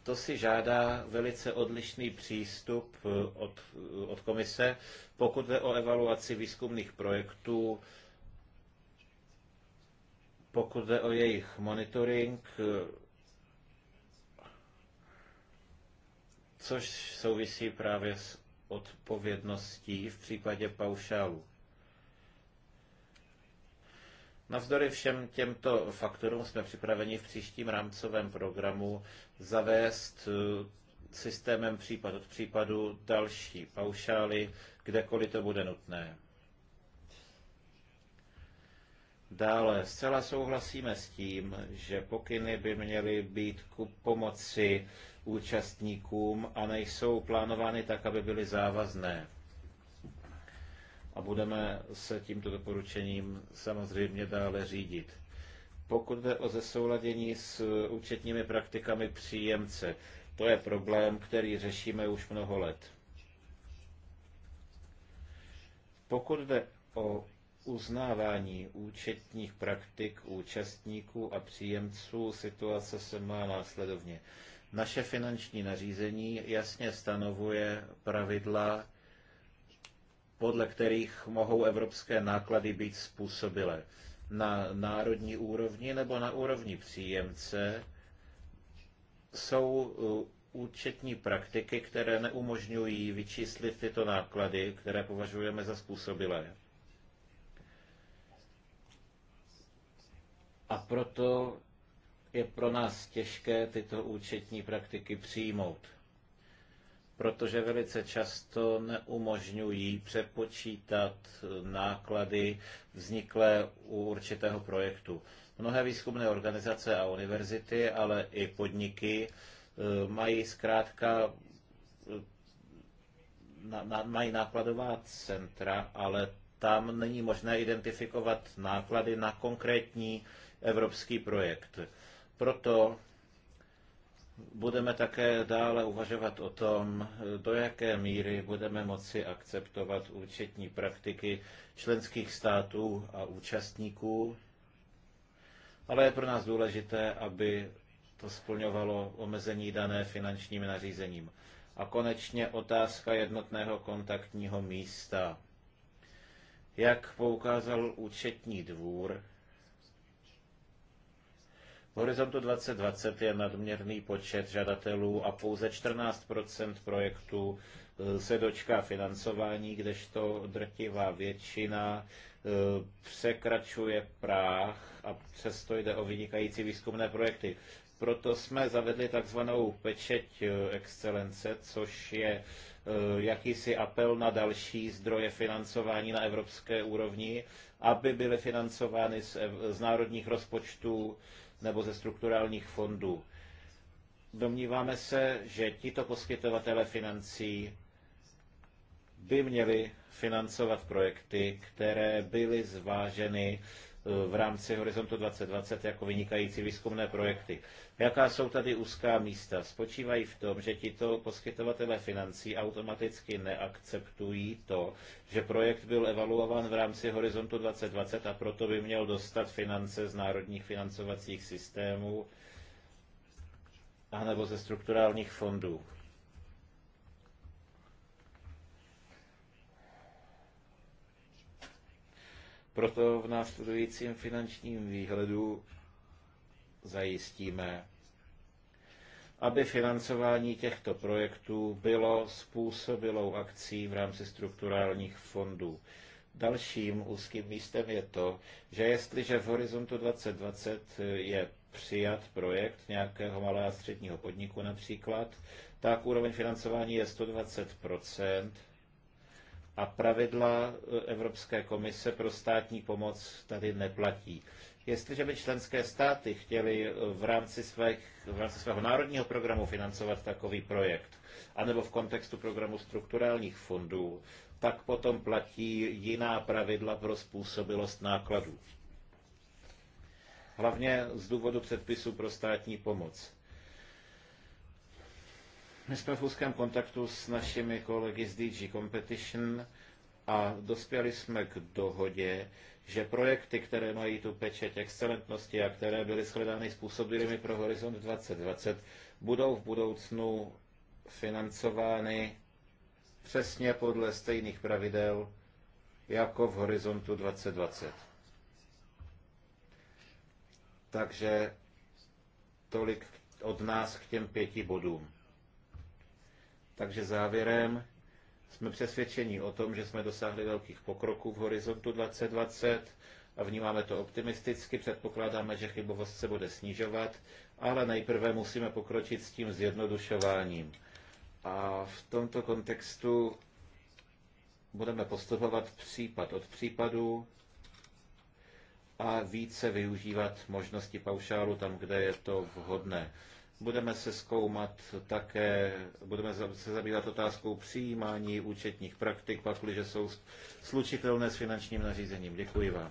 To si žádá velice odlišný přístup od, od komise, pokud jde o evaluaci výzkumných projektů pokud jde o jejich monitoring, což souvisí právě s odpovědností v případě paušálu. Navzdory všem těmto faktorům jsme připraveni v příštím rámcovém programu zavést eh, systémem případ od případu další paušály, kdekoliv to bude nutné. Dále zcela souhlasíme s tím, že pokyny by měly být ku pomoci účastníkům a nejsou plánovány tak, aby byly závazné. A budeme se tímto doporučením samozřejmě dále řídit. Pokud jde o zesouladění s účetními praktikami příjemce, to je problém, který řešíme už mnoho let. Pokud jde o uznávání účetních praktik účastníků a příjemců situace se má následovně. Naše finanční nařízení jasně stanovuje pravidla, podle kterých mohou evropské náklady být způsobile na národní úrovni nebo na úrovni příjemce jsou uh, účetní praktiky, které neumožňují vyčíslit tyto náklady, které považujeme za způsobilé. A proto je pro nás těžké tyto účetní praktiky přijmout, protože velice často neumožňují přepočítat náklady vzniklé u určitého projektu. Mnohé výzkumné organizace a univerzity, ale i podniky eh, mají zkrátka eh, mají nákladová centra, ale tam není možné identifikovat náklady na konkrétní evropský projekt. Proto budeme také dále uvažovat o tom, do jaké míry budeme moci akceptovat účetní praktiky členských států a účastníků, ale je pro nás důležité, aby to splňovalo omezení dané finančním nařízením. A konečně otázka jednotného kontaktního místa. Jak poukázal účetní dvůr, v horizontu 2020 je nadměrný počet žadatelů a pouze 14 projektů eh, se dočká financování, kdežto drtivá většina eh, překračuje práh a přesto jde o vynikající výzkumné projekty. Proto jsme zavedli takzvanou pečeť eh, excelence, což je jakýsi apel na další zdroje financování na evropské úrovni, aby byly financovány z, národních rozpočtů nebo ze strukturálních fondů. Domníváme se, že tito poskytovatele financí by měli financovat projekty, které byly zváženy Eh, v rámci Horizontu 2020 jako vynikající výzkumné projekty. Jaká jsou tady úzká místa? Spočívají v tom, že tito poskytovatelé financí automaticky neakceptují to, že projekt byl evaluován v rámci Horizontu 2020 a proto by měl dostat finance z národních financovacích systémů anebo ze strukturálních fondů. Proto v následujícím finančním výhledu zajistíme, aby financování těchto projektů bylo způsobilou akcí v rámci strukturálních fondů. Dalším úzkým místem je to, že jestliže v horizontu 2020 je přijat projekt nějakého malého a středního podniku například, tak úroveň financování je 120 a pravidla e, Evropské komise pro státní pomoc tady neplatí. Jestliže by členské státy chtěly e, v rámci, svých, v rámci svého národního programu financovat takový projekt, anebo v kontextu programu strukturálních fondů, tak potom platí jiná pravidla pro způsobilost nákladů. Hlavně z důvodu předpisů pro státní pomoc. My jsme v úzkém kontaktu s našimi kolegy z DG Competition a dospěli jsme k dohodě, že projekty, které mají tu pečeť excelentnosti a které byly shledány způsobilými pro Horizont 2020, budou v budoucnu financovány přesně podle stejných pravidel jako v Horizontu 2020. Takže tolik od nás k těm pěti bodům. Takže závěrem jsme přesvědčeni o tom, že jsme dosáhli velkých pokroků v horizontu 2020 a vnímáme to optimisticky. Předpokládáme, že chybovost se bude snižovat, ale nejprve musíme pokročit s tím zjednodušováním. A v tomto kontextu budeme postupovat případ od případu a více využívat možnosti paušálu tam, kde je to vhodné. Budeme se zkoumat také, budeme se zabývat otázkou přijímání účetních praktik, pakliže jsou slučitelné s finančním nařízením. Děkuji vám.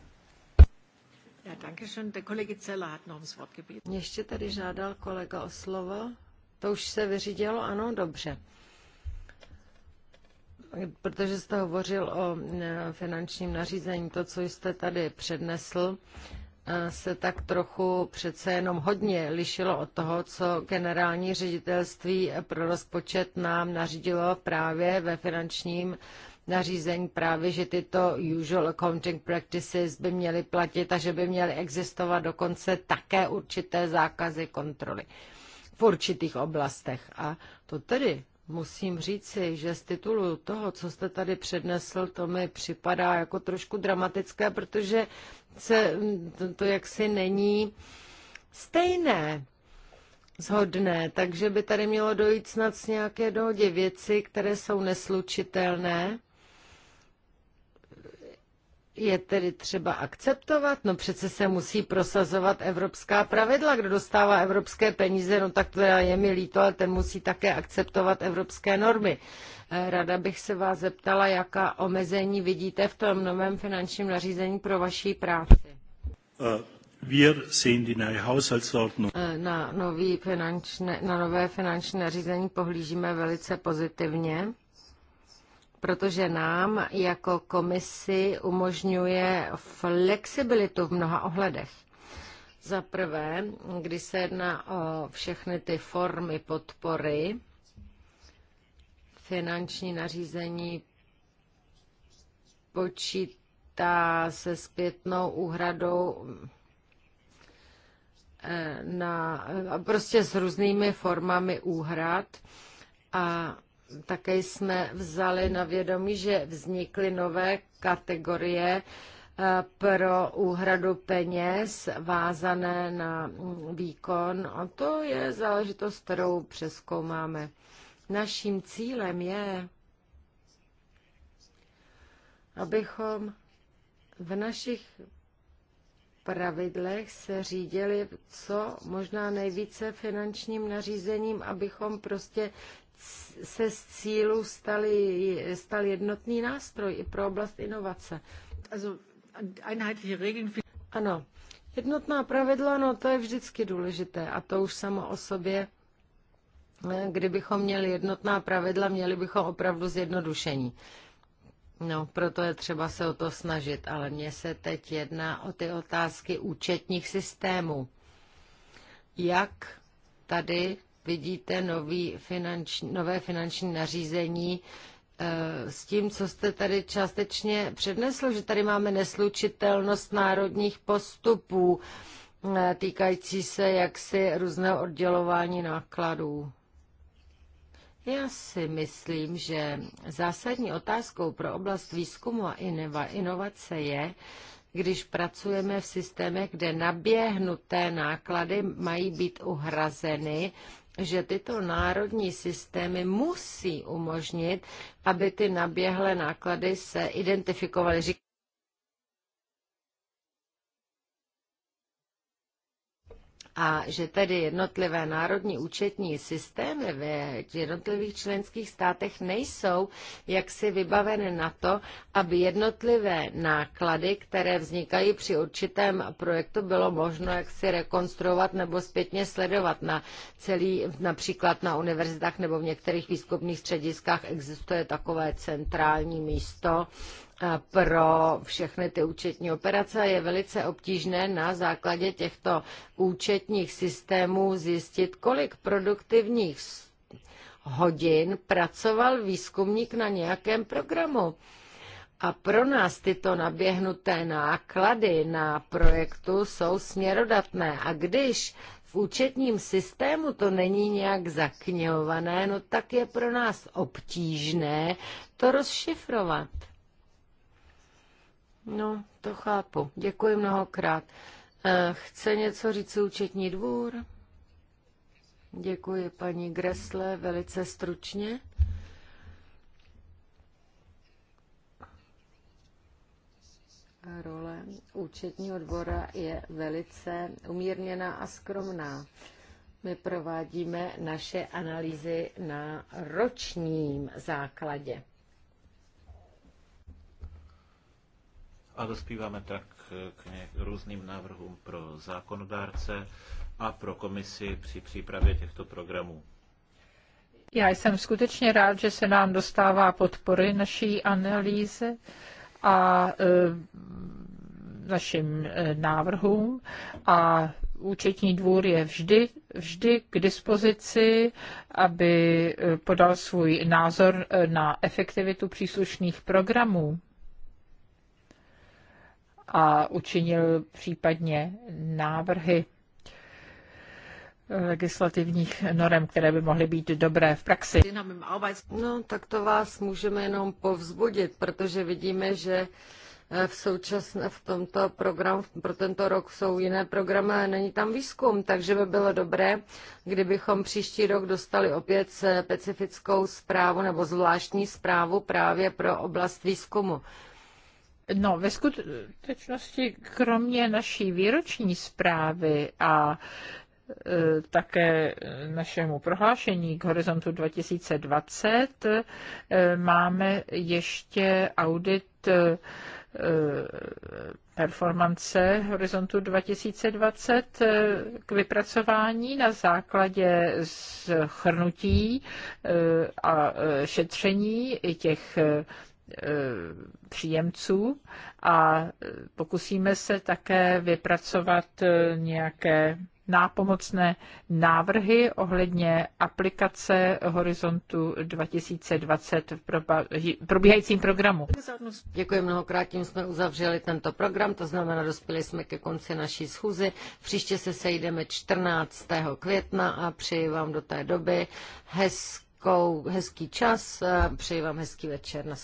Ja, danke schön. Der Kollege Zeller hat noch ums Wort gebeten. Ještě tady žádal kolega o slovo. To už se vyřídilo, ano, dobře. Protože jste hovořil o e, finančním nařízení, to, co jste tady přednesl, se tak trochu přece jenom hodně lišilo od toho, co generální ředitelství pro rozpočet nám nařídilo právě ve finančním nařízení právě, že tyto usual accounting practices by měly platit a že by měly existovat dokonce také určité zákazy kontroly v určitých oblastech. A to tedy Musím říci, že z titulu toho, co jste tady přednesl, to mi připadá jako trošku dramatické, protože se, to, to jaksi není stejné zhodné, takže by tady mělo dojít snad s nějaké dohodě věci, které jsou neslučitelné je tedy třeba akceptovat? No přece se musí prosazovat evropská pravidla. Kdo dostává evropské peníze, no tak to je mi líto, ale ten musí také akceptovat evropské normy. Eh, Rada bych se vás zeptala, jaká omezení vidíte v tom novém finančním nařízení pro vaší práci. Uh. Wir sehen die neue Haushaltsordnung. Eh, na, nový finančne, na nové finanční nařízení pohlížíme velice pozitivně protože nám jako komisi umožňuje flexibilitu v mnoha ohledech. Za prvé, když se jedná o všechny ty formy podpory, finanční nařízení počítá se zpětnou úhradou eh, na, prostě s různými formami úhrad a také jsme vzali na vědomí, že vznikly nové kategorie eh, pro úhradu peněz vázané na výkon a to je záležitost, kterou přeskoumáme. Naším cílem je, abychom v našich pravidlech se řídili co možná nejvíce finančním nařízením, abychom prostě se z cílu stali, stal jednotný nástroj i pro oblast inovace. Ano, jednotná pravidla, no to je vždycky důležité a to už samo o sobě. Eh, kdybychom měli jednotná pravidla, měli bychom opravdu zjednodušení. No, proto je třeba se o to snažit, ale mně se teď jedná o ty otázky účetních systémů. Jak tady vidíte nový finanční, nové finanční nařízení eh, s tím, co jste tady částečně přednesl, že tady máme neslučitelnost národních postupů eh, týkající se jaksi různého oddělování nákladů. Já si myslím, že zásadní otázkou pro oblast výzkumu a inovace je, když pracujeme v systémech, kde naběhnuté náklady mají být uhrazeny že tyto národní systémy musí umožnit, aby ty naběhlé náklady se identifikovaly. a že tedy jednotlivé národní účetní systémy v jednotlivých členských státech nejsou jaksi vybaveny na to, aby jednotlivé náklady, které vznikají při určitém projektu, bylo možno jaksi rekonstruovat nebo zpětně sledovat na celý, například na univerzitách nebo v některých výzkumných střediskách existuje takové centrální místo, pro všechny ty účetní operace je velice obtížné na základě těchto účetních systémů zjistit, kolik produktivních hodin pracoval výzkumník na nějakém programu. A pro nás tyto naběhnuté náklady na projektu jsou směrodatné. A když v účetním systému to není nějak zaknihované, no tak je pro nás obtížné to rozšifrovat. No, to chápu. Děkuji mnohokrát. Eh, chce něco říct účetní dvůr? Děkuji paní Gresle velice stručně. Role účetního dvora je velice umírněná a skromná. My provádíme naše analýzy na ročním základě. a dospíváme tak k různým návrhům pro zákonodárce a pro komisi při přípravě těchto programů. Já jsem skutečně rád, že se nám dostává podpory naší analýze a e, našim e, návrhům a účetní dvůr je vždy, vždy k dispozici, aby e, podal svůj názor e, na efektivitu příslušných programů a učinil případně návrhy legislativních norem, které by mohly být dobré v praxi. No, tak to vás můžeme jenom povzbudit, protože vidíme, že eh, v současné, v tomto programu, pro tento rok jsou jiné programy, ale není tam výzkum, takže by bylo dobré, kdybychom příští rok dostali opět specifickou zprávu nebo zvláštní zprávu právě pro oblast výzkumu. No, ve skutečnosti, kromě naší výroční zprávy a e, také našemu prohlášení k horizontu 2020 e, máme ještě audit e, performance Horizontu 2020 k vypracování na základě schrnutí a šetření těch Eh, příjemců a eh, pokusíme se také vypracovat eh, nějaké nápomocné návrhy ohledně aplikace Horizontu 2020 v probíhajícím programu. Děkuji mnohokrát, tím jsme uzavřeli tento program, to znamená, dospěli jsme ke konci naší schůzy. Příště se sejdeme 14. května a přeji vám do té doby hezkou, hezký čas, přeji vám hezký večer. Na